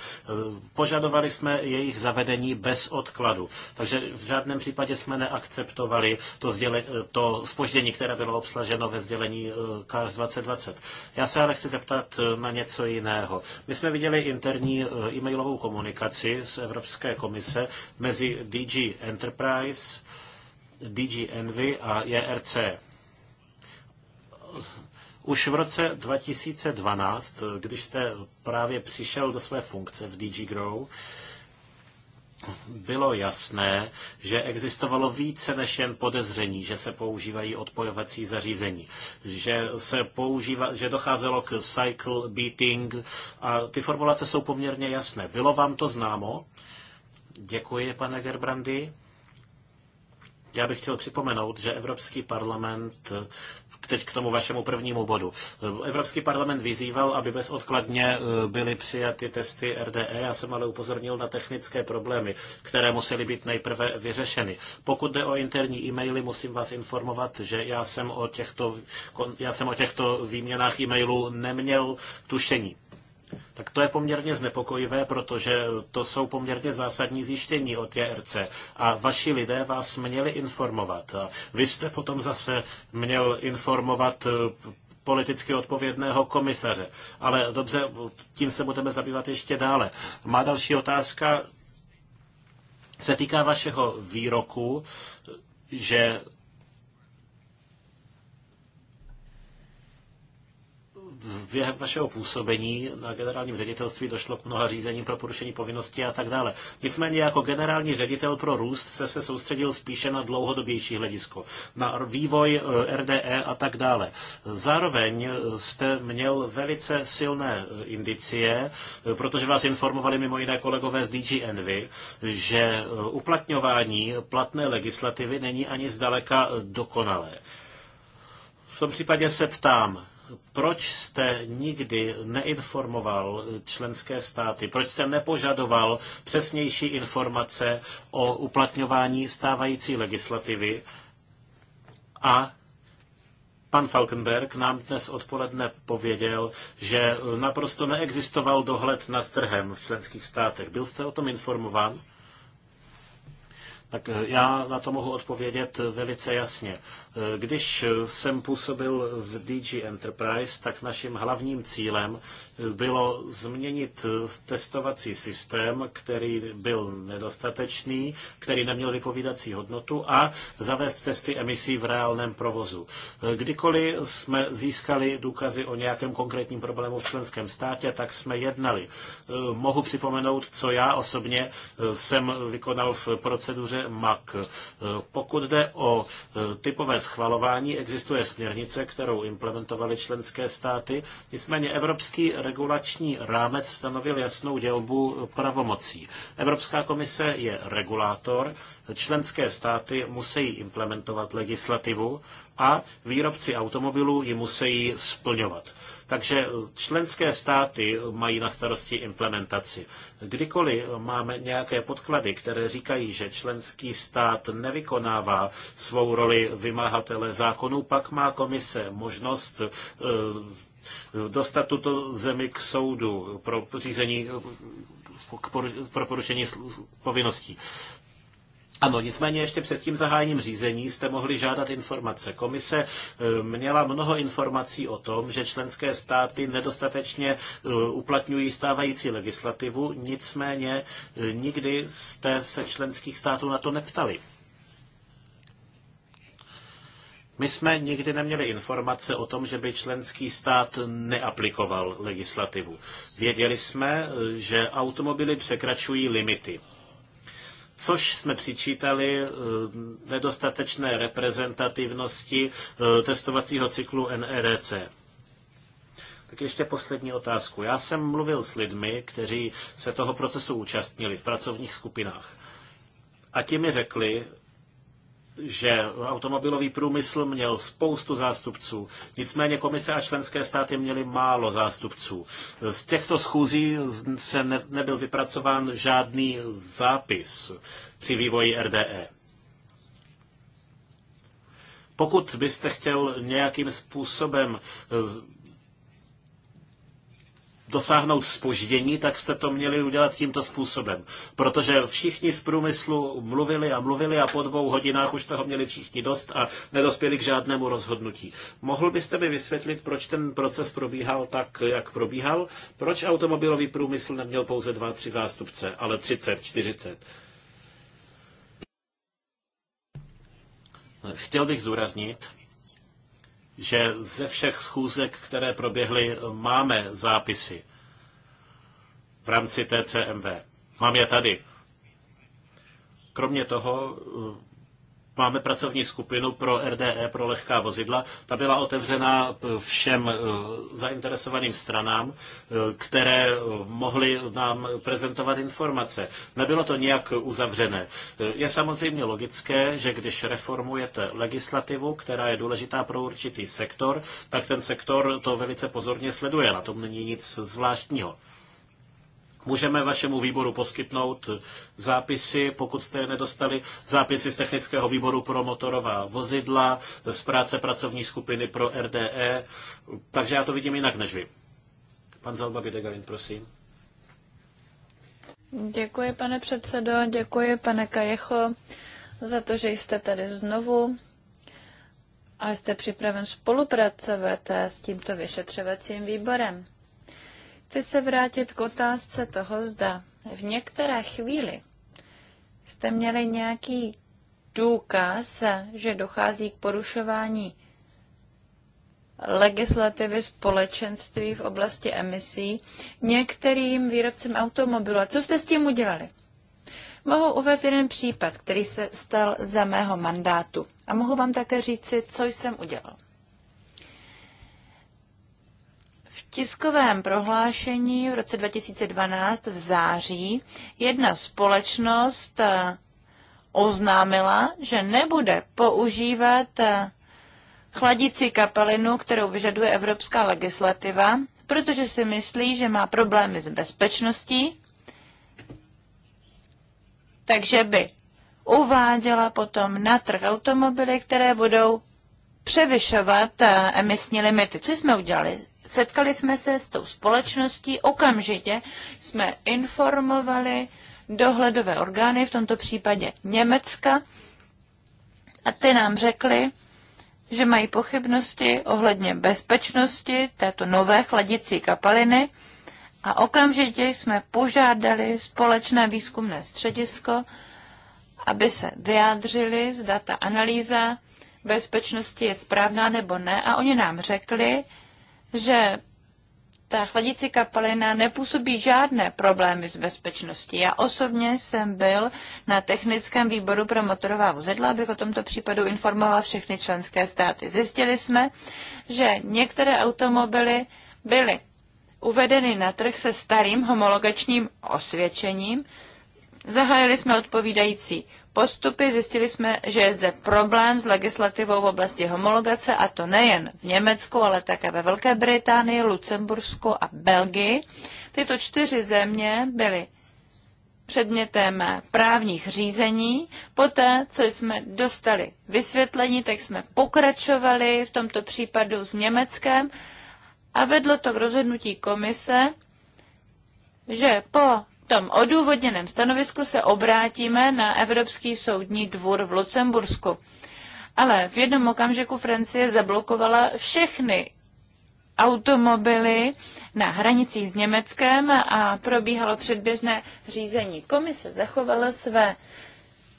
Požadovali jsme jejich zavedení bez odkladu, takže v žádném případě jsme neakceptovali to, sděle, to spoždění, které bylo obsaženo ve sdělení CARS 2020. Já se ale chci zeptat na něco jiného. My jsme viděli interní e-mailovou komunikaci z Evropské komise mezi DG Enterprise Enterprise, DG Envy a JRC. E Už v roce 2012, když jste právě přišel do své funkce v DG Grow, bylo jasné, že existovalo více než jen podezření, že se používají odpojovací zařízení, že, se používa, že docházelo k cycle beating a ty formulace jsou poměrně jasné. Bylo vám to známo? Děkuji, pane Gerbrandy. Já bych chtěl připomenout, že Evropský parlament teď k tomu vašemu prvnímu bodu. Evropský parlament vyzýval, aby bezodkladně eh, byly přijaty testy RDE. Já jsem ale upozornil na technické problémy, které musely být nejprve vyřešeny. Pokud jde o interní e-maily, musím vás informovat, že já jsem o těchto, já jsem o těchto výměnách e-mailů neměl tušení. Tak to je poměrně znepokojivé, protože to jsou poměrně zásadní zjištění od JRC. A vaši lidé vás měli informovat. A vy jste potom zase měl informovat eh, politicky odpovědného komisaře. Ale dobře, tím se budeme zabývat ještě dále. Má další otázka se týká vašeho výroku, že během vašeho působení na generálním ředitelství došlo k mnoha řízením pro porušení povinnosti a tak dále. Nicméně jako generální ředitel pro růst se se soustředil spíše na dlouhodobější hledisko, na vývoj eh, RDE a tak dále. Zároveň eh, jste měl velice silné eh, indicie, protože vás informovali mimo jiné kolegové z DG Envy, že uplatňování platné legislativy není ani zdaleka dokonalé. V tom případě se ptám, proč jste nikdy neinformoval členské státy, proč jste nepožadoval přesnější informace o uplatňování stávající legislativy a Pan Falkenberg nám dnes odpoledne pověděl, že naprosto neexistoval dohled nad trhem v členských státech. Byl jste o tom informován? Tak eh, já na to mohu odpovědět eh, velice jasně. Eh, když jsem působil v DG Enterprise, tak naším hlavním cílem bylo změnit testovací systém, který byl nedostatečný, který neměl vypovídací hodnotu a zavést testy emisí v reálném provozu. Kdykoliv jsme získali důkazy o nějakém konkrétním problému v členském státě, tak jsme jednali. Mohu připomenout, co já osobně jsem vykonal v proceduře MAC. Pokud jde o typové schvalování, existuje směrnice, kterou implementovaly členské státy. Nicméně Evropský regulační rámec stanovil jasnou dělbu pravomocí. Evropská komise je regulátor, členské státy musí implementovat legislativu a výrobci automobilů ji musí splňovat. Takže členské státy mají na starosti implementaci. Kdykoliv máme nějaké podklady, které říkají, že členský stát nevykonává svou roli vymahatele zákonů, pak má komise možnost eh, dostat tuto zemi k soudu pro řízení pro porušení povinností. Ano, nicméně ještě před tím zahájením řízení jste mohli žádat informace. Komise eh, měla mnoho informací o tom, že členské státy nedostatečně eh, uplatňují stávající legislativu, nicméně eh, nikdy jste se členských států na to neptali. My jsme nikdy neměli informace o tom, že by členský stát neaplikoval legislativu. Věděli jsme, že automobily překračují limity což jsme přičítali eh, nedostatečné reprezentativnosti eh, testovacího cyklu NEDC. Tak ještě poslední otázku. Já jsem mluvil s lidmi, kteří se toho procesu účastnili v pracovních skupinách. A ti mi řekli, že automobilový průmysl měl spoustu zástupců, nicméně komise a členské státy měly málo zástupců. Z těchto schůzí se ne, nebyl vypracován žádný zápis při vývoji RDE. Pokud byste chtěl nějakým způsobem dosáhnout spoždění, tak jste to měli udělat tímto způsobem. Protože všichni z průmyslu mluvili a mluvili a po dvou hodinách už toho měli všichni dost a nedospěli k žádnému rozhodnutí. Mohl byste mi vysvětlit, proč ten proces probíhal tak, jak probíhal? Proč automobilový průmysl neměl pouze dva, tři zástupce, ale 30, 40? Chtěl bych zdůraznit, že ze všech schůzek, které proběhly, máme zápisy v rámci TCMV. Mám je tady. Kromě toho máme pracovní skupinu pro RDE, pro lehká vozidla. Ta byla otevřena všem eh, zainteresovaným stranám, eh, které eh, mohly nám prezentovat informace. Nebylo to nějak uzavřené. Je samozřejmě logické, že když reformujete legislativu, která je důležitá pro určitý sektor, tak ten sektor to velice pozorně sleduje. Na tom není nic zvláštního. Můžeme vašemu výboru poskytnout zápisy, pokud jste je nedostali, zápisy z technického výboru pro motorová vozidla, z práce pracovní skupiny pro RDE, takže já to vidím jinak než vy. Pan Zalba Bidegarin, prosím. Děkuji, pane předsedo, děkuji, pane Kajecho, za to, že jste tady znovu a jste připraven spolupracovat s tímto vyšetřovacím výborem. Chci se vrátit k otázce toho, zda v některé chvíli jste měli nějaký důkaz, že dochází k porušování legislativy společenství v oblasti emisí některým výrobcem automobilů. A co jste s tím udělali? Mohu uvést jeden případ, který se stal za mého mandátu. A mohu vám také říci, co jsem udělal. tiskovém prohlášení v roce 2012 v září jedna společnost eh, oznámila, že nebude používat eh, chladicí kapalinu, kterou vyžaduje evropská legislativa, protože si myslí, že má problémy s bezpečností, takže by uváděla potom na trh automobily, které budou převyšovat eh, emisní limity. Co jsme udělali? setkali jsme se s tou společností, okamžitě jsme informovali dohledové orgány, v tomto případě Německa, a ty nám řekli, že mají pochybnosti ohledně bezpečnosti této nové chladicí kapaliny a okamžitě jsme požádali společné výzkumné středisko, aby se vyjádřili, zda ta analýza bezpečnosti je správná nebo ne. A oni nám řekli, že ta chladicí kapalina nepůsobí žádné problémy s bezpečností. Já osobně jsem byl na technickém výboru pro motorová vozidla, abych o tomto případu informoval všechny členské státy. Zjistili jsme, že některé automobily byly uvedeny na trh se starým homologačním osvědčením. Zahájili jsme odpovídající postupy zjistili jsme, že je zde problém s legislativou v oblasti homologace a to nejen v Německu, ale také ve Velké Británii, Lucembursku a Belgii. Tyto čtyři země byly předmětem právních řízení. Poté, co jsme dostali vysvětlení, tak jsme pokračovali v tomto případu s Německem a vedlo to k rozhodnutí komise, že po tom odůvodněném stanovisku se obrátíme na Evropský soudní dvůr v Lucembursku. Ale v jednom okamžiku Francie zablokovala všechny automobily na hranicích s Německem a probíhalo předběžné řízení. Komise zachovala své,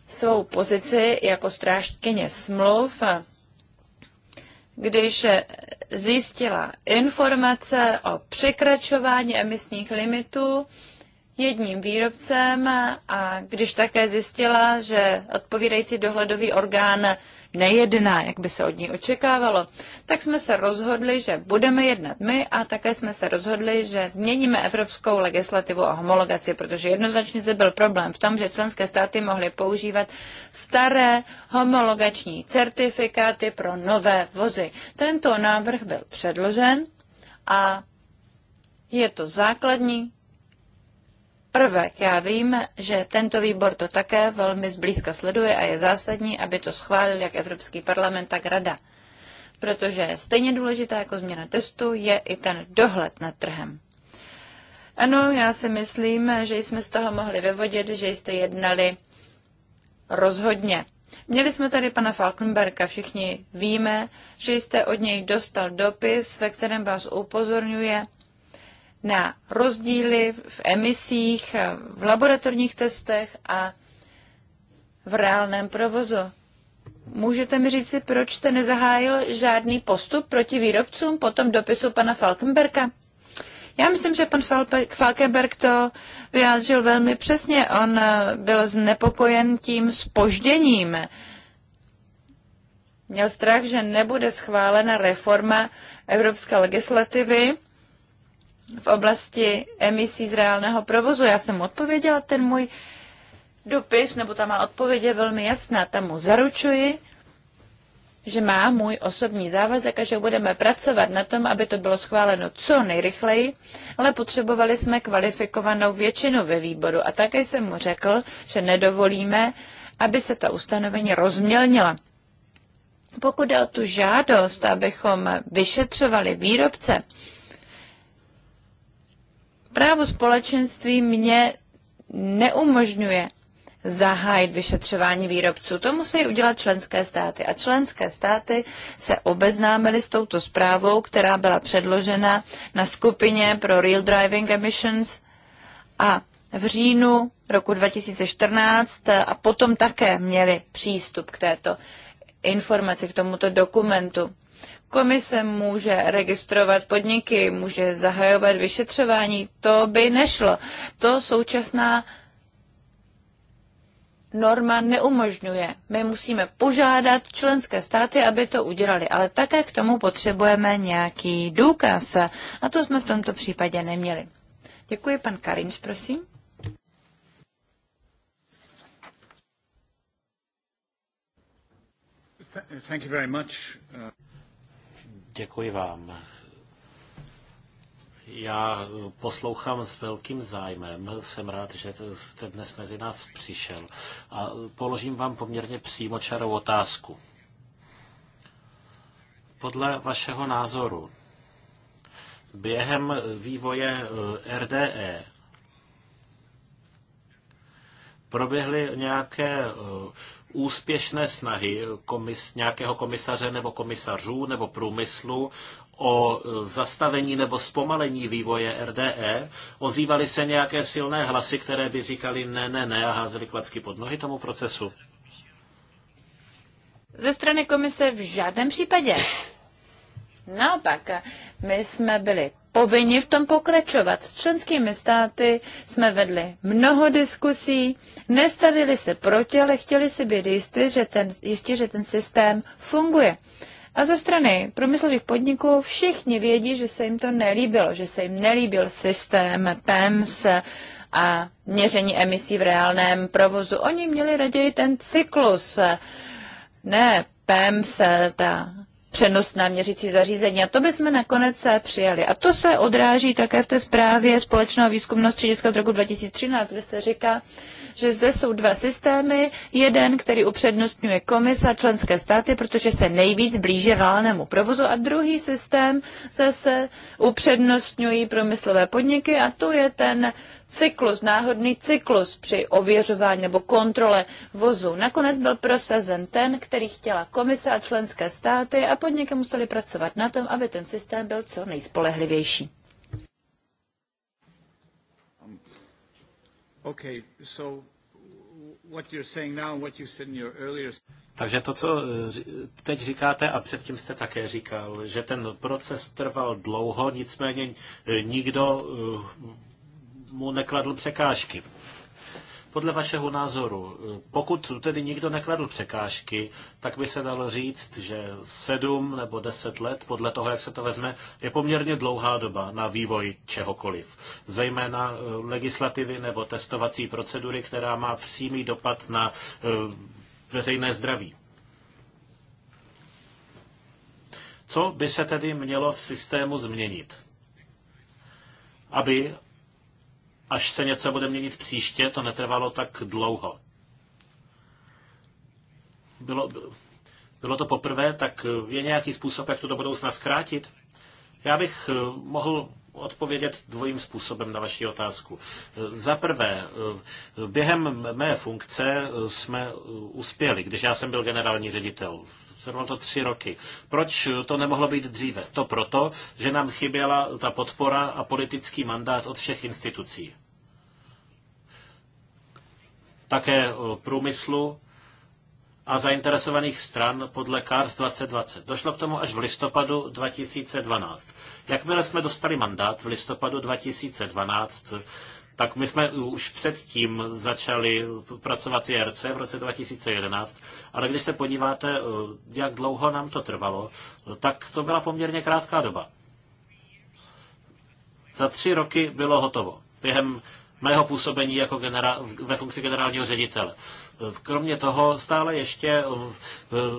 svou pozici jako strážkyně smluv, když zjistila informace o překračování emisních limitů jedním výrobcem a když také zjistila, že odpovídající dohledový orgán nejedná, jak by se od ní očekávalo, tak jsme se rozhodli, že budeme jednat my a také jsme se rozhodli, že změníme evropskou legislativu o homologaci, protože jednoznačně zde byl problém v tom, že členské státy mohly používat staré homologační certifikáty pro nové vozy. Tento návrh byl předložen a je to základní prvek. Já vím, že tento výbor to také velmi zblízka sleduje a je zásadní, aby to schválil jak Evropský parlament, tak Rada. Protože stejně důležitá jako změna testu je i ten dohled nad trhem. Ano, já si myslím, že jsme z toho mohli vyvodit, že jste jednali rozhodně. Měli jsme tady pana Falkenberga, všichni víme, že jste od něj dostal dopis, ve kterém vás upozorňuje na rozdíly v emisích, v laboratorních testech a v reálném provozu. Můžete mi říct, proč jste nezahájil žádný postup proti výrobcům po tom dopisu pana Falkenberga? Já myslím, že pan Falkenberg to vyjádřil velmi přesně. On eh, byl znepokojen tím spožděním. Měl strach, že nebude schválena reforma evropské legislativy v oblasti emisí z reálného provozu. Já jsem odpověděla ten můj dopis, nebo ta má odpověď je velmi jasná. Tam mu zaručuji, že má můj osobní závazek a že budeme pracovat na tom, aby to bylo schváleno co nejrychleji, ale potřebovali jsme kvalifikovanou většinu ve výboru a také jsem mu řekl, že nedovolíme, aby se ta ustanovení rozmělnila. Pokud je o tu žádost, abychom vyšetřovali výrobce, Právo společenství mě neumožňuje zahájit vyšetřování výrobců. To musí udělat členské státy. A členské státy se obeznámily s touto zprávou, která byla předložena na skupině pro Real Driving Emissions a v říjnu roku 2014 a potom také měli přístup k této informaci, k tomuto dokumentu. Komise může registrovat podniky, může zahajovat vyšetřování, to by nešlo. To současná norma neumožňuje. My musíme požádat členské státy, aby to udělali, ale také k tomu potřebujeme nějaký důkaz. A to jsme v tomto případě neměli. Děkuji, pan Karinč, prosím. Thank you very much. Děkuji vám. Já poslouchám s velkým zájmem. Jsem rád, že jste dnes mezi nás přišel. A položím vám poměrně přímočarou otázku. Podle vašeho názoru, během vývoje eh, RDE proběhly nějaké eh, úspěšné snahy komis, nějakého komisaře nebo komisařů nebo průmyslu o e, zastavení nebo zpomalení vývoje RDE, ozývaly se nějaké silné hlasy, které by říkali ne, ne, ne a házeli klacky pod nohy tomu procesu? Ze strany komise v žádném případě. Naopak, my jsme byli povinni v tom pokračovat. S členskými státy jsme vedli mnoho diskusí, nestavili se proti, ale chtěli si být jistí, že ten, jistí, že ten systém funguje. A ze strany průmyslových podniků všichni vědí, že se jim to nelíbilo, že se jim nelíbil systém PEMS a měření emisí v reálném provozu. Oni měli raději ten cyklus, ne PEMS, ta přenosná měřící zařízení. A to bychom nakonec přijali. A to se odráží také v té zprávě Společného výzkumu střediska z roku 2013, kde se říká, že zde jsou dva systémy. Jeden, který upřednostňuje komise a členské státy, protože se nejvíc blíží reálnému provozu. A druhý systém zase upřednostňují průmyslové podniky a to je ten cyklus, náhodný cyklus při ověřování nebo kontrole vozu. Nakonec byl prosazen ten, který chtěla komise a členské státy a podniky museli pracovat na tom, aby ten systém byl co nejspolehlivější. Okay, so what you're saying now, what you said in your earlier... Takže to, co eh, teď říkáte a předtím jste také říkal, že ten proces trval dlouho, nicméně eh, nikdo eh, mu nekladl překážky. Podle vašeho názoru, pokud tedy nikdo nekladl překážky, tak by se dalo říct, že sedm nebo deset let, podle toho, jak se to vezme, je poměrně dlouhá doba na vývoj čehokoliv. Zejména eh, legislativy nebo testovací procedury, která má přímý dopad na eh, veřejné zdraví. Co by se tedy mělo v systému změnit? aby až se něco bude měnit příště, to netrvalo tak dlouho. Bylo, bylo to poprvé, tak je nějaký způsob, jak to do budoucna zkrátit? Já bych eh, mohl odpovědět dvojím způsobem na vaši otázku. Za prvé, eh, během mé funkce eh, jsme uspěli, když já jsem byl generální ředitel. Trvalo to tři roky. Proč to nemohlo být dříve? To proto, že nám chyběla ta podpora a politický mandát od všech institucí také eh, průmyslu a zainteresovaných stran podle CARS 2020. Došlo k tomu až v listopadu 2012. Jakmile jsme dostali mandát v listopadu 2012, tak my jsme už předtím začali pracovat s JRC v roce 2011, ale když se podíváte, eh, jak dlouho nám to trvalo, tak to byla poměrně krátká doba. Za tři roky bylo hotovo. Během mého působení jako generál, ve funkci generálního ředitele. Kromě toho stále ještě eh,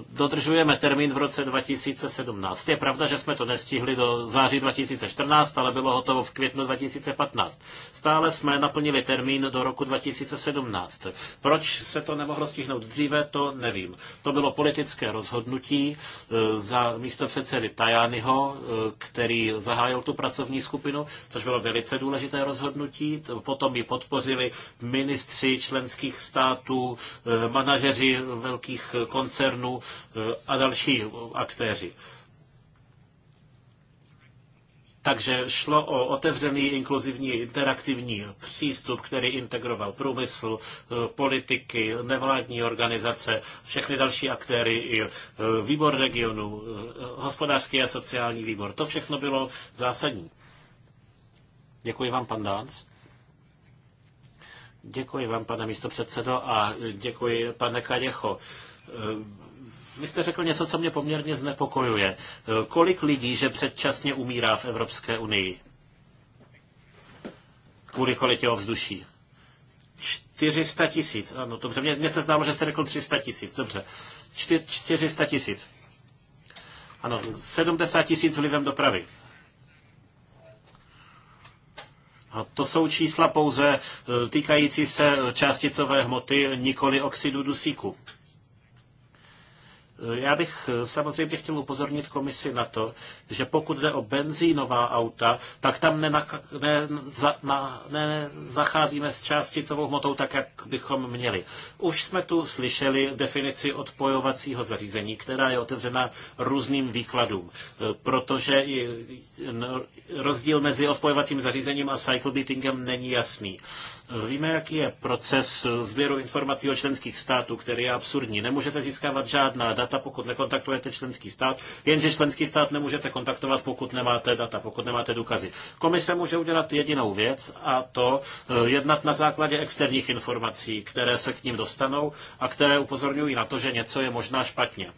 dodržujeme termín v roce 2017. Je pravda, že jsme to nestihli do září 2014, ale bylo hotovo v květnu 2015. Stále jsme naplnili termín do roku 2017. Proč se to nemohlo stihnout dříve, to nevím. To bylo politické rozhodnutí eh, za místo předsedy Tajányho, eh, který zahájil tu pracovní skupinu, což bylo velice důležité rozhodnutí. Potom ji podpořili ministři členských států, Eh, manažeři velkých koncernů eh, a další aktéři. Takže šlo o otevřený, inkluzivní, interaktivní přístup, který integroval průmysl, eh, politiky, nevládní organizace, všechny další aktéry, výbor regionu, hospodářský a sociální výbor. To všechno bylo zásadní. Děkuji vám, pan Dánc. Děkuji vám, pane místopředsedo, a děkuji, pane Kaděcho. Eh, vy jste řekl něco, co mě poměrně znepokojuje. Eh, kolik lidí, že předčasně umírá v Evropské unii? Kvůli kvalitě ovzduší. 400 tisíc, ano, dobře, mně, mně se zdálo, že jste řekl 300 tisíc, dobře. 400 tisíc. Ano, 70 tisíc vlivem dopravy. A to jsou čísla pouze e, týkající se částicové hmoty, nikoli oxidu dusíku. Já bych eh, samozřejmě chtěl upozornit komisi na to, že pokud jde o benzínová auta, tak tam nezacházíme ne, za, ne, s částicovou hmotou tak, jak bychom měli. Už jsme tu slyšeli definici odpojovacího zařízení, která je otevřena různým výkladům, eh, protože rozdíl mezi odpojovacím zařízením a cycle beatingem není jasný. Víme, jaký je proces sběru informací o členských států, který je absurdní. Nemůžete získávat žádná data, pokud nekontaktujete členský stát, jenže členský stát nemůžete kontaktovat, pokud nemáte data, pokud nemáte důkazy. Komise může udělat jedinou věc a to eh, jednat na základě externích informací, které se k ním dostanou a které upozorňují na to, že něco je možná špatně.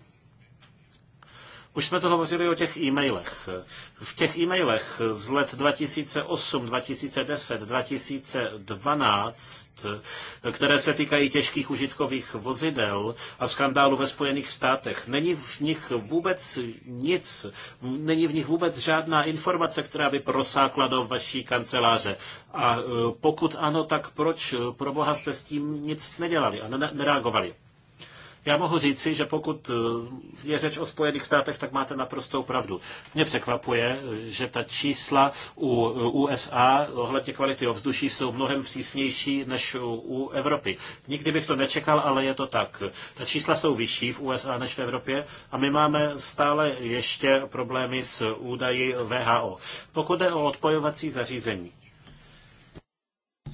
Už jsme to hovořili o těch e-mailech. V těch e-mailech z let 2008, 2010, 2012, které se týkají těžkých užitkových vozidel a skandálu ve Spojených státech, není v nich vůbec nic, není v nich vůbec žádná informace, která by prosákla do vaší kanceláře. A e, pokud ano, tak proč pro boha jste s tím nic nedělali a nereagovali? Já mohu říci, že pokud eh, je řeč o Spojených státech, tak máte naprostou pravdu. Mě překvapuje, eh, že ta čísla u eh, USA ohledně kvality ovzduší jsou mnohem přísnější než u Evropy. Nikdy bych to nečekal, ale je to tak. Ta čísla jsou vyšší v USA než v Evropě a my máme stále ještě problémy s údaji VHO. Pokud jde o odpojovací zařízení,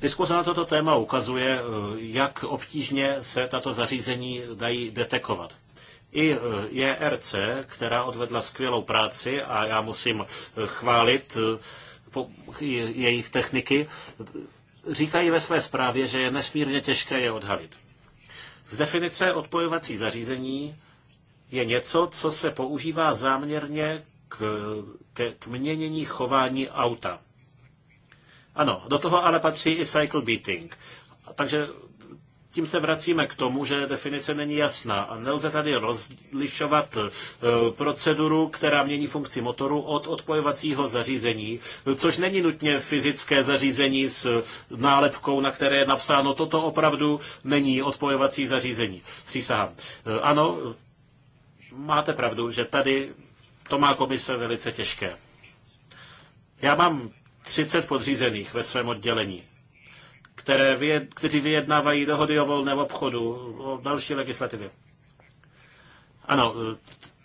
Diskuze na toto téma ukazuje, eh, jak obtížně se tato zařízení dají detekovat. I JRC, eh, e která odvedla skvělou práci a já musím eh, chválit jejich techniky, říkají ve své zprávě, že je nesmírně těžké je odhalit. Z definice odpojovací zařízení je něco, co se používá záměrně k, k, k měnění chování auta. Ano, do toho ale patří i cycle beating. Takže tím se vracíme k tomu, že definice není jasná a nelze tady rozlišovat eh, proceduru, která mění funkci motoru od odpojovacího zařízení, což není nutně fyzické zařízení s nálepkou, na které je napsáno, toto opravdu není odpojovací zařízení. Přísahám. Eh, ano, máte pravdu, že tady to má komise velice těžké. Já mám 30 podřízených ve svém oddělení, které vyjed, kteří vyjednávají dohody o volném obchodu, o další legislativě. Ano,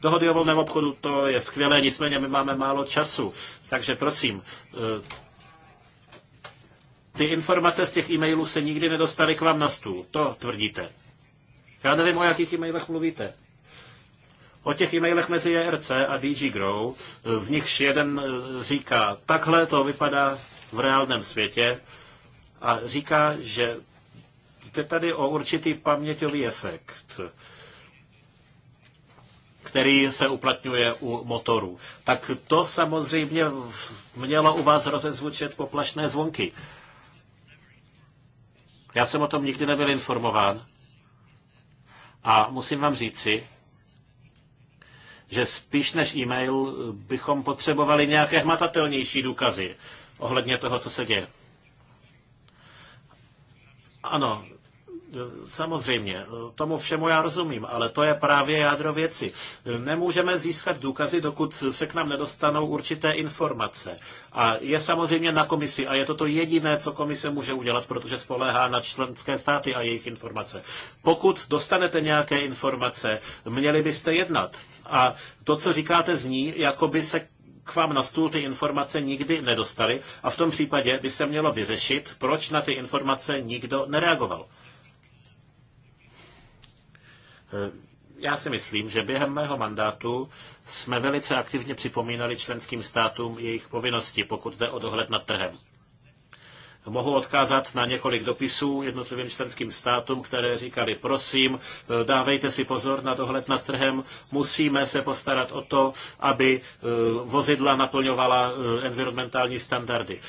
dohody o volném obchodu to je skvělé, nicméně my máme málo času, takže prosím, eh, ty informace z těch e-mailů se nikdy nedostaly k vám na stůl, to tvrdíte. Já nevím, o jakých e-mailech mluvíte. O těch e-mailech mezi JRC e a DG Grow, eh, z nichž jeden eh, říká, takhle to vypadá v reálném světě a říká, že jde tady o určitý paměťový efekt který se uplatňuje u motorů. Tak to samozřejmě mělo u vás rozezvučet poplašné zvonky. Já jsem o tom nikdy nebyl informován. A musím vám říci, že spíš než e-mail bychom potřebovali nějaké hmatatelnější důkazy ohledně toho, co se děje. Ano, Samozřejmě, tomu všemu já rozumím, ale to je právě jádro věci. Nemůžeme získat důkazy, dokud se k nám nedostanou určité informace. A je samozřejmě na komisi, a je to to jediné, co komise může udělat, protože spoléhá na členské státy a jejich informace. Pokud dostanete nějaké informace, měli byste jednat. A to, co říkáte, zní, jako by se k vám na stůl ty informace nikdy nedostaly a v tom případě by se mělo vyřešit, proč na ty informace nikdo nereagoval. Eh, já si myslím, že během mého mandátu jsme velice aktivně připomínali členským státům jejich povinnosti, pokud jde o dohled nad trhem mohu odkázat na několik dopisů jednotlivým členským státům, které říkali, prosím, eh, dávejte si pozor na dohled nad trhem, musíme se postarat o to, aby eh, vozidla naplňovala eh, environmentální standardy.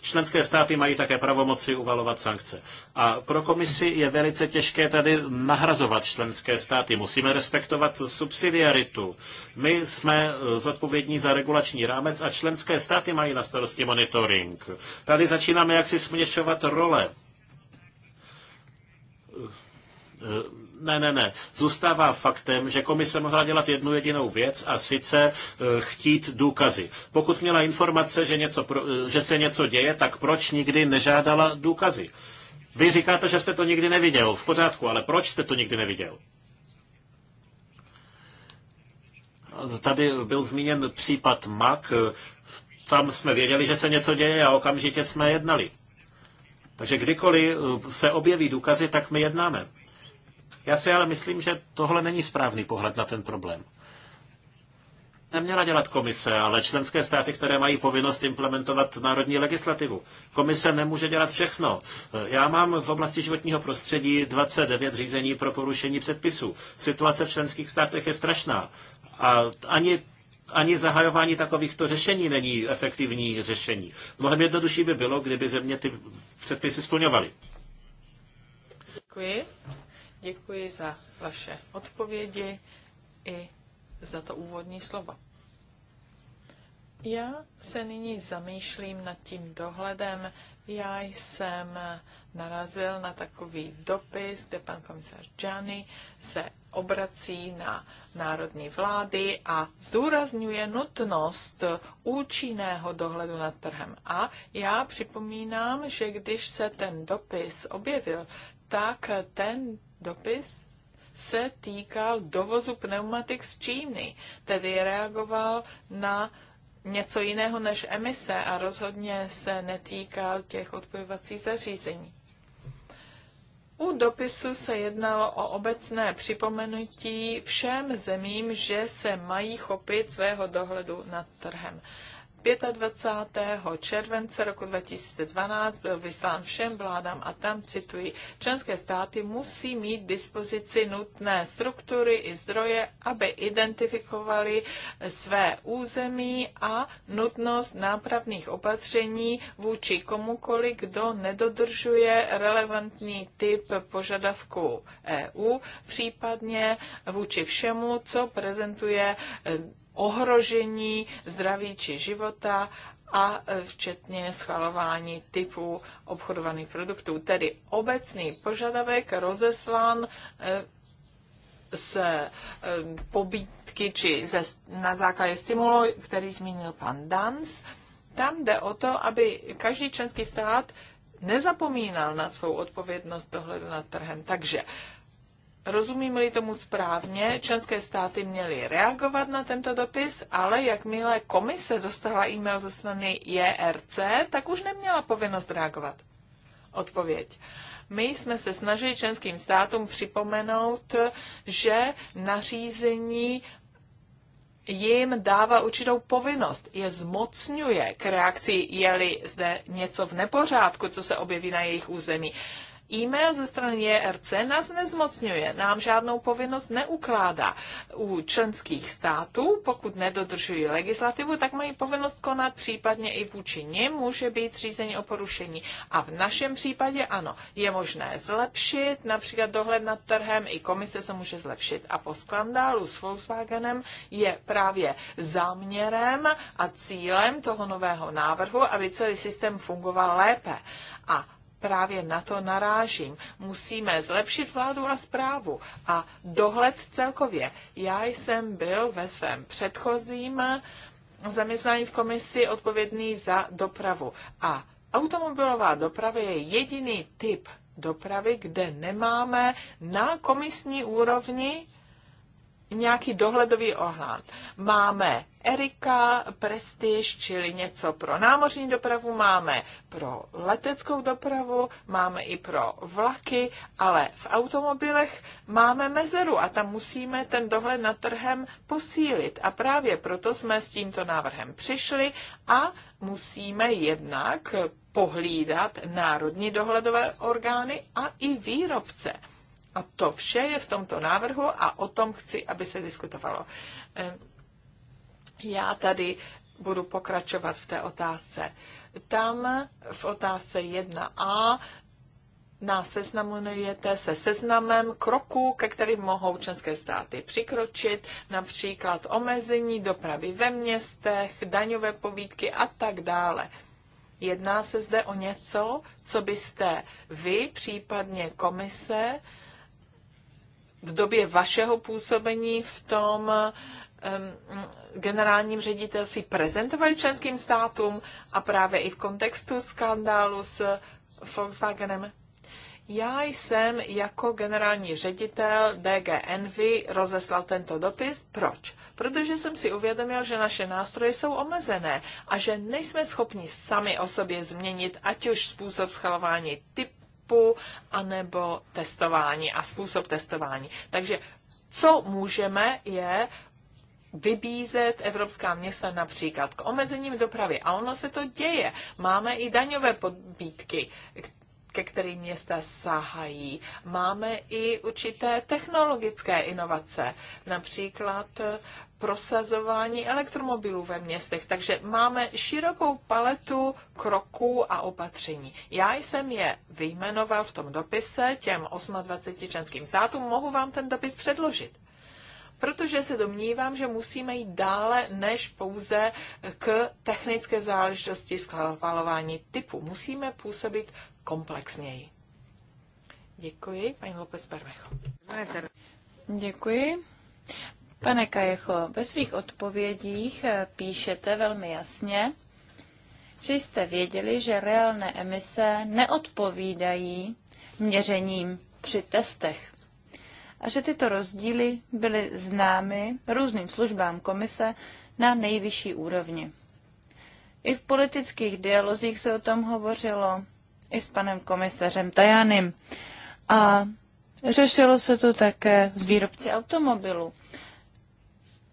Členské státy mají také pravomoci uvalovat sankce. A pro komisi je velice těžké tady nahrazovat členské státy. Musíme respektovat subsidiaritu. My jsme zodpovědní za regulační rámec a členské státy mají na starosti monitoring. Tady začínáme jaksi směšovat role. Ne, ne, ne. Zůstává faktem, že komise mohla dělat jednu jedinou věc a sice eh, chtít důkazy. Pokud měla informace, že, něco, eh, že se něco děje, tak proč nikdy nežádala důkazy? Vy říkáte, že jste to nikdy neviděl. V pořádku, ale proč jste to nikdy neviděl? Tady byl zmíněn případ MAK. Tam jsme věděli, že se něco děje a okamžitě jsme jednali. Takže kdykoliv eh, se objeví důkazy, tak my jednáme. Já si ale myslím, že tohle není správný pohled na ten problém. Neměla dělat komise, ale členské státy, které mají povinnost implementovat národní legislativu. Komise nemůže dělat všechno. Eh, já mám v oblasti životního prostředí 29 řízení pro porušení předpisů. Situace v členských státech je strašná. A ani ani zahajování takovýchto řešení není efektivní řešení. Mnohem jednodušší by bylo, kdyby země ty předpisy splňovaly. Děkuji. Děkuji za vaše odpovědi i za to úvodní slovo. Já se nyní zamýšlím nad tím dohledem, já jsem narazil na takový dopis, kde pan komisař Gianni se obrací na národní vlády a zdůrazňuje nutnost účinného dohledu nad trhem. A já připomínám, že když se ten dopis objevil, tak ten dopis se týkal dovozu pneumatik z Číny, tedy reagoval na něco jiného než emise a rozhodně se netýkal těch odpojovacích zařízení. U dopisu se jednalo o obecné připomenutí všem zemím, že se mají chopit svého dohledu nad trhem. 25. července roku 2012 byl vyslán všem vládám a tam cituji, členské státy musí mít dispozici nutné struktury i zdroje, aby identifikovali své území a nutnost nápravných opatření vůči komukoli, kdo nedodržuje relevantní typ požadavků EU, případně vůči všemu, co prezentuje ohrožení zdraví či života a e, včetně schvalování typů obchodovaných produktů. Tedy obecný požadavek rozeslán se e, pobítky či ze, na základě stimulu, který zmínil pan Dans. Tam jde o to, aby každý členský stát nezapomínal na svou odpovědnost dohledu nad trhem. Takže Rozumím-li tomu správně, členské státy měly reagovat na tento dopis, ale jakmile komise dostala e-mail ze strany JRC, e tak už neměla povinnost reagovat. Odpověď. My jsme se snažili členským státům připomenout, že nařízení jim dává určitou povinnost, je zmocňuje k reakci, je-li zde něco v nepořádku, co se objeví na jejich území e-mail ze strany JRC e nás nezmocňuje, nám žádnou povinnost neukládá. U členských států, pokud nedodržují legislativu, tak mají povinnost konat případně i vůči nim, může být řízení o porušení. A v našem případě ano, je možné zlepšit, například dohled nad trhem, i komise se může zlepšit. A po skandálu s Volkswagenem je právě záměrem a cílem toho nového návrhu, aby celý systém fungoval lépe. A právě na to narážím. Musíme zlepšit vládu a zprávu a dohled celkově. Já jsem byl ve svém předchozím zaměstnání v komisi odpovědný za dopravu. A automobilová doprava je jediný typ dopravy, kde nemáme na komisní úrovni nějaký dohledový ohlán. Máme Erika, Prestiž, čili něco pro námořní dopravu, máme pro leteckou dopravu, máme i pro vlaky, ale v automobilech máme mezeru a tam musíme ten dohled nad trhem posílit. A právě proto jsme s tímto návrhem přišli a musíme jednak pohlídat národní dohledové orgány a i výrobce a to vše je v tomto návrhu a o tom chci, aby se diskutovalo. Ehm, já tady budu pokračovat v té otázce. Tam v otázce 1a nás seznamujete se seznamem kroků, ke kterým mohou členské státy přikročit, například omezení dopravy ve městech, daňové povídky a tak dále. Jedná se zde o něco, co byste vy, případně komise, v době vašeho působení v tom generálním ředitelství prezentovali členským státům a právě i v kontextu skandálu s Volkswagenem? Já jsem jako generální ředitel DGNV rozeslal tento dopis. Proč? Protože jsem si uvědomil, že naše nástroje jsou omezené a že nejsme schopni sami o sobě změnit ať už způsob schalování typ typu anebo testování a způsob testování. Takže co můžeme je vybízet evropská města například k omezením dopravy. A ono se to děje. Máme i daňové podbítky, ke kterým města sahají. Máme i určité technologické inovace, například prosazování elektromobilů ve městech. Takže máme širokou paletu kroků a opatření. Já jsem je vyjmenoval v tom dopise těm 28 členským státům. Mohu vám ten dopis předložit protože se domnívám, že musíme jít dále než pouze k technické záležitosti skvalování typu. Musíme působit komplexněji. Děkuji, paní López Bermecho. Děkuji. Pane Kajecho, ve svých odpovědích eh, píšete velmi jasně, že jste věděli, že reálné emise neodpovídají měřením při testech a že tyto rozdíly byly známy různým službám komise na nejvyšší úrovni. I v politických dialozích se o tom hovořilo, i s panem komisařem Tajanem. A řešilo se to také s výrobci automobilů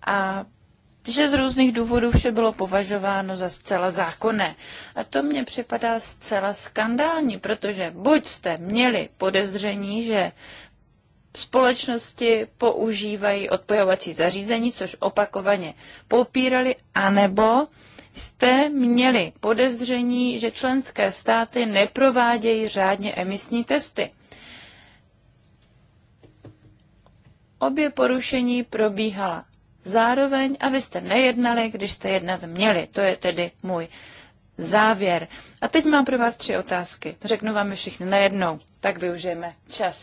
a že z různých důvodů vše bylo považováno za zcela zákonné. A to mně připadá zcela skandální, protože buď jste měli podezření, že společnosti používají odpojovací zařízení, což opakovaně popírali, anebo jste měli podezření, že členské státy neprovádějí řádně emisní testy. Obě porušení probíhala zároveň, abyste nejednali, když jste jednat měli. To je tedy můj závěr. A teď mám pro vás tři otázky. Řeknu vám je všichni najednou, tak využijeme čas.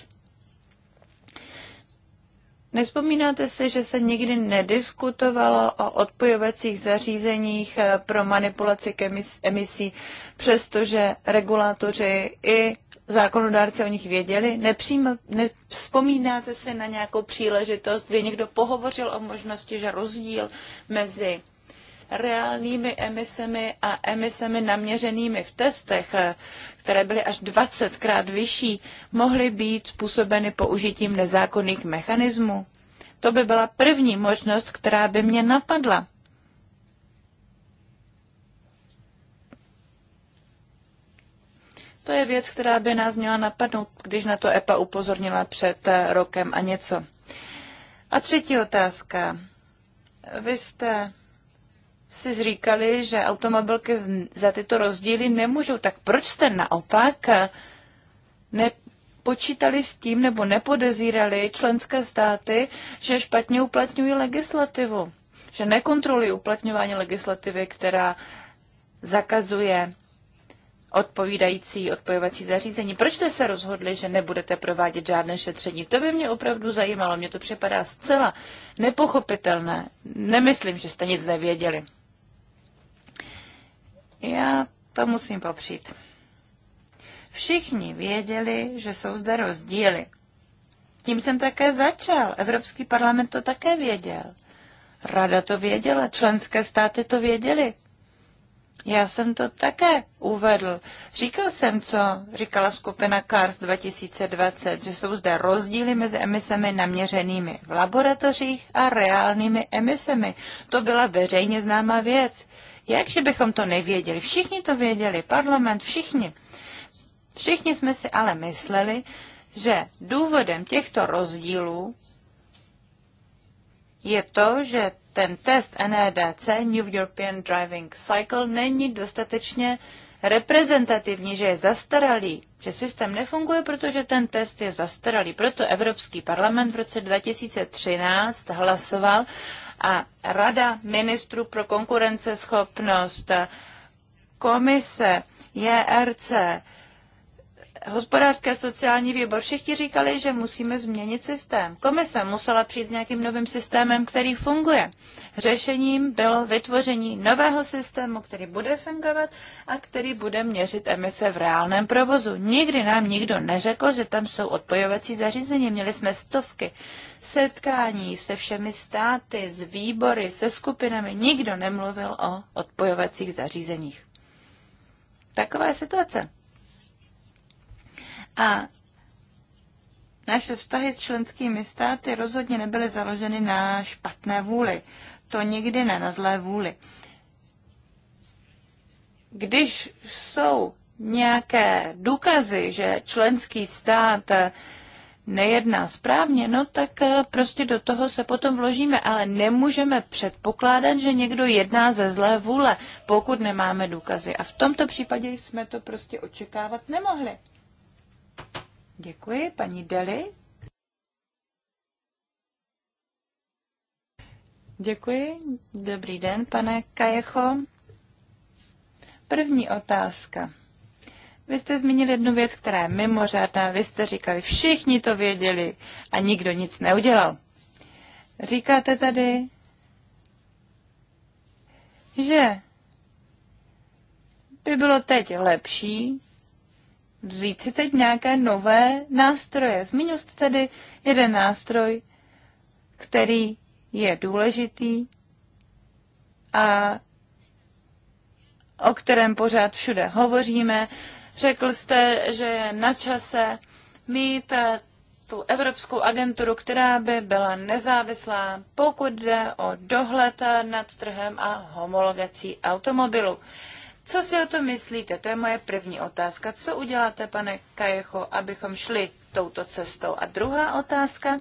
Nespomínáte si, že se nikdy nediskutovalo o odpojovacích zařízeních eh, pro manipulaci emisí, přestože regulátoři i zákonodárci o nich věděli? Nepřím, nevzpomínáte si na nějakou příležitost, kdy někdo pohovořil o možnosti, že rozdíl mezi reálnými emisemi a emisemi naměřenými v testech, které byly až 20krát vyšší, mohly být způsobeny použitím nezákonných mechanismů? To by byla první možnost, která by mě napadla. To je věc, která by nás měla napadnout, když na to EPA upozornila před eh, rokem a něco. A třetí otázka. Vy jste si říkali, že automobilky za tyto rozdíly nemůžou, tak proč jste naopak eh, nepočítali s tím nebo nepodezírali členské státy, že špatně uplatňují legislativu, že nekontrolují uplatňování legislativy, která zakazuje odpovídající odpojovací zařízení. Proč jste se rozhodli, že nebudete provádět žádné šetření? To by mě opravdu zajímalo. Mně to připadá zcela nepochopitelné. Nemyslím, že jste nic nevěděli. Já to musím popřít. Všichni věděli, že jsou zde rozdíly. Tím jsem také začal. Evropský parlament to také věděl. Rada to věděla, členské státy to věděly. Já jsem to také uvedl. Říkal jsem, co říkala skupina CARS 2020, že jsou zde rozdíly mezi emisemi naměřenými v laboratořích a reálnými emisemi. To byla veřejně známá věc. Jakže bychom to nevěděli? Všichni to věděli, parlament, všichni. Všichni jsme si ale mysleli, že důvodem těchto rozdílů je to, že ten test NEDC, New European Driving Cycle, není dostatečně reprezentativní, že je zastaralý, že systém nefunguje, protože ten test je zastaralý. Proto Evropský parlament v roce 2013 hlasoval a Rada ministrů pro konkurenceschopnost, komise JRC hospodářské a sociální výbor, všichni říkali, že musíme změnit systém. Komise musela přijít s nějakým novým systémem, který funguje. Řešením bylo vytvoření nového systému, který bude fungovat a který bude měřit emise v reálném provozu. Nikdy nám nikdo neřekl, že tam jsou odpojovací zařízení. Měli jsme stovky setkání se všemi státy, s výbory, se skupinami. Nikdo nemluvil o odpojovacích zařízeních. Taková je situace. A naše vztahy s členskými státy rozhodně nebyly založeny na špatné vůli. To nikdy ne na zlé vůli. Když jsou nějaké důkazy, že členský stát nejedná správně, no tak eh, prostě do toho se potom vložíme, ale nemůžeme předpokládat, že někdo jedná ze zlé vůle, pokud nemáme důkazy. A v tomto případě jsme to prostě očekávat nemohli. Děkuji. Paní Deli? Děkuji. Dobrý den, pane Kajecho. První otázka. Vy jste zmínil jednu věc, která je mimořádná. Vy jste říkali, všichni to věděli a nikdo nic neudělal. Říkáte tady, že by bylo teď lepší, vzít si teď nějaké nové nástroje. Zmínil jste tedy jeden nástroj, který je důležitý a o kterém pořád všude hovoříme. Řekl jste, že je na čase mít eh, tu Evropskou agenturu, která by byla nezávislá, pokud jde o dohled nad trhem a homologací automobilu. Co si o to myslíte? To je moje první otázka. Co uděláte, pane Kajecho, abychom šli touto cestou? A druhá otázka.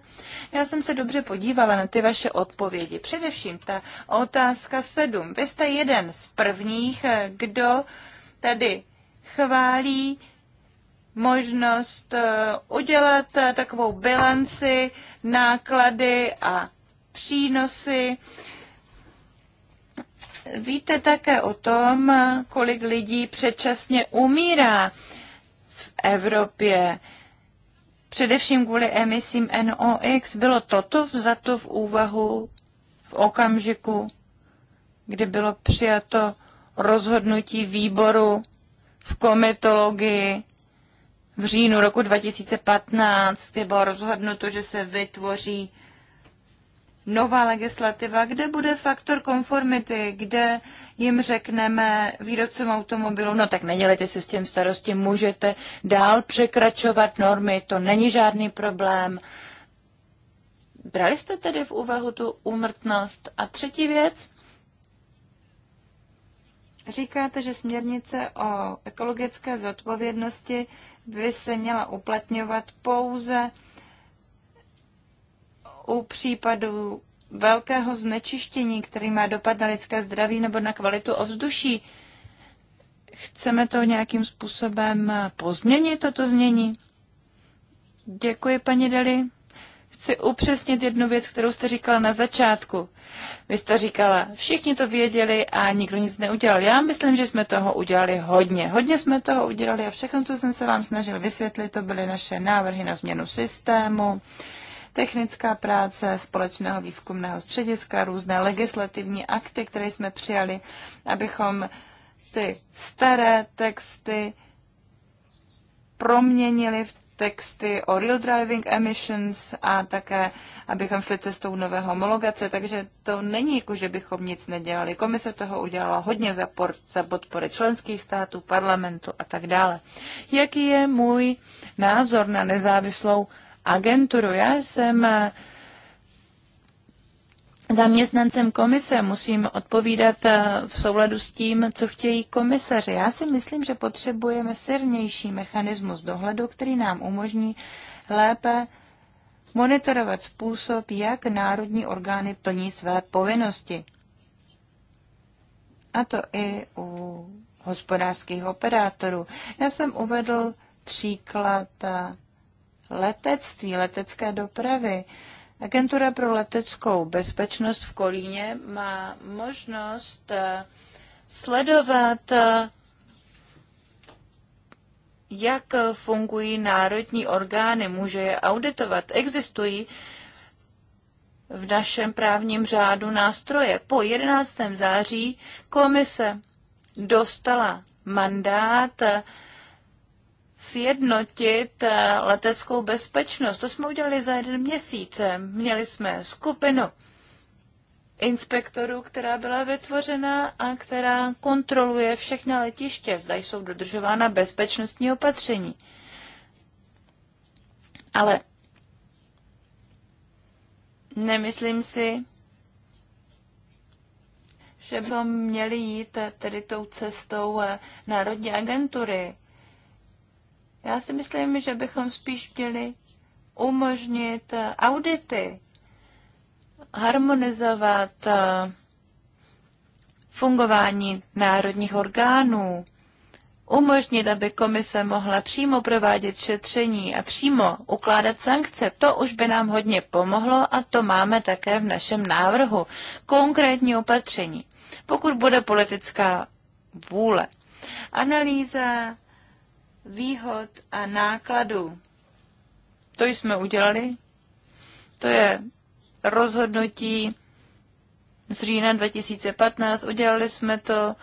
Já jsem se dobře podívala na ty vaše odpovědi. Především ta otázka sedm, Vy jste jeden z prvních, eh, kdo tady chválí možnost eh, udělat eh, takovou bilanci náklady a přínosy Víte také o tom, kolik lidí předčasně umírá v Evropě, především kvůli emisím NOx. Bylo toto vzato v úvahu v okamžiku, kdy bylo přijato rozhodnutí výboru v komitologii v říjnu roku 2015, kdy bylo rozhodnuto, že se vytvoří nová legislativa, kde bude faktor konformity, kde jim řekneme výrobcům automobilů, no tak nedělejte si s tím starosti, můžete dál překračovat normy, to není žádný problém. Brali jste tedy v úvahu tu úmrtnost? A třetí věc, Říkáte, že směrnice o ekologické zodpovědnosti by se měla uplatňovat pouze u případu velkého znečištění, který má dopad na lidské zdraví nebo na kvalitu ovzduší, chceme to nějakým způsobem pozměnit, toto změní? Děkuji, paní Deli. Chci upřesnit jednu věc, kterou jste říkala na začátku. Vy jste říkala, všichni to věděli a nikdo nic neudělal. Já myslím, že jsme toho udělali hodně. Hodně jsme toho udělali a všechno, co jsem se vám snažil vysvětlit, to byly naše návrhy na změnu systému, technická práce společného výzkumného střediska, různé legislativní akty, které jsme přijali, abychom ty staré texty proměnili v texty o real driving emissions a také, abychom šli cestou nové homologace, takže to není jako, že bychom nic nedělali. Komise toho udělala hodně za, por, za podpory členských států, parlamentu a tak dále. Jaký je můj názor na nezávislou agenturu. Já jsem eh, zaměstnancem komise, musím odpovídat eh, v souladu s tím, co chtějí komisaři. Já si myslím, že potřebujeme silnější mechanismus dohledu, který nám umožní lépe monitorovat způsob, jak národní orgány plní své povinnosti. A to i u hospodářských operátorů. Já jsem uvedl příklad eh, letectví, letecké dopravy. Agentura pro leteckou bezpečnost v Kolíně má možnost eh, sledovat, eh, jak fungují národní orgány, může je auditovat. Existují v našem právním řádu nástroje. Po 11. září komise dostala mandát eh, sjednotit eh, leteckou bezpečnost. To jsme udělali za jeden měsíc. Měli jsme skupinu inspektorů, která byla vytvořena a která kontroluje všechna letiště, zda jsou dodržována bezpečnostní opatření. Ale nemyslím si, že bychom měli jít eh, tedy tou cestou eh, Národní agentury já si myslím, že bychom spíš měli umožnit audity, harmonizovat eh, fungování národních orgánů, umožnit, aby komise mohla přímo provádět šetření a přímo ukládat sankce, to už by nám hodně pomohlo a to máme také v našem návrhu. Konkrétní opatření, pokud bude politická vůle. Analýza výhod a nákladů. To jsme udělali. To je rozhodnutí z října 2015. Udělali jsme to.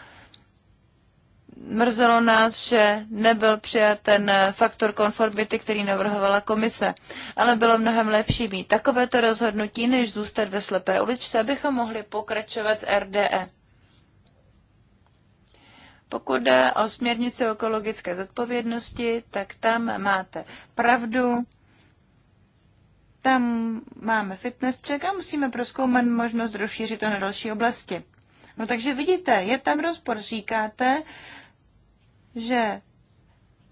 Mrzelo nás, že nebyl přijat ten faktor konformity, který navrhovala komise. Ale bylo mnohem lepší mít takovéto rozhodnutí, než zůstat ve slepé uličce, abychom mohli pokračovat s RDE. Pokud jde o směrnici o ekologické zodpovědnosti, tak tam máte pravdu. Tam máme fitness check a musíme proskoumat možnost rozšířit to na další oblasti. No takže vidíte, je tam rozpor. Říkáte, že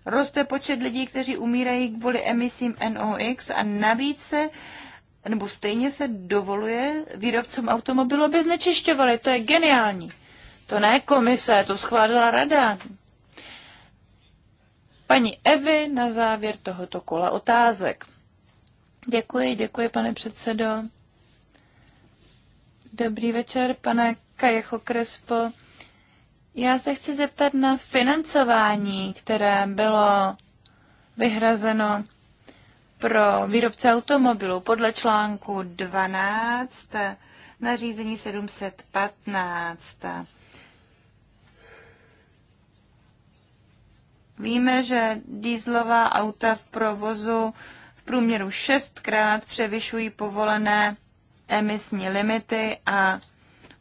roste počet lidí, kteří umírají kvůli emisím NOx a navíc se nebo stejně se dovoluje výrobcům automobilů, aby znečišťovali. To je geniální. To ne komise, to schválila rada. Paní Evy na závěr tohoto kola otázek. Děkuji, děkuji, pane předsedo. Dobrý večer, pane Kajecho Krespo. Já se chci zeptat na financování, které bylo vyhrazeno pro výrobce automobilů podle článku 12 nařízení 715. Víme, že dýzlová auta v provozu v průměru šestkrát převyšují povolené emisní limity a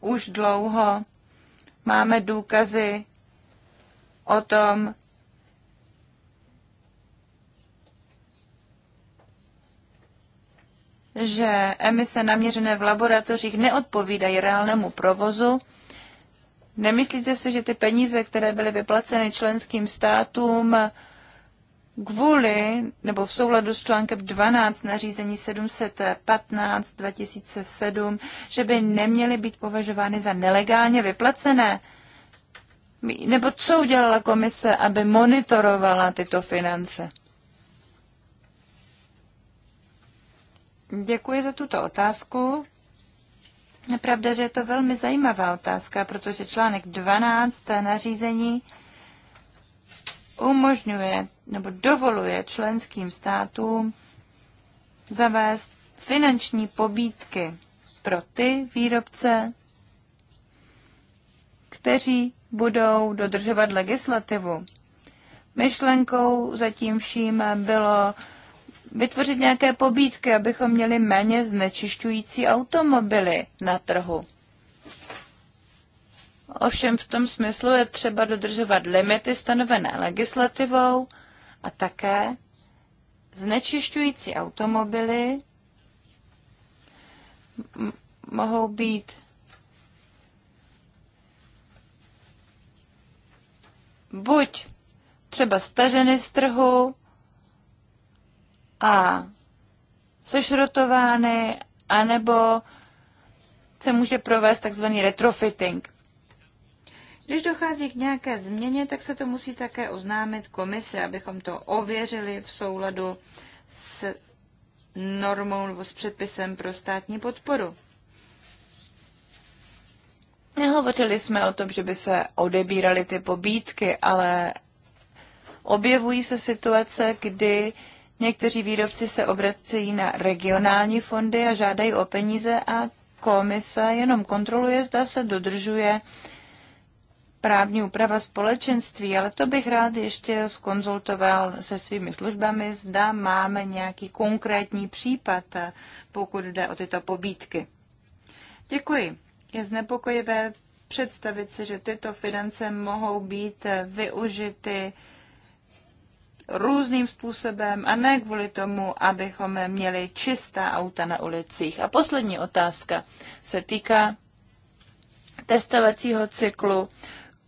už dlouho máme důkazy o tom, že emise naměřené v laboratořích neodpovídají reálnému provozu Nemyslíte si, že ty peníze, které byly vyplaceny členským státům kvůli nebo v souladu s článkem 12 nařízení 715 2007, že by neměly být považovány za nelegálně vyplacené? Nebo co udělala komise, aby monitorovala tyto finance? Děkuji za tuto otázku. Je pravda, že je to velmi zajímavá otázka, protože článek 12 nařízení umožňuje nebo dovoluje členským státům zavést finanční pobídky pro ty výrobce, kteří budou dodržovat legislativu. Myšlenkou zatím vším bylo vytvořit nějaké pobídky, abychom měli méně znečišťující automobily na trhu. Ovšem v tom smyslu je třeba dodržovat limity stanovené legislativou a také znečišťující automobily mohou být buď třeba staženy z trhu, a sešrotovány, anebo se může provést takzvaný retrofitting. Když dochází k nějaké změně, tak se to musí také oznámit komise, abychom to ověřili v souladu s normou nebo s předpisem pro státní podporu. Nehovořili jsme o tom, že by se odebíraly ty pobídky, ale objevují se situace, kdy Někteří výrobci se obracejí na regionální fondy a žádají o peníze a komise jenom kontroluje, zda se dodržuje právní úprava společenství, ale to bych rád ještě skonzultoval se svými službami, zda máme nějaký konkrétní případ, pokud jde o tyto pobídky. Děkuji. Je znepokojivé představit si, že tyto finance mohou být využity různým způsobem a ne kvůli tomu, abychom měli čistá auta na ulicích. A poslední otázka se týká testovacího cyklu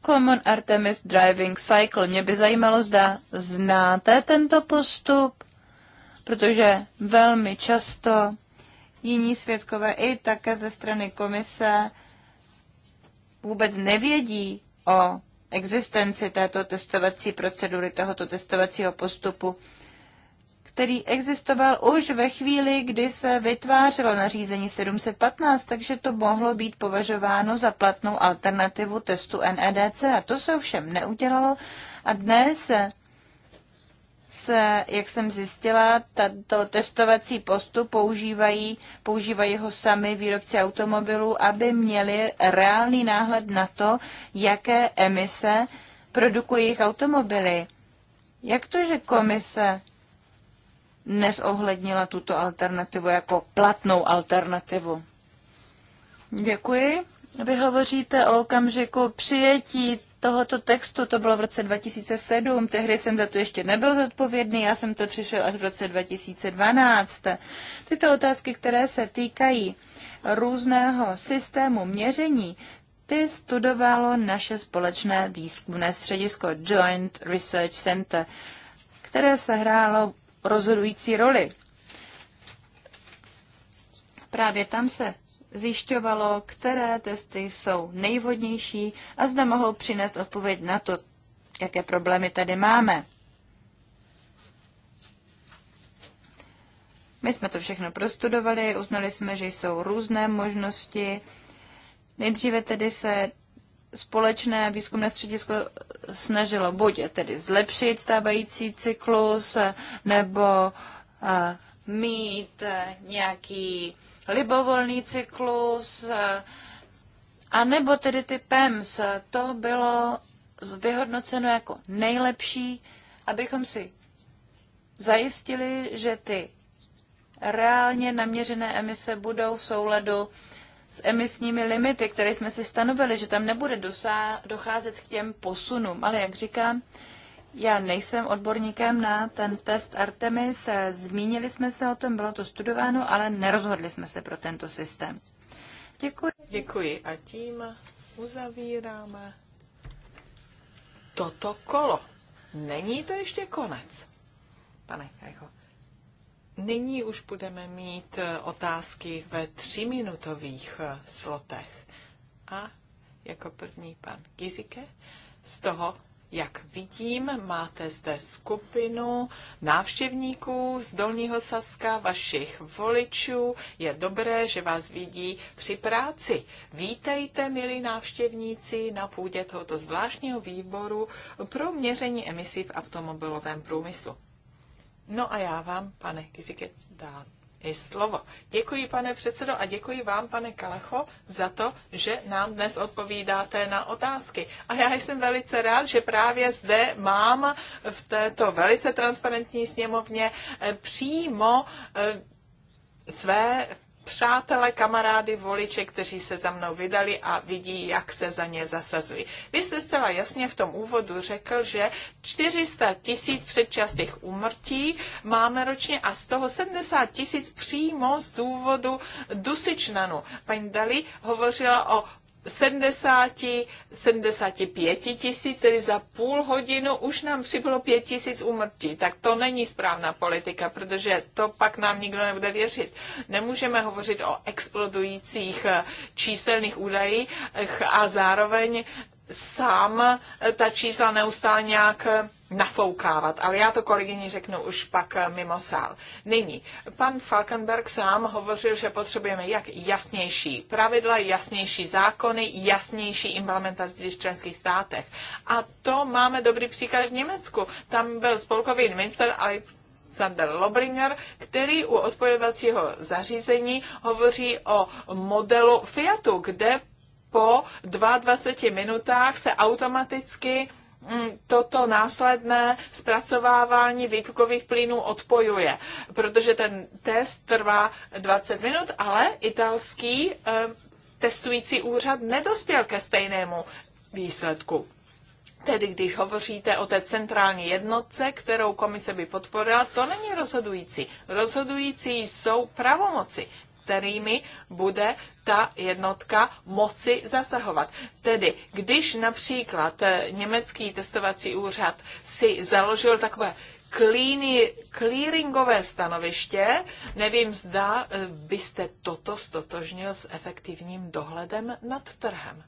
Common Artemis Driving Cycle. Mě by zajímalo, zda znáte tento postup, protože velmi často jiní svědkové i také ze strany komise vůbec nevědí o existenci této testovací procedury, tohoto testovacího postupu, který existoval už ve chvíli, kdy se vytvářelo nařízení 715, takže to mohlo být považováno za platnou alternativu testu NEDC. A to se ovšem neudělalo a dnes jak jsem zjistila, tato testovací postup používají, používají ho sami výrobci automobilů, aby měli reálný náhled na to, jaké emise produkují jejich automobily. Jak to, že komise nezohlednila tuto alternativu jako platnou alternativu? Děkuji. Vy hovoříte o okamžiku přijetí tohoto textu, to bylo v roce 2007, tehdy jsem za to ještě nebyl zodpovědný, já jsem to přišel až v roce 2012. Tyto otázky, které se týkají různého systému měření, ty studovalo naše společné výzkumné středisko Joint Research Center, které se hrálo rozhodující roli. Právě tam se zjišťovalo, které testy jsou nejvhodnější a zda mohou přinést odpověď na to, jaké problémy tady máme. My jsme to všechno prostudovali, uznali jsme, že jsou různé možnosti. Nejdříve tedy se společné výzkumné středisko snažilo buď tedy zlepšit stávající cyklus, nebo eh, mít eh, nějaký libovolný cyklus, a nebo tedy ty PEMS. To bylo vyhodnoceno jako nejlepší, abychom si zajistili, že ty reálně naměřené emise budou v souladu s emisními limity, které jsme si stanovili, že tam nebude docházet k těm posunům. Ale jak říkám, já nejsem odborníkem na ten test Artemis, zmínili jsme se o tom, bylo to studováno, ale nerozhodli jsme se pro tento systém. Děkuji. Děkuji a tím uzavíráme toto kolo. Není to ještě konec, pane Kajko. Nyní už budeme mít otázky ve tříminutových eh, slotech. A jako první pan Gizike z toho jak vidím, máte zde skupinu návštěvníků z Dolního Saska, vašich voličů. Je dobré, že vás vidí při práci. Vítejte, milí návštěvníci, na půdě tohoto zvláštního výboru pro měření emisí v automobilovém průmyslu. No a já vám, pane Kiziket, dám i slovo. Děkuji, pane předsedo, a děkuji vám, pane Kalacho, za to, že nám dnes odpovídáte na otázky. A já jsem velice rád, že právě zde mám v této velice transparentní sněmovně eh, přímo eh, své přátele, kamarády, voliče, kteří se za mnou vydali a vidí, jak se za ně zasazují. Vy jste zcela jasně v tom úvodu řekl, že 400 tisíc předčasných úmrtí máme ročně a z toho 70 tisíc přímo z důvodu dusičnanu. Paní Dali hovořila o 70, 75 tisíc, tedy za půl hodinu už nám přibylo 5 tisíc umrtí. Tak to není správná politika, protože to pak nám nikdo nebude věřit. Nemůžeme hovořit o explodujících eh, číselných údajích eh, a zároveň sám eh, ta čísla neustále nějak eh, nafoukávat, ale já to kolegyni řeknu už pak eh, mimo sál. Nyní, pan Falkenberg sám hovořil, že potřebujeme jak jasnější pravidla, jasnější zákony, jasnější implementaci v členských státech. A to máme dobrý příklad v Německu. Tam byl spolkový minister, ale Sander Lobringer, který u odpojovacího zařízení hovoří o modelu Fiatu, kde po 22 minutách se automaticky mm, toto následné zpracovávání výfukových plynů odpojuje, protože ten test trvá 20 minut, ale italský eh, testující úřad nedospěl ke stejnému výsledku. Tedy když hovoříte o té centrální jednotce, kterou komise by podporila, to není rozhodující. Rozhodující jsou pravomoci kterými bude ta jednotka moci zasahovat. Tedy, když například eh, německý testovací úřad si založil takové klíny, clearingové stanoviště, nevím, zda eh, byste toto stotožnil s efektivním dohledem nad trhem.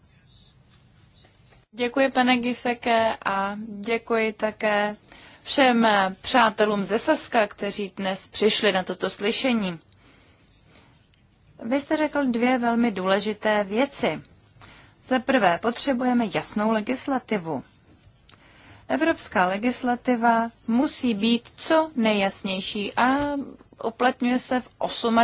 Děkuji, pane Giseke, a děkuji také všem eh, přátelům ze Saska, kteří dnes přišli na toto slyšení. Vy jste řekl dvě velmi důležité věci. Za prvé, potřebujeme jasnou legislativu. Evropská legislativa musí být co nejjasnější a uplatňuje se v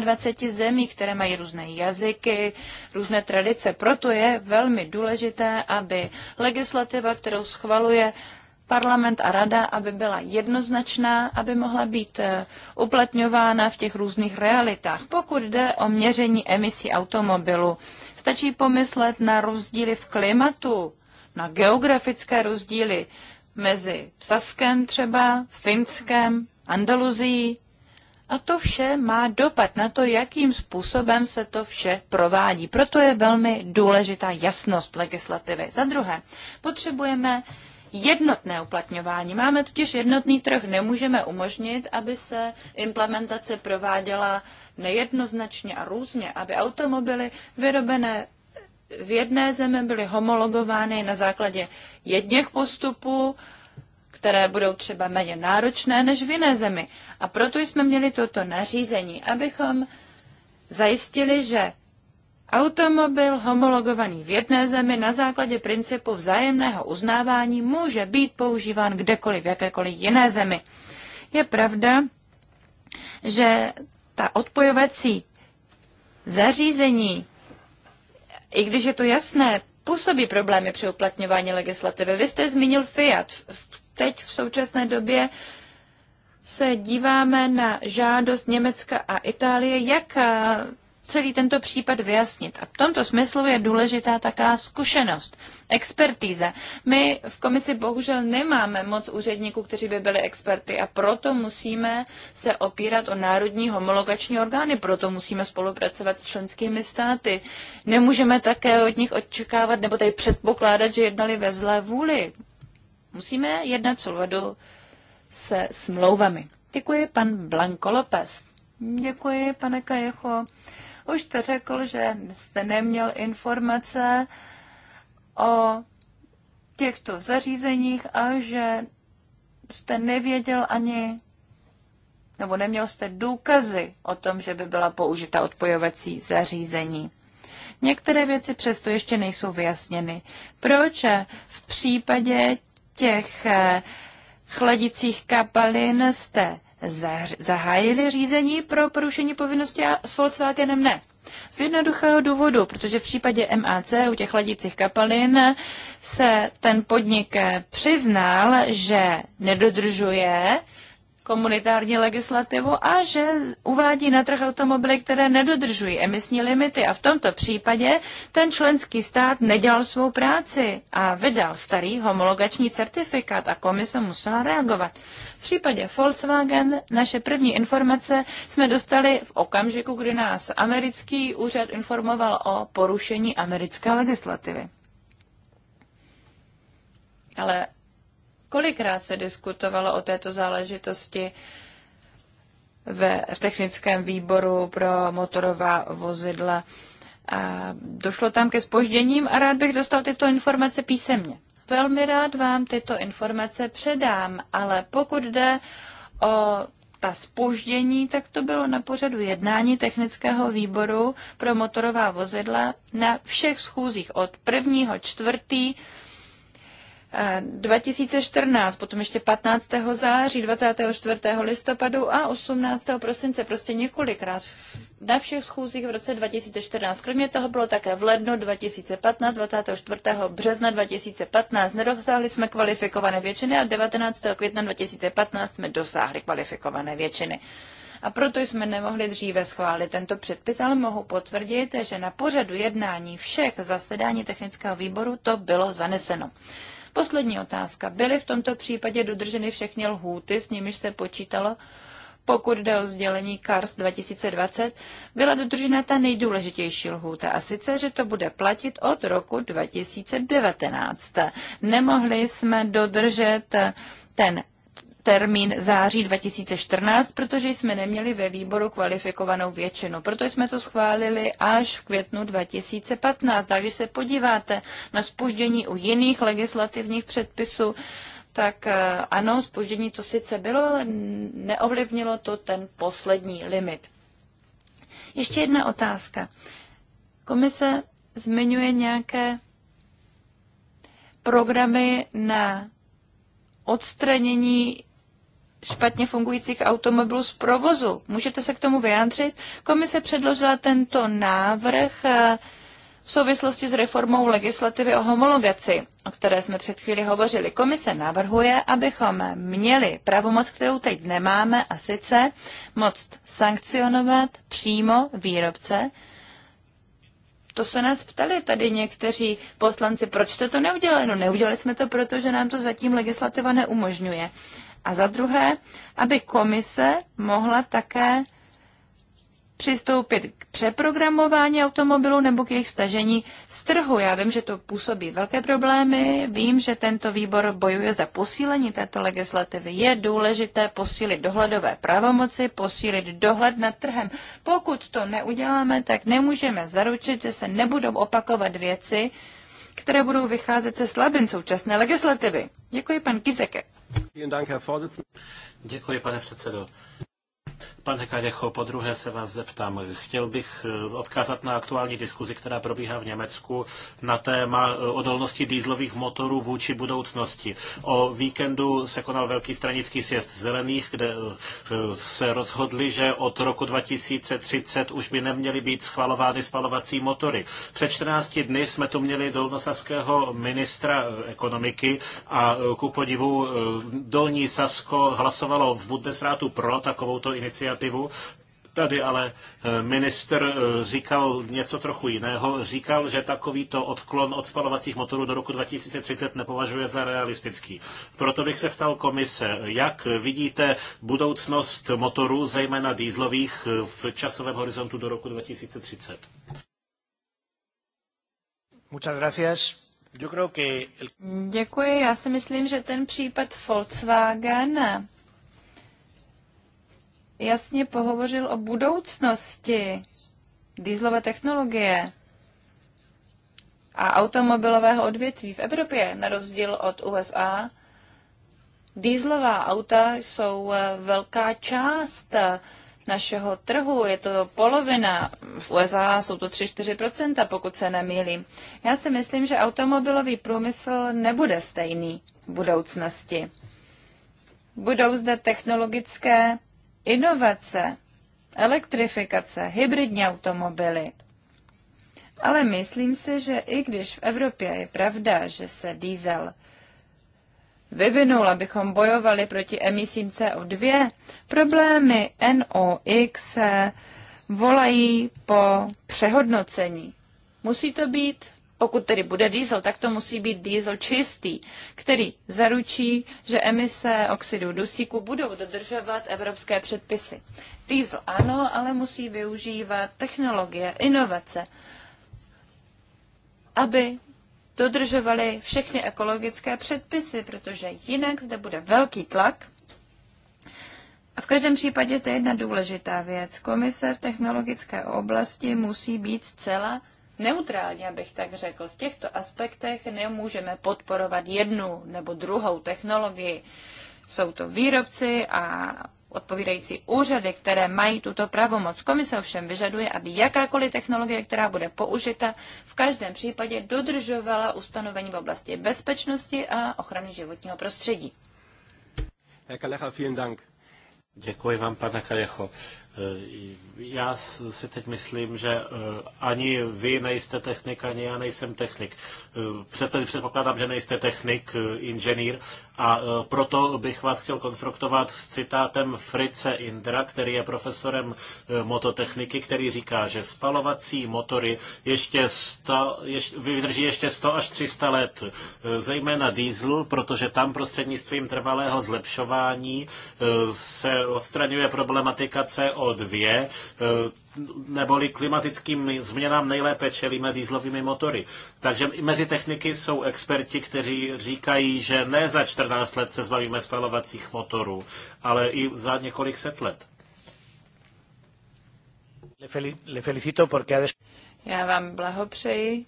28 zemích, které mají různé jazyky, různé tradice. Proto je velmi důležité, aby legislativa, kterou schvaluje parlament a rada, aby byla jednoznačná, aby mohla být eh, uplatňována v těch různých realitách. Pokud jde o měření emisí automobilu, stačí pomyslet na rozdíly v klimatu, na geografické rozdíly mezi Saskem třeba, Finskem, Andaluzií. A to vše má dopad na to, jakým způsobem se to vše provádí. Proto je velmi důležitá jasnost legislativy. Za druhé, potřebujeme jednotné uplatňování. Máme totiž jednotný trh, nemůžeme umožnit, aby se implementace prováděla nejednoznačně a různě, aby automobily vyrobené v jedné zemi byly homologovány na základě jedněch postupů, které budou třeba méně náročné než v jiné zemi. A proto jsme měli toto nařízení, abychom zajistili, že Automobil homologovaný v jedné zemi na základě principu vzájemného uznávání může být používán kdekoliv v jakékoliv jiné zemi. Je pravda, že ta odpojovací zařízení, i když je to jasné, působí problémy při uplatňování legislativy. Vy jste zmínil Fiat. Teď v současné době se díváme na žádost Německa a Itálie, jak celý tento případ vyjasnit. A v tomto smyslu je důležitá taká zkušenost, expertíza. My v komisi bohužel nemáme moc úředníků, kteří by byli experty a proto musíme se opírat o národní homologační orgány, proto musíme spolupracovat s členskými státy. Nemůžeme také od nich očekávat nebo tady předpokládat, že jednali ve zlé vůli. Musíme jednat souladu se smlouvami. Děkuji, pan Blanco López. Děkuji, pane Kajecho. Už jste řekl, že jste neměl informace o těchto zařízeních a že jste nevěděl ani, nebo neměl jste důkazy o tom, že by byla použita odpojovací zařízení. Některé věci přesto ještě nejsou vyjasněny. Proč v případě těch eh, chladicích kapalin jste zahájili řízení pro porušení povinnosti a s Volkswagenem ne. Z jednoduchého důvodu, protože v případě MAC u těch hladících kapalin se ten podnik přiznal, že nedodržuje komunitární legislativu a že uvádí na trh automobily, které nedodržují emisní limity. A v tomto případě ten členský stát nedělal svou práci a vydal starý homologační certifikát a komise musela reagovat případě Volkswagen naše první informace jsme dostali v okamžiku, kdy nás americký úřad informoval o porušení americké legislativy. Ale kolikrát se diskutovalo o této záležitosti ve, v technickém výboru pro motorová vozidla? A došlo tam ke spožděním a rád bych dostal tyto informace písemně. Velmi rád vám tyto informace předám, ale pokud jde o ta spoždění, tak to bylo na pořadu jednání technického výboru pro motorová vozidla na všech schůzích od 1. čtvrtý 2014, potom ještě 15. září, 24. listopadu a 18. prosince, prostě několikrát na všech schůzích v roce 2014. Kromě toho bylo také v lednu 2015, 24. března 2015. Nedosáhli jsme kvalifikované většiny a 19. května 2015 jsme dosáhli kvalifikované většiny. A proto jsme nemohli dříve schválit tento předpis, ale mohu potvrdit, že na pořadu jednání všech zasedání technického výboru to bylo zaneseno. Poslední otázka. Byly v tomto případě dodrženy všechny lhůty, s nimiž se počítalo, pokud jde o sdělení CARS 2020, byla dodržena ta nejdůležitější lhůta, a sice, že to bude platit od roku 2019. Nemohli jsme dodržet ten termín září 2014, protože jsme neměli ve výboru kvalifikovanou většinu. Proto jsme to schválili až v květnu 2015. Takže se podíváte na spoždění u jiných legislativních předpisů, tak eh, ano, spoždění to sice bylo, ale neovlivnilo to ten poslední limit. Ještě jedna otázka. Komise zmiňuje nějaké programy na odstranění špatně fungujících automobilů z provozu. Můžete se k tomu vyjádřit? Komise předložila tento návrh eh, v souvislosti s reformou legislativy o homologaci, o které jsme před chvíli hovořili. Komise navrhuje, abychom měli pravomoc, kterou teď nemáme, a sice moc sankcionovat přímo výrobce. To se nás ptali tady někteří poslanci, proč jste to neudělali. No neudělali jsme to, protože nám to zatím legislativa neumožňuje. A za druhé, aby komise mohla také přistoupit k přeprogramování automobilů nebo k jejich stažení z trhu. Já vím, že to působí velké problémy, vím, že tento výbor bojuje za posílení této legislativy. Je důležité posílit dohledové pravomoci, posílit dohled nad trhem. Pokud to neuděláme, tak nemůžeme zaručit, že se nebudou opakovat věci, které budou vycházet ze slabin současné legislativy. Děkuji, pan Kizeke. Děkuji, pane předsedo. Pane Kadecho, po druhé se vás zeptám. Chtěl bych eh, odkázat na aktuální diskuzi, která probíhá v Německu na téma eh, odolnosti dýzlových motorů vůči budoucnosti. O víkendu se konal velký stranický sjezd zelených, kde eh, se rozhodli, že od roku 2030 už by neměly být schvalovány spalovací motory. Před 14 dny jsme tu měli dolnosaského ministra ekonomiky a ku podivu Dolní Sasko hlasovalo v Bundesrátu pro takovouto iniciativu iniciativu. Tady ale eh, minister eh, říkal něco trochu jiného. Říkal, že takovýto odklon od spalovacích motorů do roku 2030 nepovažuje za realistický. Proto bych se ptal komise, jak vidíte budoucnost motorů, zejména dýzlových, eh, v časovém horizontu do roku 2030? Muchas gracias. Yo creo que... Děkuji, já si myslím, že ten případ Volkswagen jasně pohovořil o budoucnosti dýzlové technologie a automobilového odvětví v Evropě, na rozdíl od USA. Dýzlová auta jsou eh, velká část eh, našeho trhu, je to polovina, v USA jsou to 3-4%, pokud se nemýlím. Já si myslím, že automobilový průmysl nebude stejný v budoucnosti. Budou zde technologické inovace, elektrifikace, hybridní automobily. Ale myslím si, že i když v Evropě je pravda, že se diesel vyvinul, abychom bojovali proti emisím CO2, problémy NOx volají po přehodnocení. Musí to být pokud tedy bude diesel, tak to musí být diesel čistý, který zaručí, že emise oxidu dusíku budou dodržovat evropské předpisy. Diesel ano, ale musí využívat technologie, inovace, aby dodržovali všechny ekologické předpisy, protože jinak zde bude velký tlak. A v každém případě to je jedna důležitá věc. Komise v technologické oblasti musí být zcela Neutrálně, abych tak řekl. V těchto aspektech nemůžeme podporovat jednu nebo druhou technologii. Jsou to výrobci a odpovídající úřady, které mají tuto pravomoc. Komise ovšem vyžaduje, aby jakákoliv technologie, která bude použita, v každém případě dodržovala ustanovení v oblasti bezpečnosti a ochrany životního prostředí. Herr Kalecha, vielen Dank. Děkuji vám, pane Kalecho. Já si teď myslím, že eh, ani vy nejste technik, ani já nejsem technik. Eh, předpokládám, že nejste technik, eh, inženýr, a proto bych vás chtěl konfrontovat s citátem Frice Indra, který je profesorem mototechniky, který říká, že spalovací motory ještě 100, ještě, vydrží ještě 100 až 300 let, zejména diesel, protože tam prostřednictvím trvalého zlepšování se odstraňuje problematika CO2 CO2, eh, neboli klimatickým změnám nejlépe čelíme dýzlovými motory. Takže mezi techniky jsou experti, kteří říkají, že ne za 14 let se zbavíme spalovacích motorů, ale i za několik set let. Le felicito Já vám blahopřeji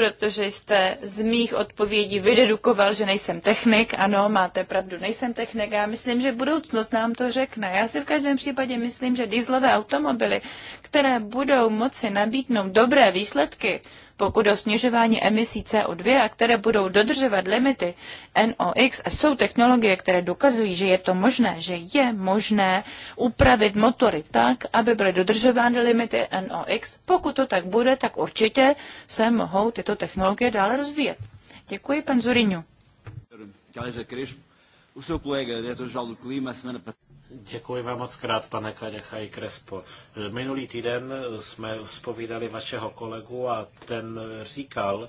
protože jste z mých odpovědí vydedukoval, že nejsem technik. Ano, máte pravdu, nejsem technik. Já myslím, že budoucnost nám to řekne. Já si v každém případě myslím, že dýzlové automobily, které budou moci nabídnout dobré výsledky, pokud o snižování emisí CO2 a které budou dodržovat limity NOx, a jsou technologie, které dokazují, že je to možné, že je možné upravit motory tak, aby byly dodržovány limity NOx. Pokud to tak bude, tak určitě se mohou tyto technologie dále rozvíjet. Děkuji, pan Zuriňu. Děkuji vám moc krát, pane Kaněchaj Krespo. Minulý týden jsme spovídali vašeho kolegu a ten říkal,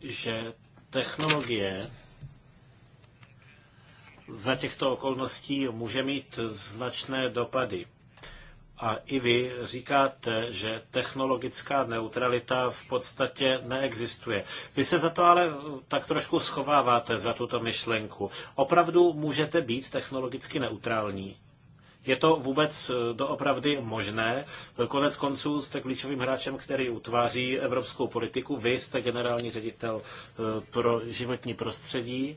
že technologie za těchto okolností může mít značné dopady a i vy říkáte, že technologická neutralita v podstatě neexistuje. Vy se za to ale tak trošku schováváte, za tuto myšlenku. Opravdu můžete být technologicky neutrální? Je to vůbec eh, doopravdy možné? Konec konců jste klíčovým hráčem, který utváří evropskou politiku. Vy jste generální ředitel eh, pro životní prostředí.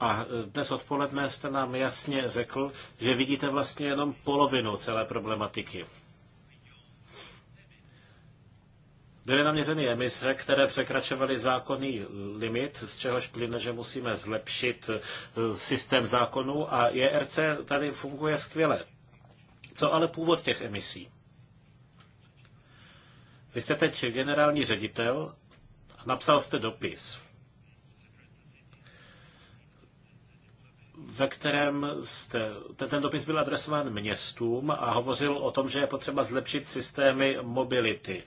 A dnes odpoledne jste nám jasně řekl, že vidíte vlastně jenom polovinu celé problematiky. Byly naměřeny emise, které překračovaly zákonný limit, z čehož plyne, že musíme zlepšit eh, systém zákonů a JRC e tady funguje skvěle. Co ale původ těch emisí? Vy jste teď generální ředitel a napsal jste dopis. ve kterém jste, ten dopis byl adresován městům a hovořil o tom, že je potřeba zlepšit systémy mobility.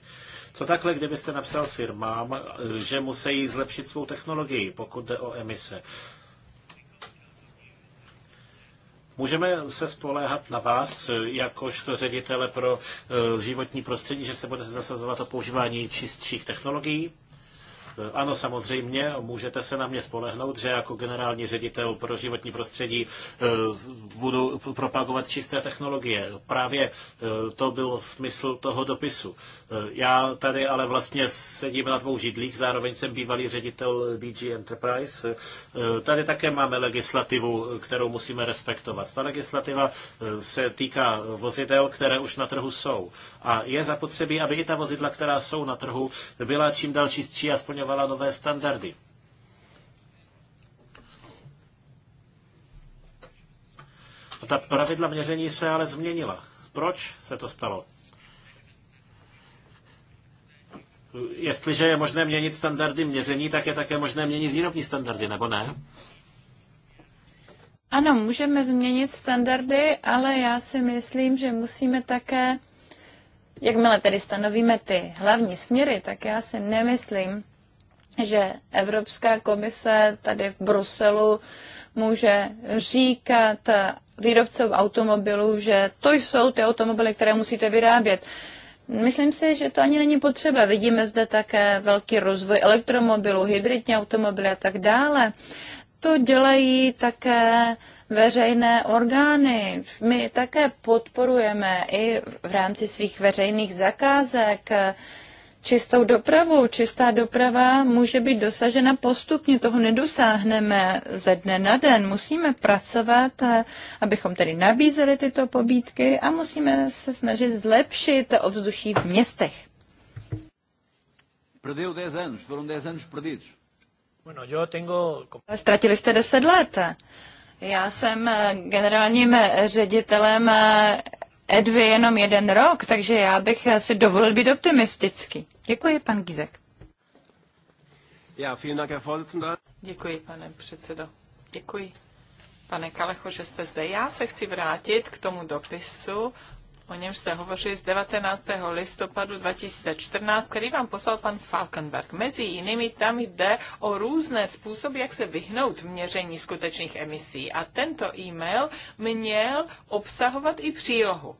Co takhle, kdybyste napsal firmám, že musí zlepšit svou technologii, pokud jde o emise? Můžeme se spoléhat na vás, jakožto ředitele pro e, životní prostředí, že se budete zasazovat o používání čistších technologií? Eh, ano, samozřejmě, můžete se na mě spolehnout, že jako generální ředitel pro životní prostředí eh, budu propagovat čisté technologie. Právě eh, to byl smysl toho dopisu. Já tady ale vlastně sedím na dvou židlích, zároveň jsem bývalý ředitel DG Enterprise. Tady také máme legislativu, kterou musíme respektovat. Ta legislativa se týká vozidel, které už na trhu jsou. A je zapotřebí, aby i ta vozidla, která jsou na trhu, byla čím dál čistší a definovala nové standardy. A ta pravidla měření se ale změnila. Proč se to stalo? Jestliže je možné měnit standardy měření, tak je také možné měnit výrobní standardy, nebo ne? Ano, můžeme změnit standardy, ale já si myslím, že musíme také, jakmile tedy stanovíme ty hlavní směry, tak já si nemyslím, že Evropská komise tady v Bruselu může říkat výrobcům automobilů, že to jsou ty automobily, které musíte vyrábět. Myslím si, že to ani není potřeba. Vidíme zde také velký rozvoj elektromobilů, hybridní automobily a tak dále. To dělají také veřejné orgány. My také podporujeme i v rámci svých veřejných zakázek čistou dopravou. Čistá doprava může být dosažena postupně, toho nedosáhneme ze dne na den. Musíme pracovat, eh, abychom tedy nabízeli tyto pobídky a musíme se snažit zlepšit ovzduší v městech. Perdeu 10 anos, foram 10 anos perdidos. Bueno, yo tengo... Ztratili jste 10 let. Já jsem eh, generálním ředitelem eh, Edvy jenom jeden rok, takže já bych si dovolil být optimisticky. Děkuji, pan Gizek. Já, Dank, Děkuji, pane předsedo. Děkuji. Pane Kalecho, že jste zde. Já se chci vrátit k tomu dopisu o něm se hovoří z 19. listopadu 2014, který vám poslal pan Falkenberg. Mezi jinými tam jde o různé způsoby, jak se vyhnout měření skutečných emisí. A tento e-mail měl obsahovat i přílohu.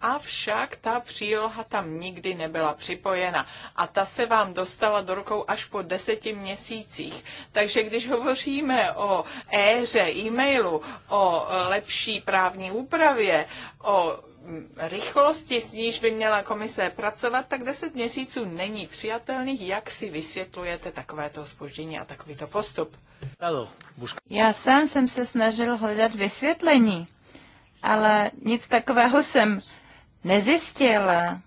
Avšak ta příloha tam nikdy nebyla připojena a ta se vám dostala do rukou až po deseti měsících. Takže když hovoříme o éře e-mailu, o lepší právní úpravě, o rychlosti, s níž by měla komise pracovat, tak 10 měsíců není přijatelných. Jak si vysvětlujete takovéto spoždění a takovýto postup? Já sám jsem se snažil hledat vysvětlení, ale nic takového jsem nezjistila.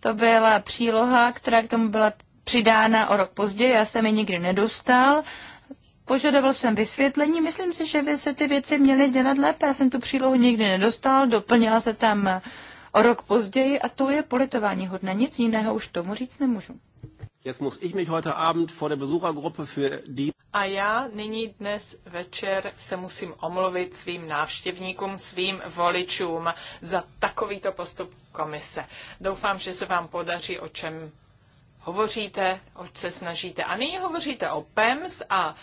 To byla příloha, která k tomu byla přidána o rok později, já jsem ji nikdy nedostal Požadoval jsem vysvětlení, myslím si, že by se ty věci měly dělat lépe. Já jsem tu přílohu nikdy nedostal, doplnila se tam o rok později a to je politování hodné. Nic jiného už tomu říct nemůžu. Jetzt muss ich mich heute Abend vor der Besuchergruppe für die a já nyní dnes večer se musím omluvit svým návštěvníkům, svým voličům za takovýto postup komise. Doufám, že se vám podaří, o čem hovoříte, o co se snažíte. A nyní hovoříte o PEMS a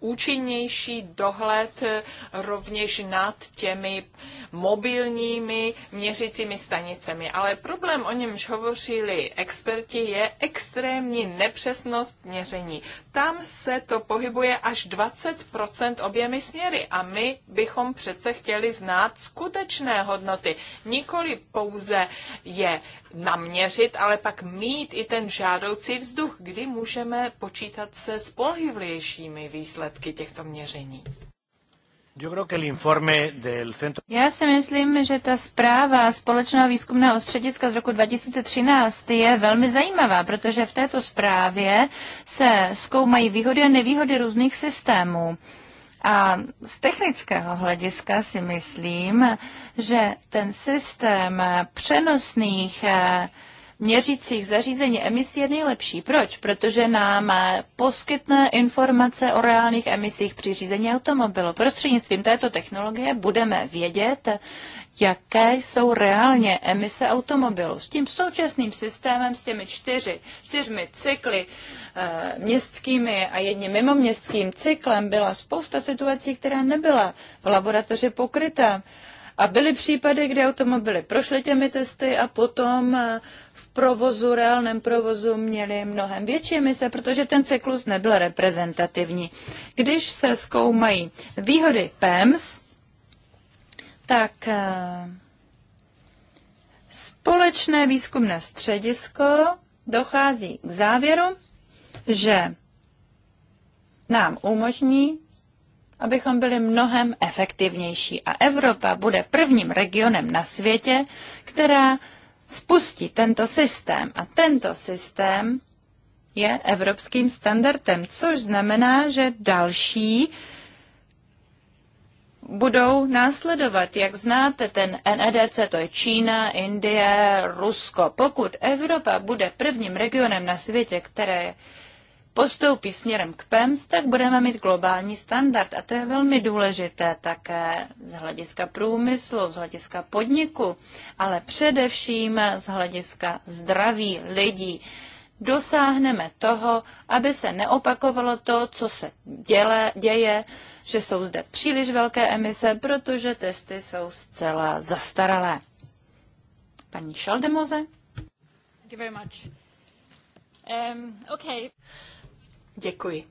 účinnější dohled eh, rovněž nad těmi mobilními měřicími stanicemi. Ale problém, o němž hovořili experti, je extrémní nepřesnost měření. Tam se to pohybuje až 20% oběmi směry a my bychom přece chtěli znát skutečné hodnoty. Nikoli pouze je naměřit, ale pak mít i ten žádoucí vzduch, kdy můžeme počítat se spolehlivějšími výsledky výsledky těchto měření. Já si myslím, že ta zpráva Společného výzkumného střediska z roku 2013 je velmi zajímavá, protože v této zprávě se zkoumají výhody a nevýhody různých systémů. A z technického hlediska si myslím, že ten systém přenosných eh, měřících zařízení emisí je nejlepší. Proč? Protože nám eh, poskytne informace o reálných emisích při řízení automobilu. Prostřednictvím této technologie budeme vědět, jaké jsou reálně emise automobilu. S tím současným systémem, s těmi čtyři, čtyřmi cykly, eh, městskými a jedním mimoměstským cyklem byla spousta situací, která nebyla v laboratoři pokryta. A byly případy, kdy automobily prošly těmi testy a potom eh, v provozu, reálném provozu měly mnohem větší emise, protože ten cyklus nebyl reprezentativní. Když se zkoumají výhody PEMS, tak eh, společné výzkumné středisko dochází k závěru, že nám umožní abychom byli mnohem efektivnější. A Evropa bude prvním regionem na světě, která spustí tento systém. A tento systém je evropským standardem, což znamená, že další budou následovat. Jak znáte, ten NEDC, to je Čína, Indie, Rusko. Pokud Evropa bude prvním regionem na světě, které postoupí směrem k PEMS, tak budeme mít globální standard. A to je velmi důležité také z hlediska průmyslu, z hlediska podniku, ale především z hlediska zdraví lidí. Dosáhneme toho, aby se neopakovalo to, co se děle, děje, že jsou zde příliš velké emise, protože testy jsou zcela zastaralé. Paní Šaldemoze? Thank you very much. Um, okay. Děkuji.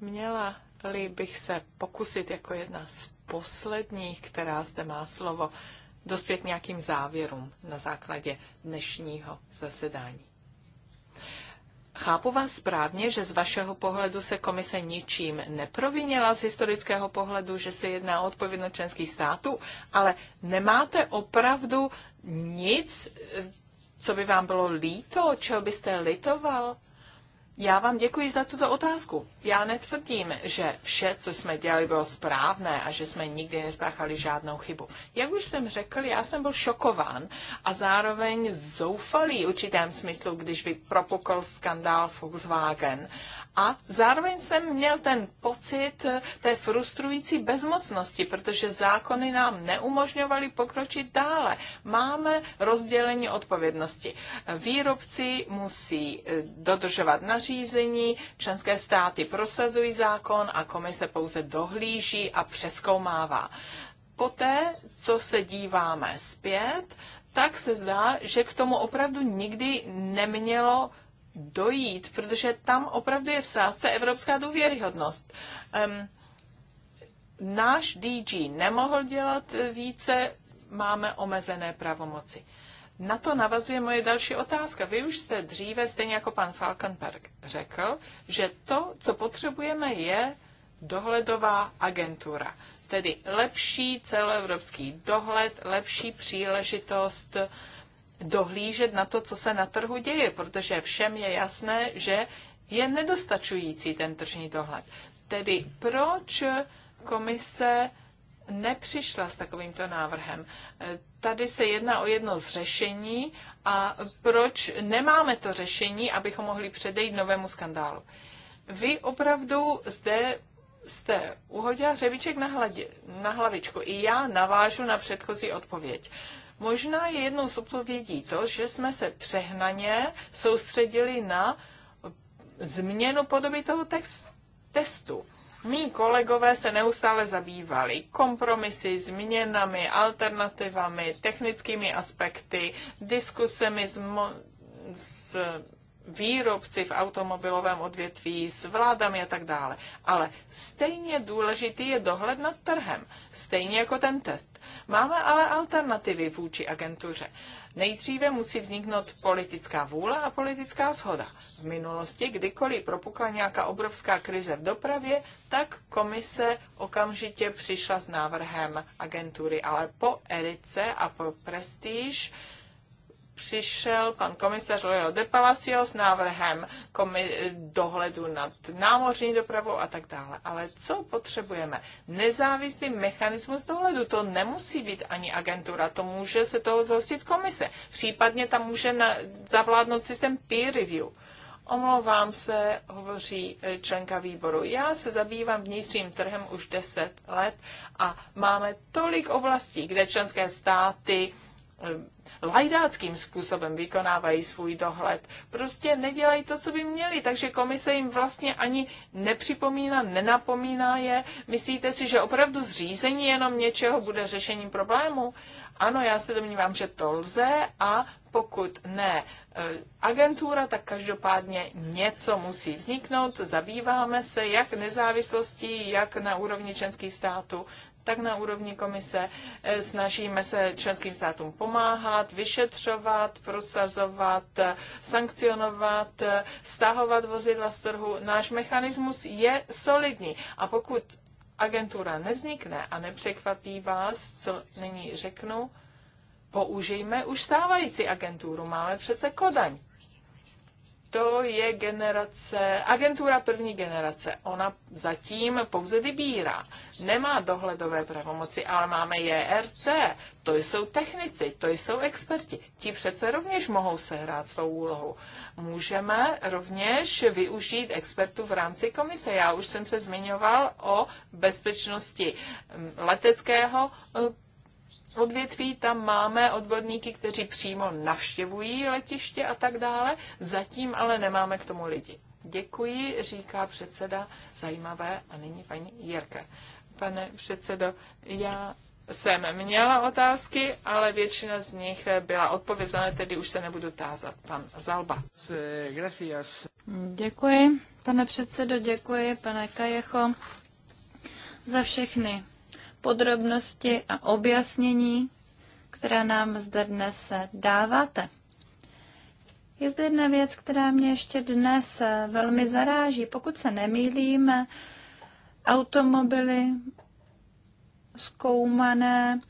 Měla-li bych se pokusit jako jedna z posledních, která zde má slovo, dospět nějakým závěrům na základě dnešního zasedání. Chápu vás správně, že z vašeho pohledu se komise ničím neprovinila, z historického pohledu, že se jedná o odpovědnost členských států, ale nemáte opravdu nic, co by vám bylo líto, čeho byste litoval? Já vám děkuji za tuto otázku. Já netvrdím, že vše, co jsme dělali, bylo správné a že jsme nikdy nespáchali žádnou chybu. Jak už jsem řekl, já jsem byl šokován a zároveň zoufalý v určitém smyslu, když propukl skandál Volkswagen a zároveň jsem měl ten pocit eh, té frustrující bezmocnosti, protože zákony nám neumožňovaly pokročit dále. Máme rozdělení odpovědnosti. Výrobci musí eh, dodržovat nařízení, členské státy prosazují zákon a komise pouze dohlíží a přeskoumává. Poté, co se díváme zpět, tak se zdá, že k tomu opravdu nikdy nemělo dojít, protože tam opravdu je v sázce evropská důvěryhodnost. Um, náš DG nemohl dělat více, máme omezené pravomoci. Na to navazuje moje další otázka. Vy už jste dříve, stejně jako pan Falkenberg, řekl, že to, co potřebujeme, je dohledová agentura. Tedy lepší celoevropský dohled, lepší příležitost uh, dohlížet na to, co se na trhu děje, protože všem je jasné, že je nedostačující ten tržní dohled. Tedy proč komise nepřišla s takovýmto návrhem? Tady se jedná o jedno z řešení a proč nemáme to řešení, abychom mohli předejít novému skandálu? Vy opravdu zde jste uhodila řebiček na, hladě, na hlavičku. I já navážu na předchozí odpověď. Uh, Možná je jednou z odpovědí to, že jsme se přehnaně soustředili na změnu podoby toho testu. Mí kolegové se neustále zabývali kompromisy, změnami, alternativami, technickými aspekty, diskusemi s, mo- s výrobci v automobilovém odvětví, s vládami a tak dále. Ale stejně důležitý je dohled nad trhem, stejně jako ten test. Máme ale alternativy vůči agentuře. Nejdříve musí vzniknout politická vůle a politická shoda. V minulosti, kdykoliv propukla nějaká obrovská krize v dopravě, tak komise okamžitě přišla s návrhem agentury, ale po Erice a po Prestige přišel pan komisař Leo de Palacio s návrhem komi- dohledu nad námořní dopravou a tak dále. Ale co potřebujeme? Nezávislý mechanismus dohledu. To nemusí být ani agentura, to může se toho zhostit komise. Případně tam může na- zavládnout systém peer review. Omlouvám se, hovoří e, členka výboru. Já se zabývám vnitřním trhem už 10 let a máme tolik oblastí, kde členské státy Eh, lajdáckým způsobem vykonávají svůj dohled. Prostě nedělají to, co by měli, takže komise jim vlastně ani nepřipomíná, nenapomíná je. Myslíte si, že opravdu zřízení jenom něčeho bude řešením problému? Ano, já se domnívám, že to lze a pokud ne eh, agentura, tak každopádně něco musí vzniknout. Zabýváme se jak nezávislostí, jak na úrovni členských států, tak na úrovni komise. Eh, snažíme se členským státům pomáhat, vyšetřovat, prosazovat, eh, sankcionovat, eh, stahovat vozidla z trhu. Náš mechanismus je solidní a pokud agentura nevznikne a nepřekvapí vás, co nyní řeknu, použijme už stávající agenturu. Máme přece Kodaň to je generace, agentura první generace. Ona zatím pouze vybírá. Nemá dohledové pravomoci, ale máme JRC. To jsou technici, to jsou experti. Ti přece rovněž mohou sehrát svou úlohu. Můžeme rovněž využít expertů v rámci komise. Já už jsem se zmiňoval o bezpečnosti mm, leteckého eh, odvětví, tam máme odborníky, kteří přímo navštěvují letiště a tak dále, zatím ale nemáme k tomu lidi. Děkuji, říká předseda, zajímavé a nyní paní Jirke. Pane předsedo, já jsem měla otázky, ale většina z nich byla odpovězena, tedy už se nebudu tázat. Pan Zalba. Děkuji, pane předsedo, děkuji, pane Kajecho, za všechny podrobnosti a objasnění, která nám zde dnes dáváte. Je zde jedna věc, která mě ještě dnes velmi zaráží. Pokud se nemýlím, automobily zkoumané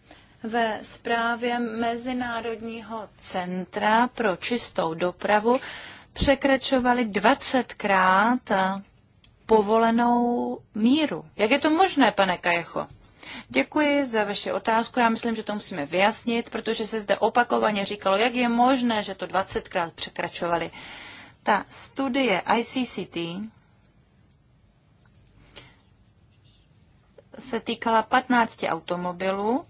ve zprávě Mezinárodního centra pro čistou dopravu překračovaly 20krát povolenou míru. Jak je to možné, pane Kajecho? Děkuji za vaši otázku. Já myslím, že to musíme vyjasnit, protože se zde opakovaně říkalo, jak je možné, že to 20krát překračovali. Ta studie ICCT se týkala 15 automobilů,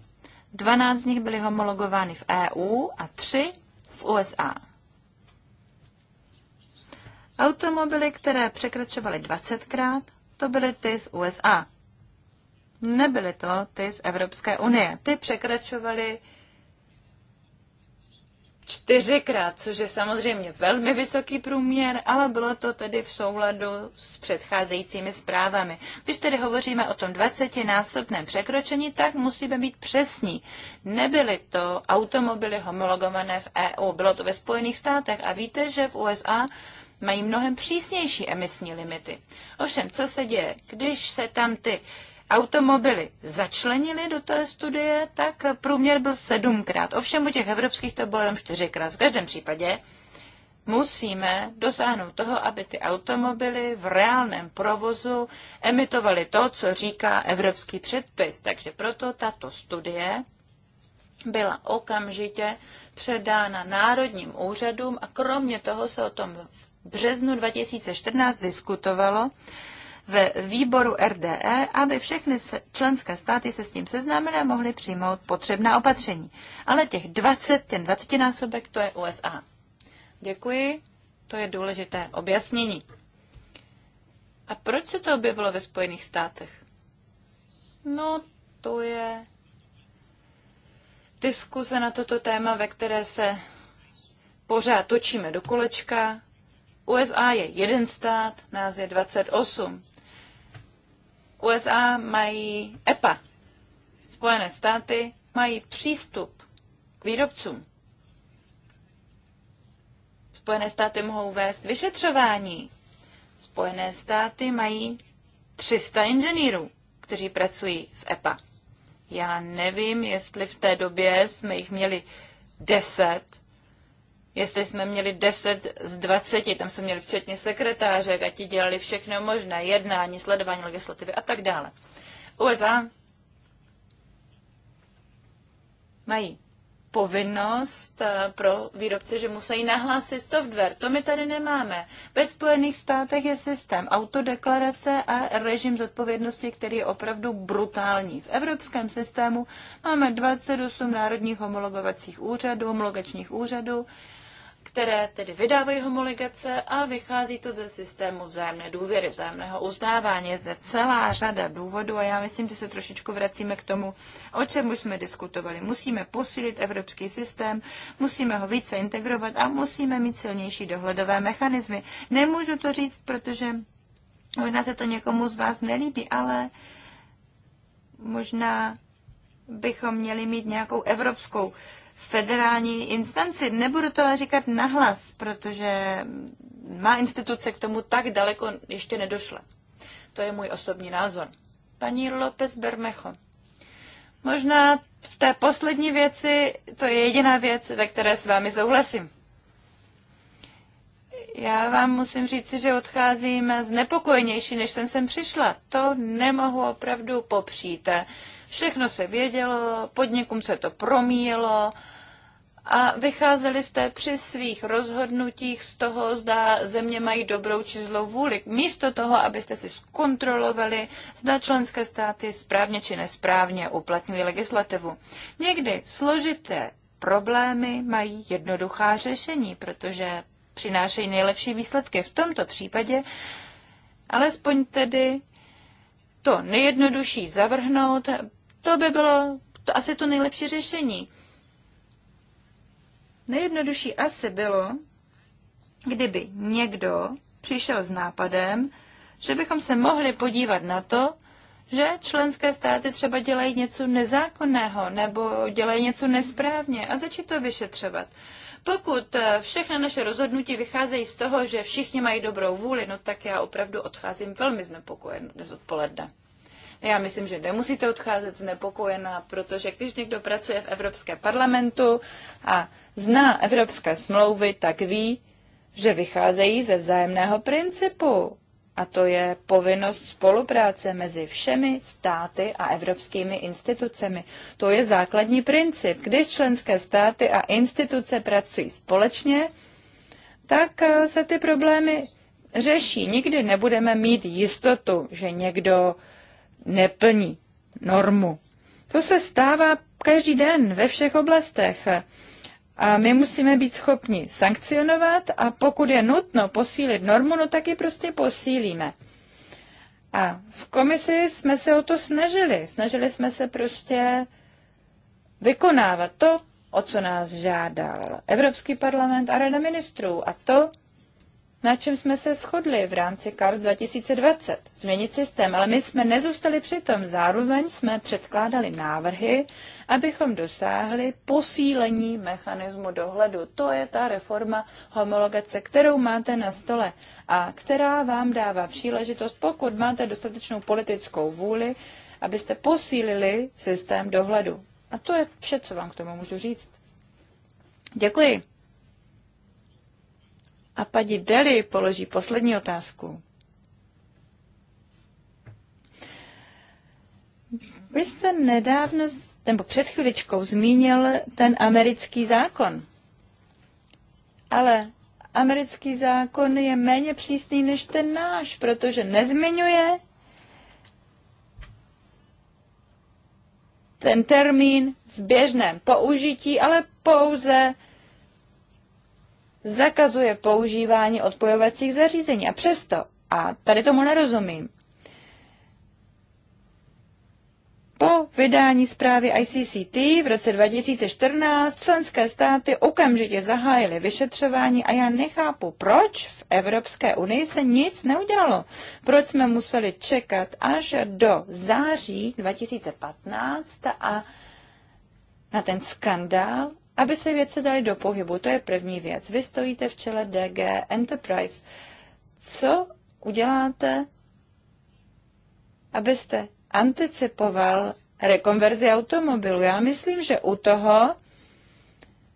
12 z nich byly homologovány v EU a 3 v USA. Automobily, které překračovaly 20krát, to byly ty z USA. Nebyly to ty z Evropské unie. Ty překračovaly čtyřikrát, což je samozřejmě velmi vysoký průměr, ale bylo to tedy v souladu s předcházejícími zprávami. Když tedy hovoříme o tom 20-násobném překročení, tak musíme být přesní. Nebyly to automobily homologované v EU, bylo to ve Spojených státech a víte, že v USA mají mnohem přísnější emisní limity. Ovšem, co se děje, když se tam ty automobily začlenili do té studie, tak průměr byl sedmkrát. Ovšem u těch evropských to bylo jenom čtyřikrát. V každém případě musíme dosáhnout toho, aby ty automobily v reálném provozu emitovaly to, co říká evropský předpis. Takže proto tato studie byla okamžitě předána národním úřadům a kromě toho se o tom v březnu 2014 diskutovalo ve výboru RDE, aby všechny členské státy se s tím seznámily a mohly přijmout potřebná opatření. Ale těch 20, ten 20 násobek, to je USA. Děkuji, to je důležité objasnění. A proč se to objevilo ve Spojených státech? No, to je diskuze na toto téma, ve které se pořád točíme do kolečka. USA je jeden stát, nás je 28. USA mají EPA. Spojené státy mají přístup k výrobcům. Spojené státy mohou vést vyšetřování. Spojené státy mají 300 inženýrů, kteří pracují v EPA. Já nevím, jestli v té době jsme jich měli 10 jestli jsme měli 10 z 20, tam jsme měli včetně sekretářek a ti dělali všechno možné, jednání, sledování legislativy a tak dále. USA mají povinnost eh, pro výrobce, že musí nahlásit software. To my tady nemáme. Ve Spojených státech je systém autodeklarace a režim zodpovědnosti, který je opravdu brutální. V evropském systému máme 28 národních homologovacích úřadů, homologačních úřadů, které tedy vydávají homologace a vychází to ze systému vzájemné důvěry, vzájemného uznávání. Je zde celá řada důvodů a já myslím, že se trošičku vracíme k tomu, o čem už jsme diskutovali. Musíme posílit evropský systém, musíme ho více integrovat a musíme mít silnější dohledové mechanismy. Nemůžu to říct, protože možná se to někomu z vás nelíbí, ale možná bychom měli mít nějakou evropskou federální instanci. Nebudu to ale říkat nahlas, protože má instituce k tomu tak daleko ještě nedošla. To je můj osobní názor. Paní López Bermecho. Možná v té poslední věci to je jediná věc, ve které s vámi souhlasím. Já vám musím říci, že odcházím znepokojenější, než jsem sem přišla. To nemohu opravdu popřít. Všechno se vědělo, podnikům se to promíjelo a vycházeli jste při svých rozhodnutích z toho, zda země mají dobrou či zlou vůli. Místo toho, abyste si zkontrolovali, zda členské státy správně či nesprávně uplatňují legislativu. Někdy složité problémy mají jednoduchá řešení, protože přinášejí nejlepší výsledky. V tomto případě alespoň tedy to nejjednodušší zavrhnout to by bylo to asi to nejlepší řešení. Nejjednodušší asi bylo, kdyby někdo přišel s nápadem, že bychom se mohli podívat na to, že členské státy třeba dělají něco nezákonného nebo dělají něco nesprávně a začít to vyšetřovat. Pokud eh, všechny naše rozhodnutí vycházejí z toho, že všichni mají dobrou vůli, no tak já opravdu odcházím velmi znepokojen dnes odpoledne. Já myslím, že nemusíte odcházet znepokojená, protože když někdo pracuje v Evropském parlamentu a zná evropské smlouvy, tak ví, že vycházejí ze vzájemného principu. A to je povinnost spolupráce mezi všemi státy a evropskými institucemi. To je základní princip. Když členské státy a instituce pracují společně, tak eh, se ty problémy řeší. Nikdy nebudeme mít jistotu, že někdo neplní normu. To se stává každý den ve všech oblastech. A my musíme být schopni sankcionovat a pokud je nutno posílit normu, no tak ji prostě posílíme. A v komisi jsme se o to snažili. Snažili jsme se prostě vykonávat to, o co nás žádal Evropský parlament a Rada ministrů. A to na čem jsme se shodli v rámci CARS 2020, změnit systém, ale my jsme nezůstali při tom. Zároveň jsme předkládali návrhy, abychom dosáhli posílení mechanismu dohledu. To je ta reforma homologace, kterou máte na stole a která vám dává příležitost, pokud máte dostatečnou politickou vůli, abyste posílili systém dohledu. A to je vše, co vám k tomu můžu říct. Děkuji. A paní Deli položí poslední otázku. Vy jste nedávno, nebo před chviličkou, zmínil ten americký zákon. Ale americký zákon je méně přísný než ten náš, protože nezmiňuje ten termín v běžném použití, ale pouze zakazuje používání odpojovacích zařízení. A přesto, a tady tomu nerozumím, po vydání zprávy ICCT v roce 2014 členské státy okamžitě zahájily vyšetřování a já nechápu, proč v Evropské unii se nic neudělalo. Proč jsme museli čekat až do září 2015 a na ten skandál aby se věci daly do pohybu. To je první věc. Vy stojíte v čele DG Enterprise. Co uděláte, abyste anticipoval rekonverzi automobilu? Já myslím, že u toho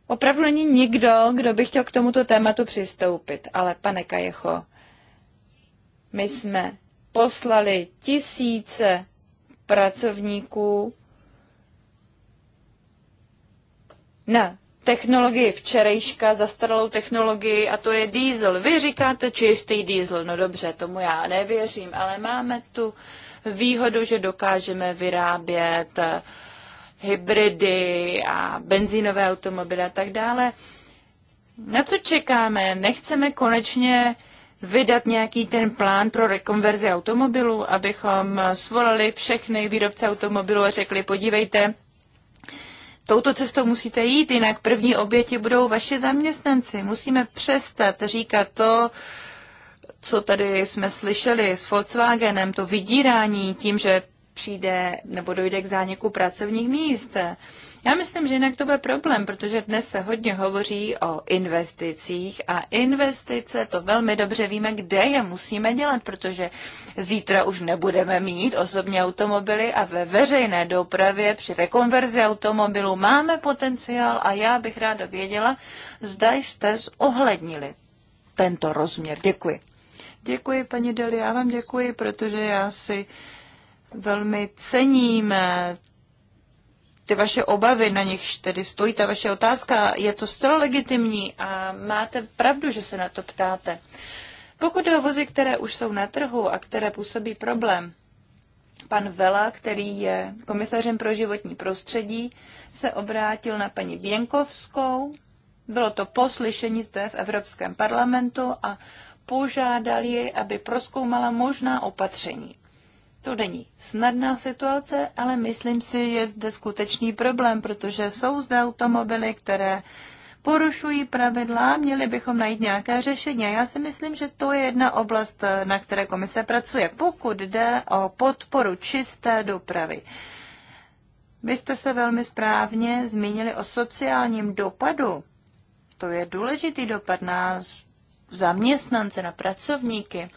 opravdu není nikdo, kdo by chtěl k tomuto tématu přistoupit. Ale pane Kajecho, my jsme poslali tisíce pracovníků na technologii včerejška, zastaralou technologii a to je diesel. Vy říkáte čistý diesel, no dobře, tomu já nevěřím, ale máme tu výhodu, že dokážeme vyrábět eh, hybridy a benzínové automobily a tak dále. Na co čekáme? Nechceme konečně vydat nějaký ten plán pro rekonverzi automobilů, abychom svolali všechny výrobce automobilů a řekli, podívejte, touto cestou musíte jít, jinak první oběti budou vaši zaměstnanci. Musíme přestat říkat to, co tady jsme slyšeli s Volkswagenem, to vydírání tím, že přijde nebo dojde k zániku pracovních míst. Já myslím, že jinak to bude problém, protože dnes se hodně hovoří o investicích a investice, to velmi dobře víme, kde je musíme dělat, protože zítra už nebudeme mít osobní automobily a ve veřejné dopravě při rekonverzi automobilu máme potenciál a já bych ráda věděla, zda jste zohlednili tento rozměr. Děkuji. Děkuji, paní Deli, já vám děkuji, protože já si velmi cením ty vaše obavy, na nichž tedy stojí ta vaše otázka, je to zcela legitimní a máte pravdu, že se na to ptáte. Pokud jde o vozy, které už jsou na trhu a které působí problém, pan Vela, který je komisařem pro životní prostředí, se obrátil na paní Běnkovskou, bylo to po slyšení zde v Evropském parlamentu a požádal ji, aby proskoumala možná opatření. To není snadná situace, ale myslím si, je zde skutečný problém, protože jsou zde automobily, které porušují pravidla, měli bychom najít nějaké řešení. Já si myslím, že to je jedna oblast, na které komise pracuje, pokud jde o podporu čisté dopravy. Vy jste se velmi správně zmínili o sociálním dopadu. To je důležitý dopad na zaměstnance, na pracovníky.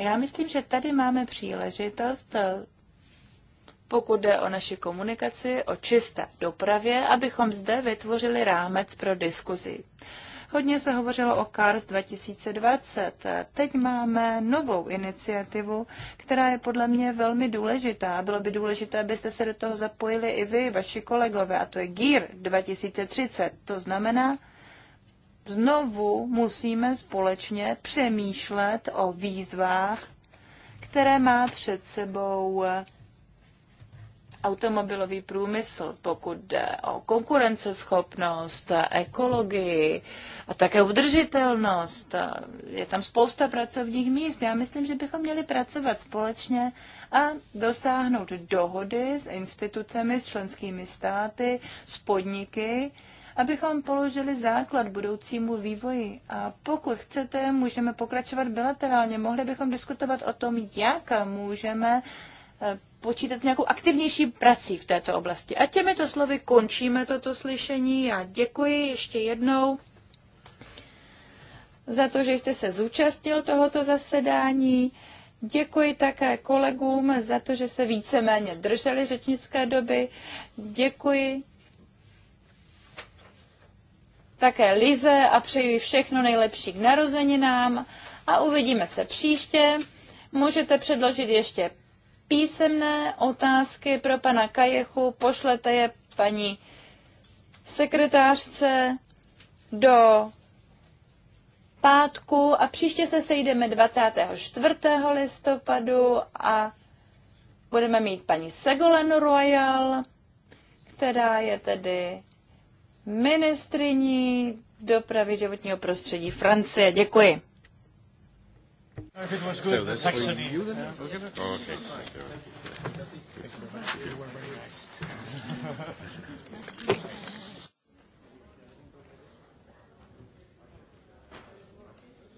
A já myslím, že tady máme příležitost, eh, pokud jde o naši komunikaci, o čisté dopravě, abychom zde vytvořili rámec pro diskuzi. Hodně se hovořilo o CARS 2020. Teď máme novou iniciativu, která je podle mě velmi důležitá. Bylo by důležité, abyste se do toho zapojili i vy, vaši kolegové, a to je GEAR 2030. To znamená, znovu musíme společně přemýšlet o výzvách, které má před sebou automobilový průmysl, pokud jde o konkurenceschopnost, ekologii a také udržitelnost. Je tam spousta pracovních míst. Já myslím, že bychom měli pracovat společně a dosáhnout dohody s institucemi, s členskými státy, s podniky, abychom položili základ budoucímu vývoji. A pokud chcete, můžeme pokračovat bilaterálně. Mohli bychom diskutovat o tom, jak můžeme eh, počítat s nějakou aktivnější prací v této oblasti. A těmito slovy končíme toto slyšení. Já děkuji ještě jednou za to, že jste se zúčastnil tohoto zasedání. Děkuji také kolegům za to, že se víceméně drželi řečnické doby. Děkuji také Lize a přeji všechno nejlepší k narozeninám a uvidíme se příště. Můžete předložit ještě písemné otázky pro pana Kajechu, pošlete je paní sekretářce do pátku a příště se sejdeme 24. listopadu a budeme mít paní Segolen Royal, která je tedy Ministrní dopravy životního prostředí Francie. Děkuji.